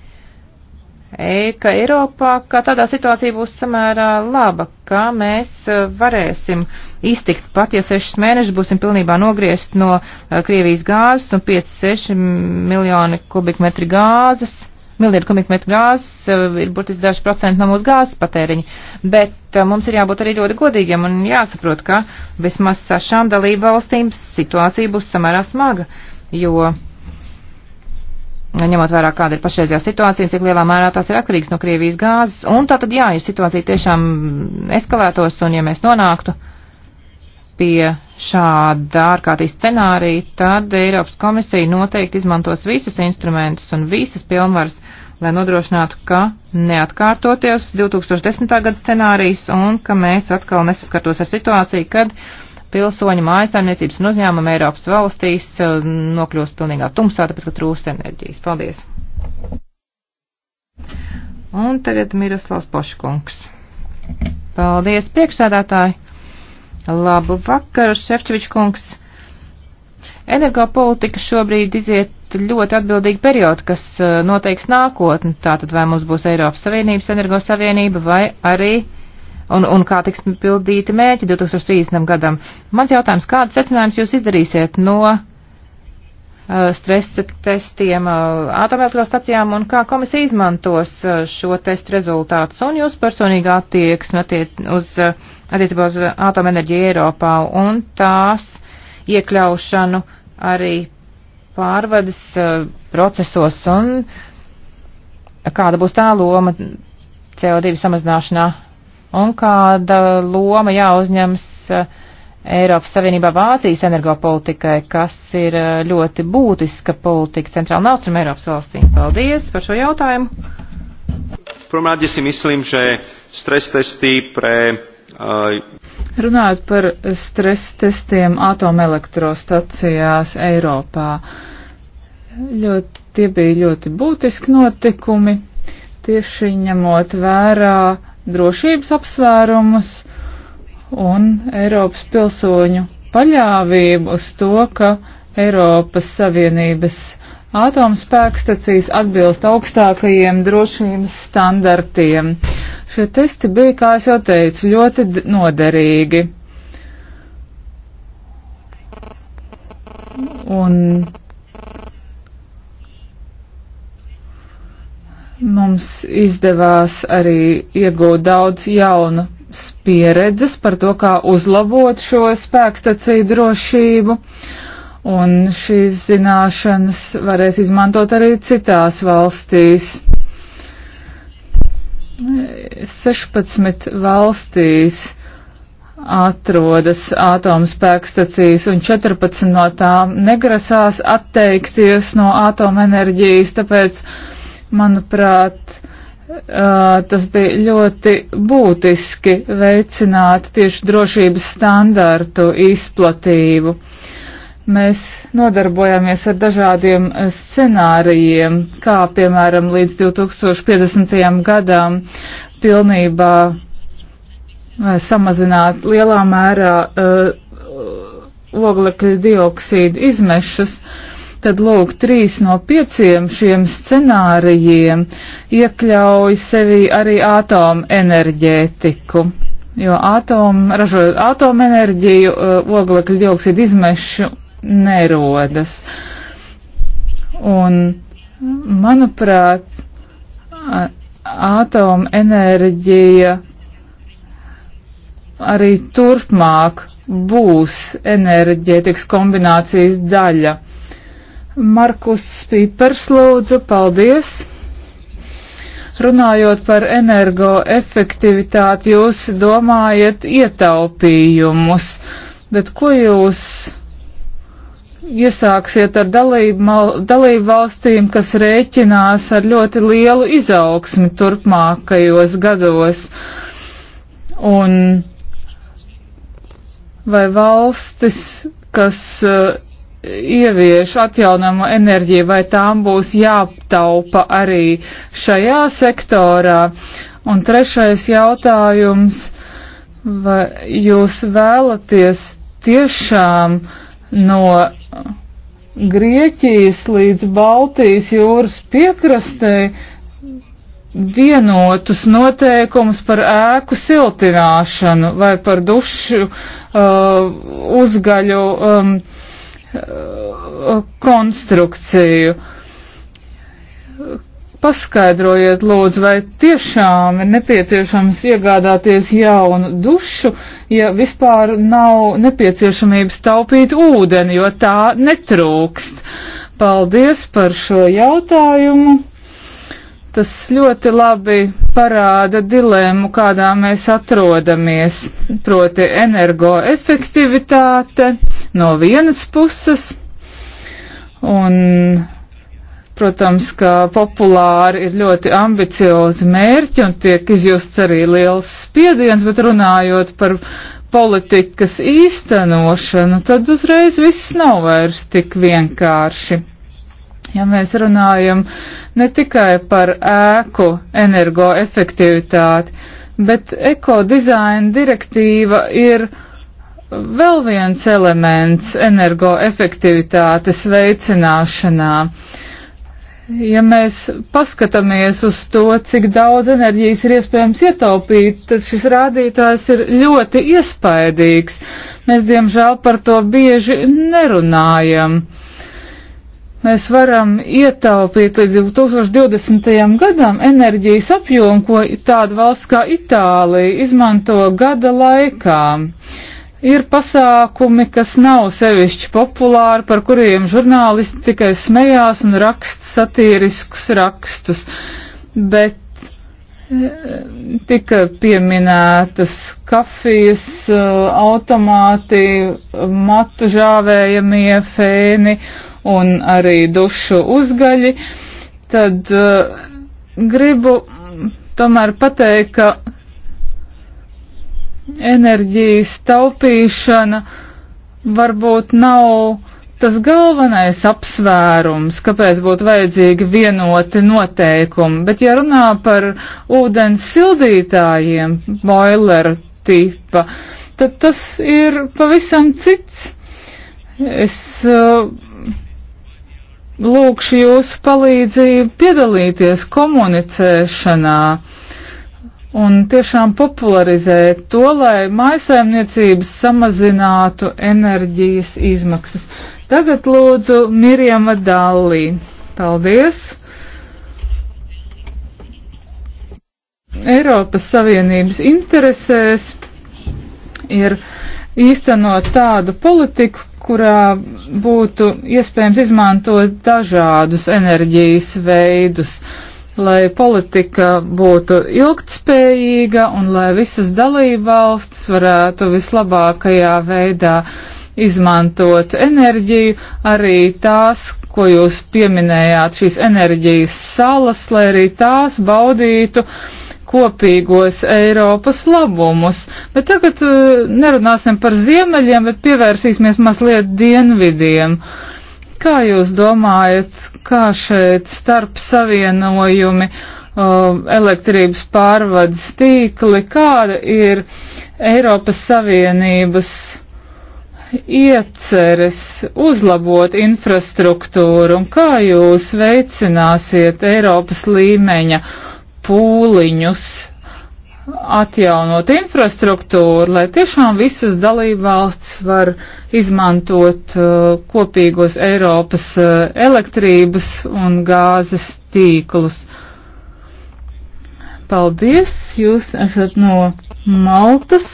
e, ka Eiropā, ka tādā situācija būs samērā laba, ka mēs e, varēsim iztikt pat, ja sešas mēnešas būsim pilnībā nogriezt no e, Krievijas gāzes un 5-6 miljoni kubikmetri gāzes. Miljardu kubikmetru gāzes e, ir burtiski daži procenti no mūsu gāzes patēriņa, bet mums ir jābūt arī ļoti godīgiem un jāsaprot, ka vismaz šām dalību valstīm situācija būs samērā smaga, jo ņemot vērā, kāda ir pašreizējā situācija un cik lielā mērā tās ir atkarīgs no Krievijas gāzes. Un tā tad, jā, ja situācija tiešām eskalētos un ja mēs nonāktu pie šāda ārkārtīgi scenārija, tad Eiropas komisija noteikti izmantos visus instrumentus un visas pilnvaras, lai nodrošinātu, ka neatkārtoties 2010. gada scenārijs un ka mēs atkal nesaskartos ar situāciju, kad uh, pilsoņi mājasaimniecības un uzņēmumi Eiropas valstīs eh, nokļūst pilnīgā tumsā, tāpēc, ka trūkst enerģijas. Paldies! Un tagad Miroslavs Poškungs. Paldies, priekšsēdētāji! Labu vakaru, Šefčevičs kungs! Energopolitika šobrīd iziet ļoti atbildīgu periodu, kas eh, noteiks nākotni. Tātad vai mums būs Eiropas Savienības energosavienība vai arī uh, un, un kā tiks pildīti mēķi 2030. gadam. Mans jautājums, kādas secinājumus jūs izdarīsiet no uh, stresa testiem uh, atomelektrostacijām un kā komisija izmantos uh, šo testu rezultātus un jūsu personīgā attieksme attiec, uz, uh, attiecībā uz atomenerģiju Eiropā un tās iekļaušanu arī pārvades uh, procesos un kāda būs tā loma CO2 samazināšanā un kāda loma jāuzņems eh, Eiropas Savienībā Vācijas energopolitikai, kas ir eh, ļoti būtiska politika centrāla un austruma Eiropas valstīm. Paldies par šo jautājumu. Prvom rade si myslím, že stres testy pre. Uh... Runājot par stres testiem atomelektrostacijās Eiropā, ļoti, tie bija ļoti būtiski notikumi, tieši ņemot vērā uh, drošības apsvērumus un Eiropas pilsoņu paļāvību uz to, ka Eiropas Savienības atomspēkstacijas atbilst augstākajiem drošības standartiem. Šie testi bija, kā es jau teicu, ļoti noderīgi. Un Mums izdevās arī iegūt daudz jaunu pieredzes par to, kā uzlabot šo spēkstacīju drošību, un šīs zināšanas varēs izmantot arī citās valstīs. 16 valstīs atrodas atomspēkstacijas, un 14 no tām negrasās atteikties no atomenerģijas, tāpēc Manuprāt, tas bija ļoti būtiski veicināt tieši drošības standārtu izplatību. Mēs nodarbojamies ar dažādiem scenārijiem, kā piemēram līdz 2050. gadam pilnībā samazināt lielā mērā uh, oglekļa dioksīdu izmešas. Uh, tad lūk, trīs no pieciem šiem scenārijiem iekļauj sevi arī atomenerģētiku. Jo atom, ražojot atomenerģiju, uh, oglekļa dioksīda izmešu nerodas. Un, manuprāt, atomenerģija arī turpmāk būs enerģētikas kombinācijas daļa. Markus Pīpers lūdzu, paldies. Runājot par energoefektivitāti, jūs domājat ietaupījumus, bet ko jūs iesāksiet ar dalību, mal, dalību valstīm, kas rēķinās ar ļoti lielu izaugsmi turpmākajos gados. Un vai valstis, kas uh, ievieš atjaunamo enerģiju, vai tām būs jātaupa arī šajā sektorā. Un trešais jautājums, vai jūs vēlaties tiešām no Grieķijas līdz Baltijas jūras piekrastei vienotus noteikumus par ēku siltināšanu vai par dušu uh, uzgaļu um, uh, Uh, konstrukciju. Paskaidrojiet, lūdzu, vai tiešām ir nepieciešams iegādāties jaunu dušu, ja vispār nav nepieciešamības taupīt ūdeni, jo tā netrūkst. Paldies par šo jautājumu. Tas ļoti labi parāda dilēmu, kādā mēs atrodamies, proti energoefektivitāte no vienas puses un protams, ka populāri ir ļoti ambiciozi mērķi un tiek izjusts arī liels spiediens, bet runājot par politikas īstenošanu, tad uzreiz viss nav vairs tik vienkārši. Ja mēs runājam ne tikai par ēku energoefektivitāti, bet ekodizaina direktīva ir vēl viens elements energoefektivitātes veicināšanā. Ja mēs paskatāmies uz to, cik daudz enerģijas ir iespējams ietaupīt, tad šis rādītājs ir ļoti iespaidīgs. Mēs, diemžēl, par to bieži nerunājam mēs varam ietaupīt līdz 2020. gadam enerģijas apjomu, ko tāda valsts kā Itālija izmanto gada laikā. Ir pasākumi, kas nav sevišķi populāri, par kuriem žurnālisti tikai smējās un rakst satīriskus rakstus, bet e, tika pieminētas kafijas e, automāti, matu žāvējamie fēni un arī dušu uzgaļi, tad uh, gribu tomēr pateikt, ka enerģijas taupīšana varbūt nav tas galvenais apsvērums, kāpēc būtu vajadzīgi vienoti noteikumi, bet ja runā par ūdens sildītājiem, boileru tipa, tad tas ir pavisam cits. Es uh, lūkšu jūsu palīdzību piedalīties komunicēšanā un tiešām popularizēt to, lai maisaimniecības samazinātu enerģijas izmaksas. Tagad lūdzu Mirjama Dallī. Paldies! Eiropas Savienības interesēs ir īstenot tādu politiku, kurā būtu iespējams izmantot dažādus enerģijas veidus, lai politika būtu ilgtspējīga un lai visas dalībvalstis varētu vislabākajā veidā izmantot enerģiju, arī tās, ko jūs pieminējāt, šīs enerģijas salas, lai arī tās baudītu uh, kopīgos Eiropas labumus. Bet tagad uh, nerunāsim par ziemeļiem, bet pievērsīsimies mazliet dienvidiem. Kā jūs domājat, kā šeit starp savienojumi, uh, elektrības pārvades tīkli, kāda ir Eiropas Savienības ieceres uzlabot infrastruktūru un kā jūs veicināsiet Eiropas līmeņa uh, pūliņus atjaunot infrastruktūru, lai tiešām visas dalībvalsts var izmantot uh, kopīgos Eiropas uh, elektrības un gāzes tīklus. Paldies, jūs esat no Maltas.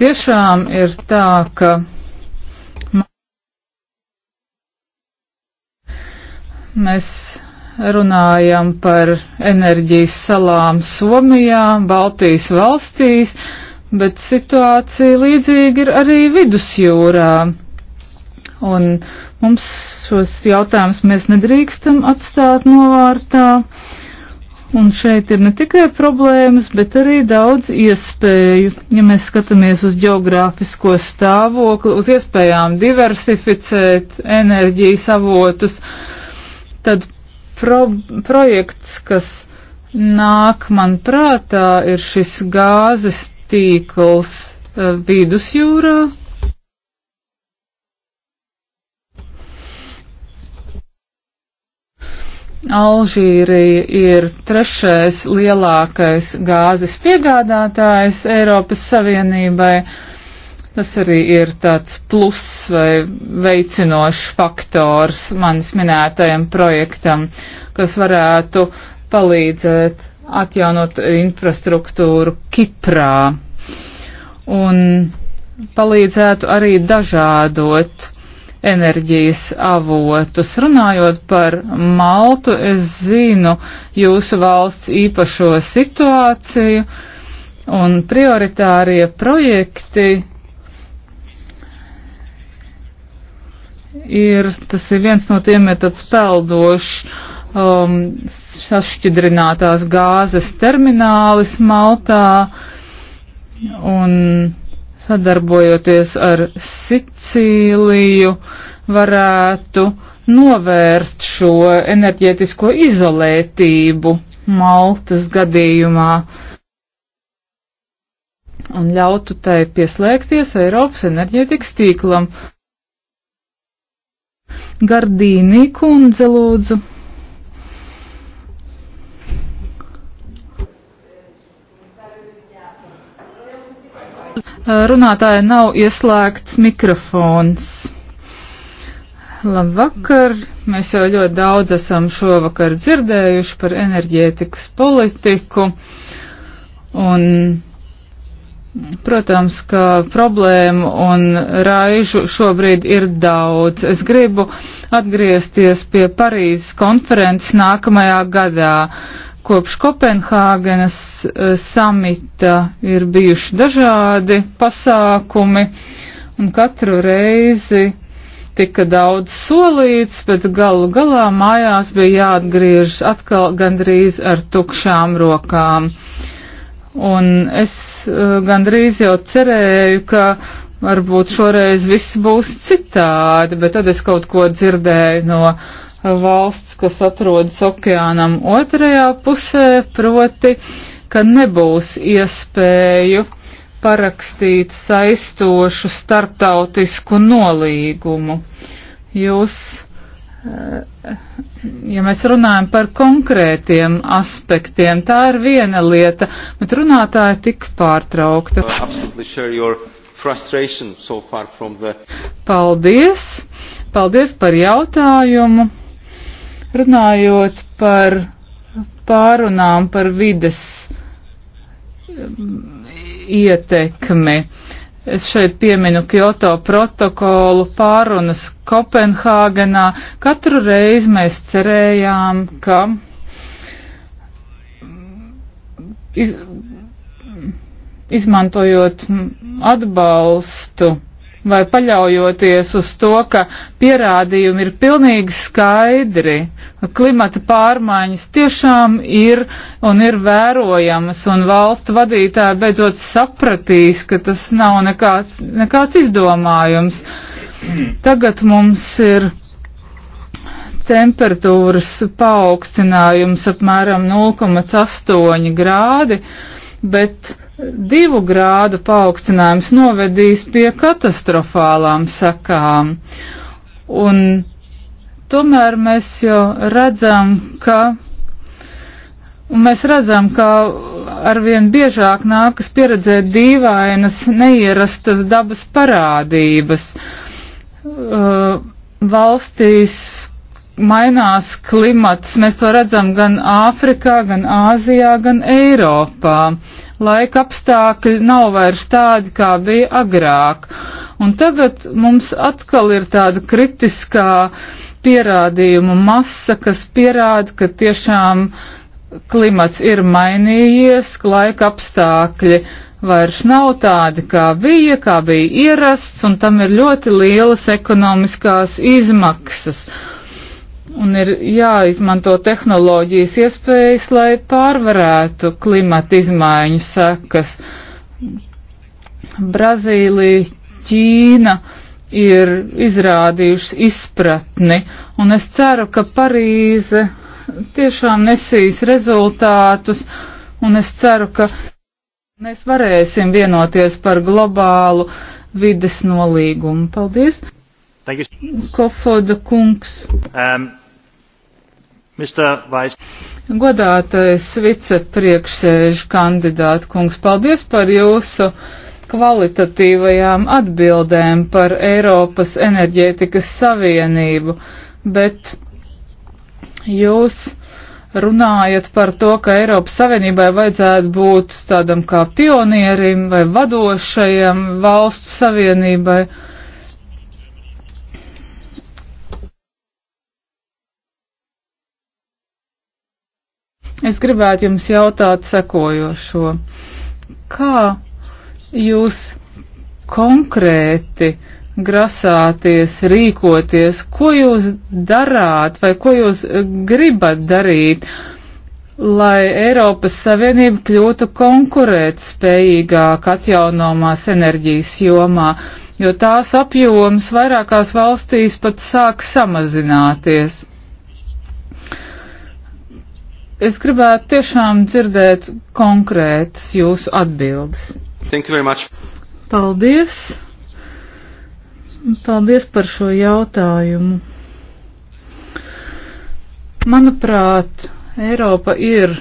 Tiešām ir tā, ka. Mēs runājam par enerģijas salām Somijā, Baltijas valstīs, bet situācija līdzīga ir arī vidusjūrā. Un mums šos jautājumus mēs nedrīkstam atstāt novārtā. Un šeit ir ne tikai problēmas, bet arī daudz iespēju. Ja mēs skatāmies uz geogrāfisko stāvokli, uz iespējām diversificēt enerģijas avotus, tad pro projekts, kas nāk man prātā, ir šis gāzes tīkls eh, vidusjūrā. Alžīrija ir trešais lielākais gāzes piegādātājs Eiropas Savienībai Tas arī ir tāds plus vai veicinošs faktors manis minētajam projektam, kas varētu palīdzēt atjaunot infrastruktūru Kiprā un palīdzētu arī dažādot enerģijas avotus. Runājot par Maltu, es zinu jūsu valsts īpašo situāciju un prioritārie projekti ir, tas ir viens no tiem metods peldošs um, sašķidrinātās gāzes terminālis Maltā un sadarbojoties ar Sicīliju varētu novērst šo enerģētisko izolētību Maltas gadījumā un ļautu tai pieslēgties Eiropas enerģētikas tīklam. Gardīnī kundze lūdzu. Runātāja nav ieslēgts mikrofons. Labvakar! Mēs jau ļoti daudz esam šovakar dzirdējuši par enerģētikas politiku un Protams, ka problēmu un raižu šobrīd ir daudz. Es gribu atgriezties pie Parīzes konferences nākamajā gadā. Kopš Kopenhāgenes eh, samita ir bijuši dažādi pasākumi, un katru reizi tika daudz solīts, bet galu galā mājās bija jāatgriežas atkal gandrīz ar tukšām rokām. Uh, Un es eh, gandrīz jau cerēju, ka varbūt šoreiz viss būs citādi, bet tad es kaut ko dzirdēju no eh, valsts, kas atrodas okeānam otrajā pusē, proti, ka nebūs iespēju parakstīt saistošu starptautisku nolīgumu. Jūs ja mēs runājam par konkrētiem aspektiem, tā ir viena lieta, bet runātāja tik pārtraukta. Uh, so the... Paldies! Paldies par jautājumu. Runājot par pārunām par vides um, ietekmi. Es šeit pieminu Kyoto protokolu, pārunas Kopenhāgenā. Katru reizi mēs cerējām, ka iz, izmantojot atbalstu vai paļaujoties uz to, ka pierādījumi ir pilnīgi skaidri, klimata pārmaiņas tiešām ir un ir vērojamas, un valstu vadītāji beidzot sapratīs, ka tas nav nekāds, nekāds izdomājums. Tagad mums ir temperatūras paaugstinājums apmēram 0,8 grādi, bet divu grādu paaugstinājums novedīs pie katastrofālām sakām. Un tomēr mēs jau redzam, ka, un mēs redzam, ka arvien biežāk nākas pieredzēt dīvainas, neierastas dabas parādības. Uh, valstīs mainās klimats, mēs to redzam gan Āfrikā, gan Āzijā, gan Eiropā. Uh, laika apstākļi nav vairs tādi, kā bija agrāk. Un tagad mums atkal ir tāda kritiskā pierādījumu masa, kas pierāda, ka tiešām klimats ir mainījies, ka laika apstākļi vairs nav tādi, kā bija, kā bija ierasts, un tam ir ļoti lielas ekonomiskās izmaksas un ir jāizmanto tehnoloģijas iespējas, lai pārvarētu klimata izmaiņu sekas. Brazīlija, Ķīna ir izrādījušas izpratni, un es ceru, ka Parīze tiešām nesīs rezultātus, un es ceru, ka mēs varēsim vienoties par globālu vides nolīgumu. Paldies! Kofoda kungs. Um, Godātais vicepriekšsēžu kandidāta kungs, paldies par jūsu kvalitatīvajām atbildēm par Eiropas enerģētikas savienību, bet jūs runājat par to, ka Eiropas Savienībai vajadzētu būt tādam kā pionierim vai vadošajam valstu savienībai. Uh, Es gribētu jums jautāt sekojošo. Kā jūs konkrēti grasāties, rīkoties, ko jūs darāt vai ko jūs gribat darīt, lai Eiropas Savienība kļūtu konkurētspējīgāk atjaunojumās enerģijas jomā, jo tās apjoms vairākās valstīs pat sāk samazināties. Es gribētu tiešām dzirdēt konkrētas jūsu atbildes. Thank you very much. Paldies. Paldies par šo jautājumu. Manuprāt, Eiropa ir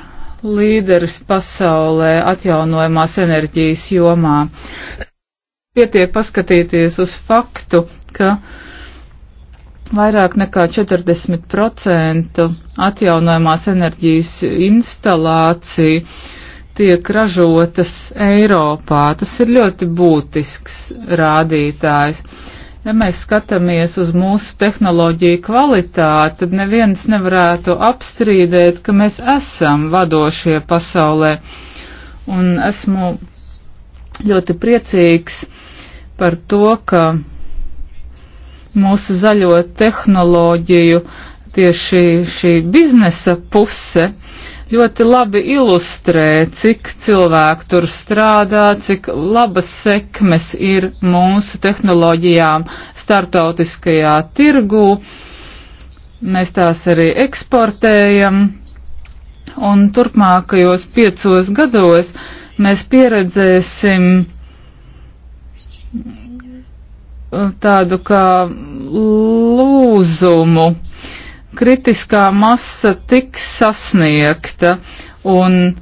līderis pasaulē atjaunojumās enerģijas jomā. Pietiek paskatīties uz faktu, ka vairāk nekā 40% atjaunojumās enerģijas instalāciju tiek ražotas Eiropā. Tas ir ļoti būtisks rādītājs. Ja mēs skatāmies uz mūsu tehnoloģiju kvalitāti, tad neviens nevarētu apstrīdēt, ka mēs esam vadošie pasaulē. Un esmu ļoti priecīgs par to, ka mūsu zaļo tehnoloģiju tieši šī biznesa puse ļoti labi ilustrē, cik cilvēku tur strādā, cik labas sekmes ir mūsu tehnoloģijām startautiskajā tirgū. Mēs tās arī eksportējam, un turpmākajos piecos gados mēs pieredzēsim tādu kā lūzumu. Kritiskā masa tiks sasniegta un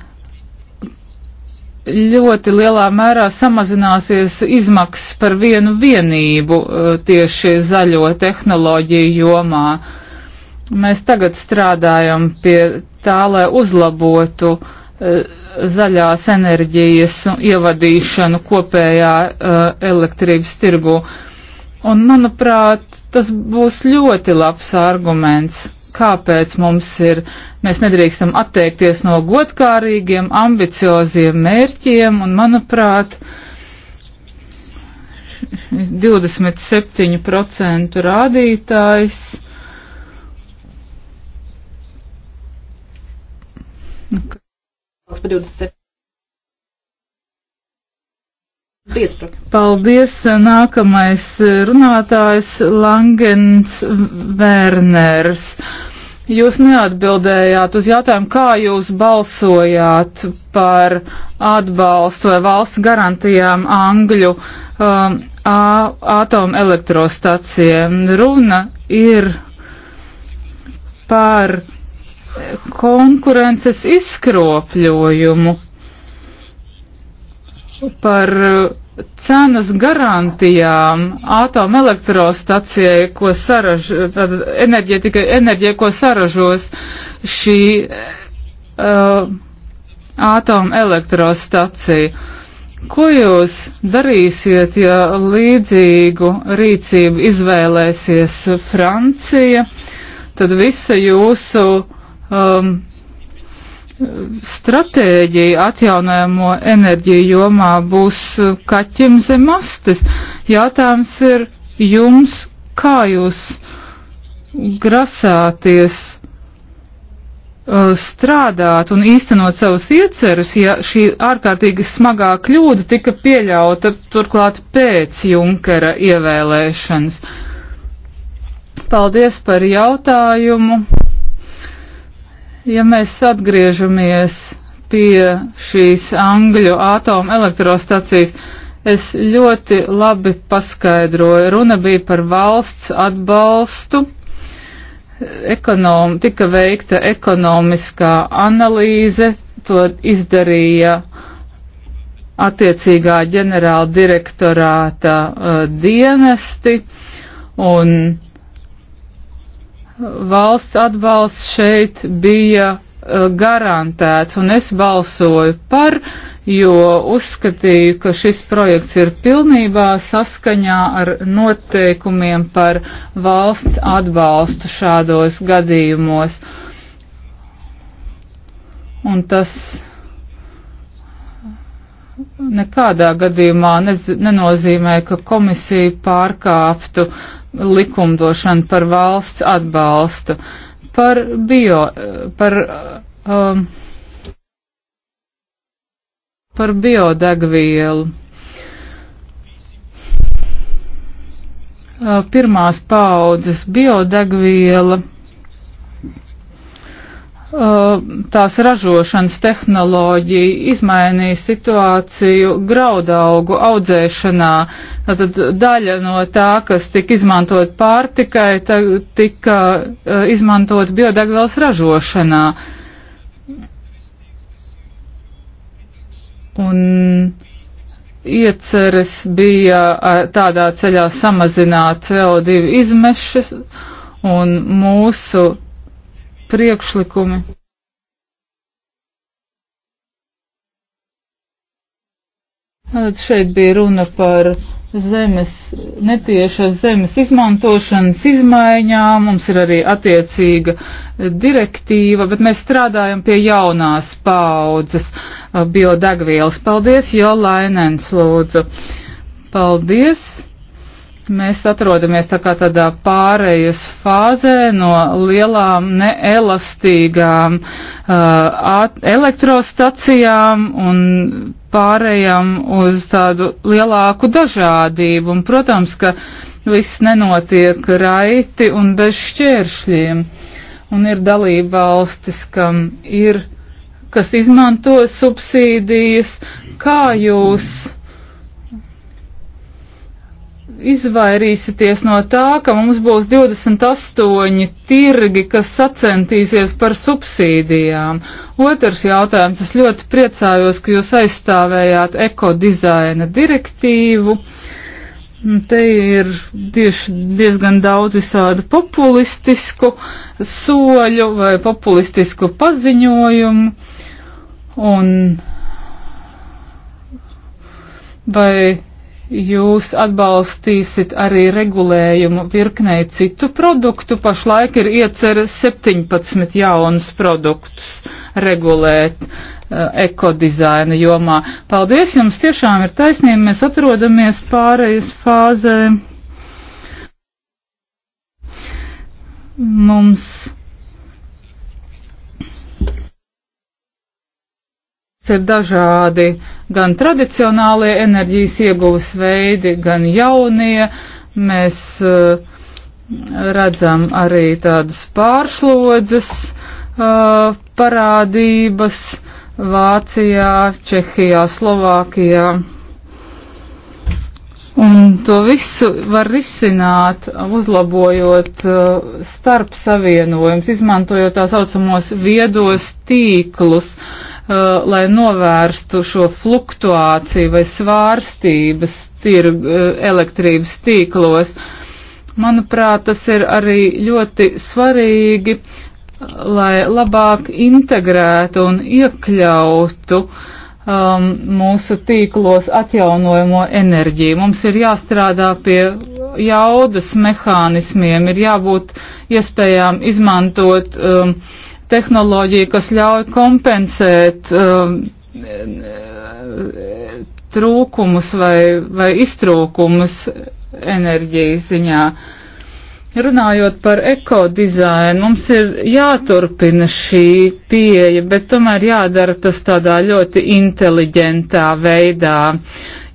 ļoti lielā mērā samazināsies izmaksas par vienu vienību e, tieši zaļo tehnoloģiju jomā. Mēs tagad strādājam pie tā, lai uzlabotu e, zaļās enerģijas ievadīšanu kopējā e, elektrības tirgu. Un, manuprāt, tas būs ļoti labs arguments, kāpēc mums ir, mēs nedrīkstam atteikties no godkārīgiem, ambicioziem mērķiem, un, manuprāt, 27% rādītājs. Par 27. Paldies! Nākamais runātājs Langens Werners. Jūs neatbildējāt uz jautājumu, kā jūs balsojāt par atbalstu vai valsts garantijām Angļu um, atomelektrostacijiem. Runa ir par konkurences izskropļojumu par uh, cenas garantijām atomelektrostacijai, ko saraž, enerģētikai, enerģija, ko saražos šī uh, atomelektrostacija. Ko jūs darīsiet, ja līdzīgu rīcību izvēlēsies Francija? Tad visa jūsu um, stratēģija atjaunojamo enerģiju jomā būs eh, kaķim zem astes. Jātājums ir jums, kā jūs grasāties eh, strādāt un īstenot savus ieceres, ja šī ārkārtīgi smagā kļūda tika pieļauta turklāt pēc Junkera ievēlēšanas. Paldies par jautājumu. Ja mēs atgriežamies pie šīs Angļu atomelektrostacijas, es ļoti labi paskaidroju. Runa bija par valsts atbalstu, ekonom, tika veikta ekonomiskā analīze, to izdarīja attiecīgā ģenerāla direktorāta uh, dienesti un valsts atbalsts šeit bija eh, garantēts, un es balsoju par, jo uzskatīju, ka šis projekts ir pilnībā saskaņā ar noteikumiem par valsts atbalstu šādos gadījumos. Un tas nekādā gadījumā nez, nenozīmē, ka komisija pārkāptu likumdošanu par valsts atbalstu, par bio, par, um, par biodegvielu. Uh, pirmās paudzes biodegviela Eh, tās ražošanas tehnoloģija izmainīja situāciju graudaugu audzēšanā. Tad daļa no tā, kas tika izmantot pārtikai, tika eh, izmantot biodegvielas ražošanā. Un ieceres bija eh, tādā ceļā samazināt CO2 izmešas un mūsu priekšlikumi. Šeit bija runa par zemes, netiešas zemes izmantošanas izmaiņām, mums ir arī attiecīga direktīva, bet mēs strādājam pie jaunās paudzes biodegvielas. Paldies, Jo Lainens, lūdzu. Paldies. Mēs atrodamies tā kā tādā pārējas fāzē no lielām neelastīgām uh, elektrostacijām un pārējām uz tādu lielāku dažādību. Un, protams, ka viss nenotiek raiti un bez šķēršļiem. Un ir dalība valstis, kam ir, kas izmanto subsīdijas. Kā jūs? izvairīsities no tā, ka mums būs 28 tirgi, kas sacentīsies par subsīdijām? Otrs jautājums. Es ļoti priecājos, ka jūs aizstāvējāt ekodizaina direktīvu. Te ir tieši diezgan daudz visādu populistisku soļu vai populistisku paziņojumu. Un vai jūs atbalstīsit arī regulējumu virknei citu produktu. Pašlaik ir iecer 17 jaunus produktus regulēt uh, ekodizaina jomā. Paldies jums, tiešām ir taisnība, mēs atrodamies pārejas fāzē. Mums ir dažādi gan tradicionālie enerģijas ieguves veidi, gan jaunie. Mēs uh, redzam arī tādas pārslodzes uh, parādības Vācijā, Čehijā, Slovākijā. Un to visu var risināt, uzlabojot uh, eh, starp savienojumus, izmantojot tā saucamos viedos tīklus. Uh, Uh, lai novērstu šo fluktuāciju vai svārstības tirg, uh, elektrības tīklos. Manuprāt, tas ir arī ļoti svarīgi, lai labāk integrētu un iekļautu um, mūsu tīklos atjaunojamo enerģiju. Mums ir jāstrādā pie jaudas mehānismiem, ir jābūt iespējām izmantot um, tehnoloģija, kas ļauj kompensēt um, trūkumus vai, vai iztrūkumus enerģijas ziņā. Runājot par ekodizainu, mums ir jāturpina šī pieeja, bet tomēr jādara tas tādā ļoti inteliģentā veidā.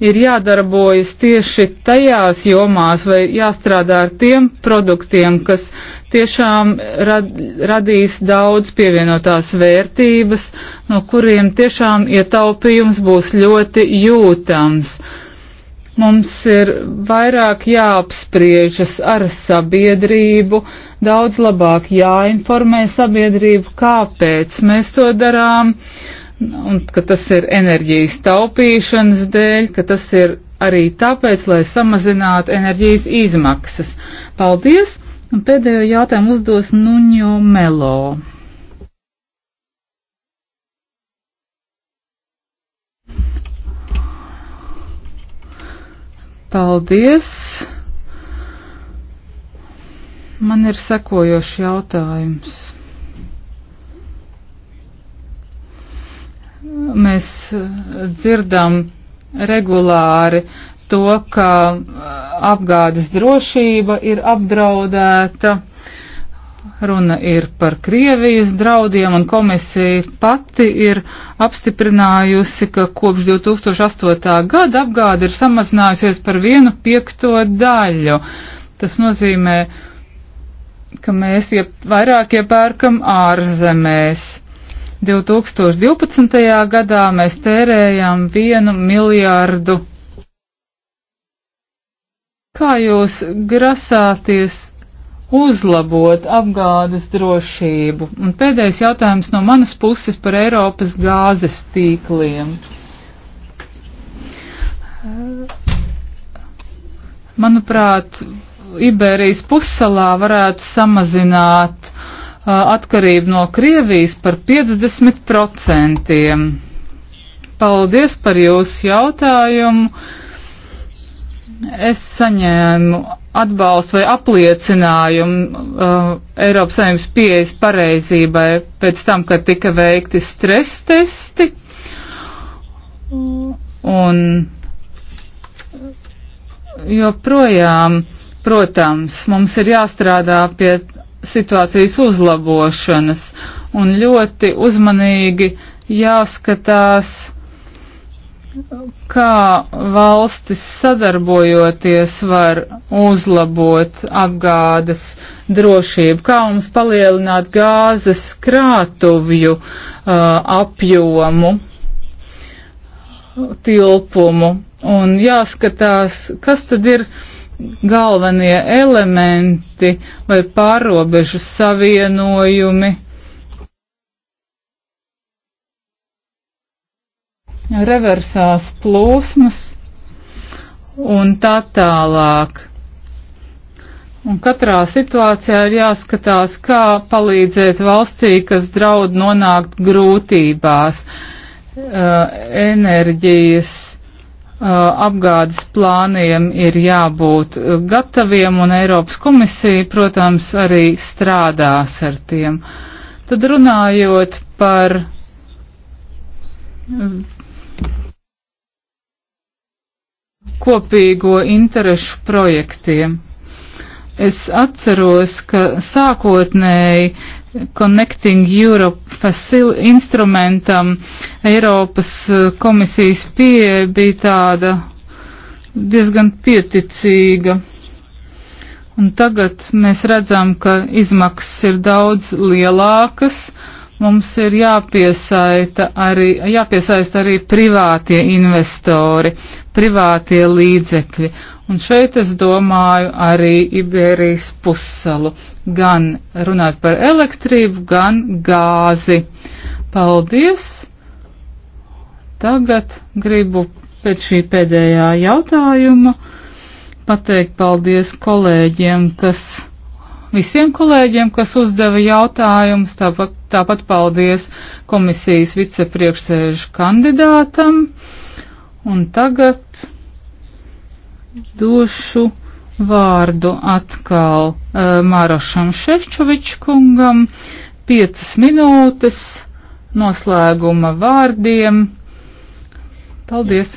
Ir jādarbojas tieši tajās jomās vai jāstrādā ar tiem produktiem, kas tiešām rad, radīs daudz pievienotās vērtības, no kuriem tiešām ietaupījums būs ļoti jūtams. Mums ir vairāk jāapspriežas ar sabiedrību, daudz labāk jāinformē sabiedrību, kāpēc mēs to darām, un ka tas ir enerģijas taupīšanas dēļ, ka tas ir arī tāpēc, lai samazinātu enerģijas izmaksas. Paldies! Un pēdējo jautājumu uzdos Nuņo Melo. Paldies! Man ir sekojošs jautājums. Mēs dzirdam regulāri to, ka uh, apgādes drošība ir apdraudēta. Runa ir par Krievijas draudiem, un komisija pati ir apstiprinājusi, ka kopš 2008. gada apgāde ir samazinājusies par vienu piekto daļu. Tas nozīmē, ka mēs iep, vairāk iepērkam ārzemēs. 2012. gadā mēs tērējām vienu miljārdu Kā jūs grasāties uzlabot apgādes drošību? Un pēdējais jautājums no manas puses par Eiropas gāzes tīkliem. Manuprāt, Iberijas pussalā varētu samazināt uh, atkarību no Krievijas par 50%. Paldies par jūsu jautājumu es saņēmu atbalstu vai apliecinājumu uh, Eiropas Savienības pieejas pareizībai pēc tam, kad tika veikti stres testi. Un joprojām, protams, mums ir jāstrādā pie situācijas uzlabošanas un ļoti uzmanīgi jāskatās, kā valstis sadarbojoties var uzlabot apgādes drošību, kā mums palielināt gāzes krātuvju uh, apjomu, tilpumu. Un jāskatās, kas tad ir galvenie elementi vai pārobežu savienojumi reversās plūsmas un tā tālāk. Un katrā situācijā ir jāskatās, kā palīdzēt valstī, kas draud nonākt grūtībās, eh, enerģijas eh, apgādes plāniem ir jābūt gataviem, un Eiropas komisija, protams, arī strādās ar tiem. Tad runājot par kopīgo interešu projektiem. Es atceros, ka sākotnēji Connecting Europe facil instrumentam Eiropas e, komisijas pieeja bija tāda diezgan pieticīga. Un tagad mēs redzam, ka izmaksas ir daudz lielākas. Mums ir jāpiesaista arī, jāpiesaista arī privātie investori privātie līdzekļi. Un šeit es domāju arī Iberijas pussalu, gan runāt par elektrību, gan gāzi. Paldies! Tagad gribu pēc šī pēdējā jautājuma pateikt paldies kolēģiem, kas, visiem kolēģiem, kas uzdeva jautājumus, tāpat, tāpat paldies komisijas vicepriekšsēžu kandidātam. Un tagad došu vārdu atkal uh, Marošam Šefčovičkungam. Piecas minūtes noslēguma vārdiem. Paldies!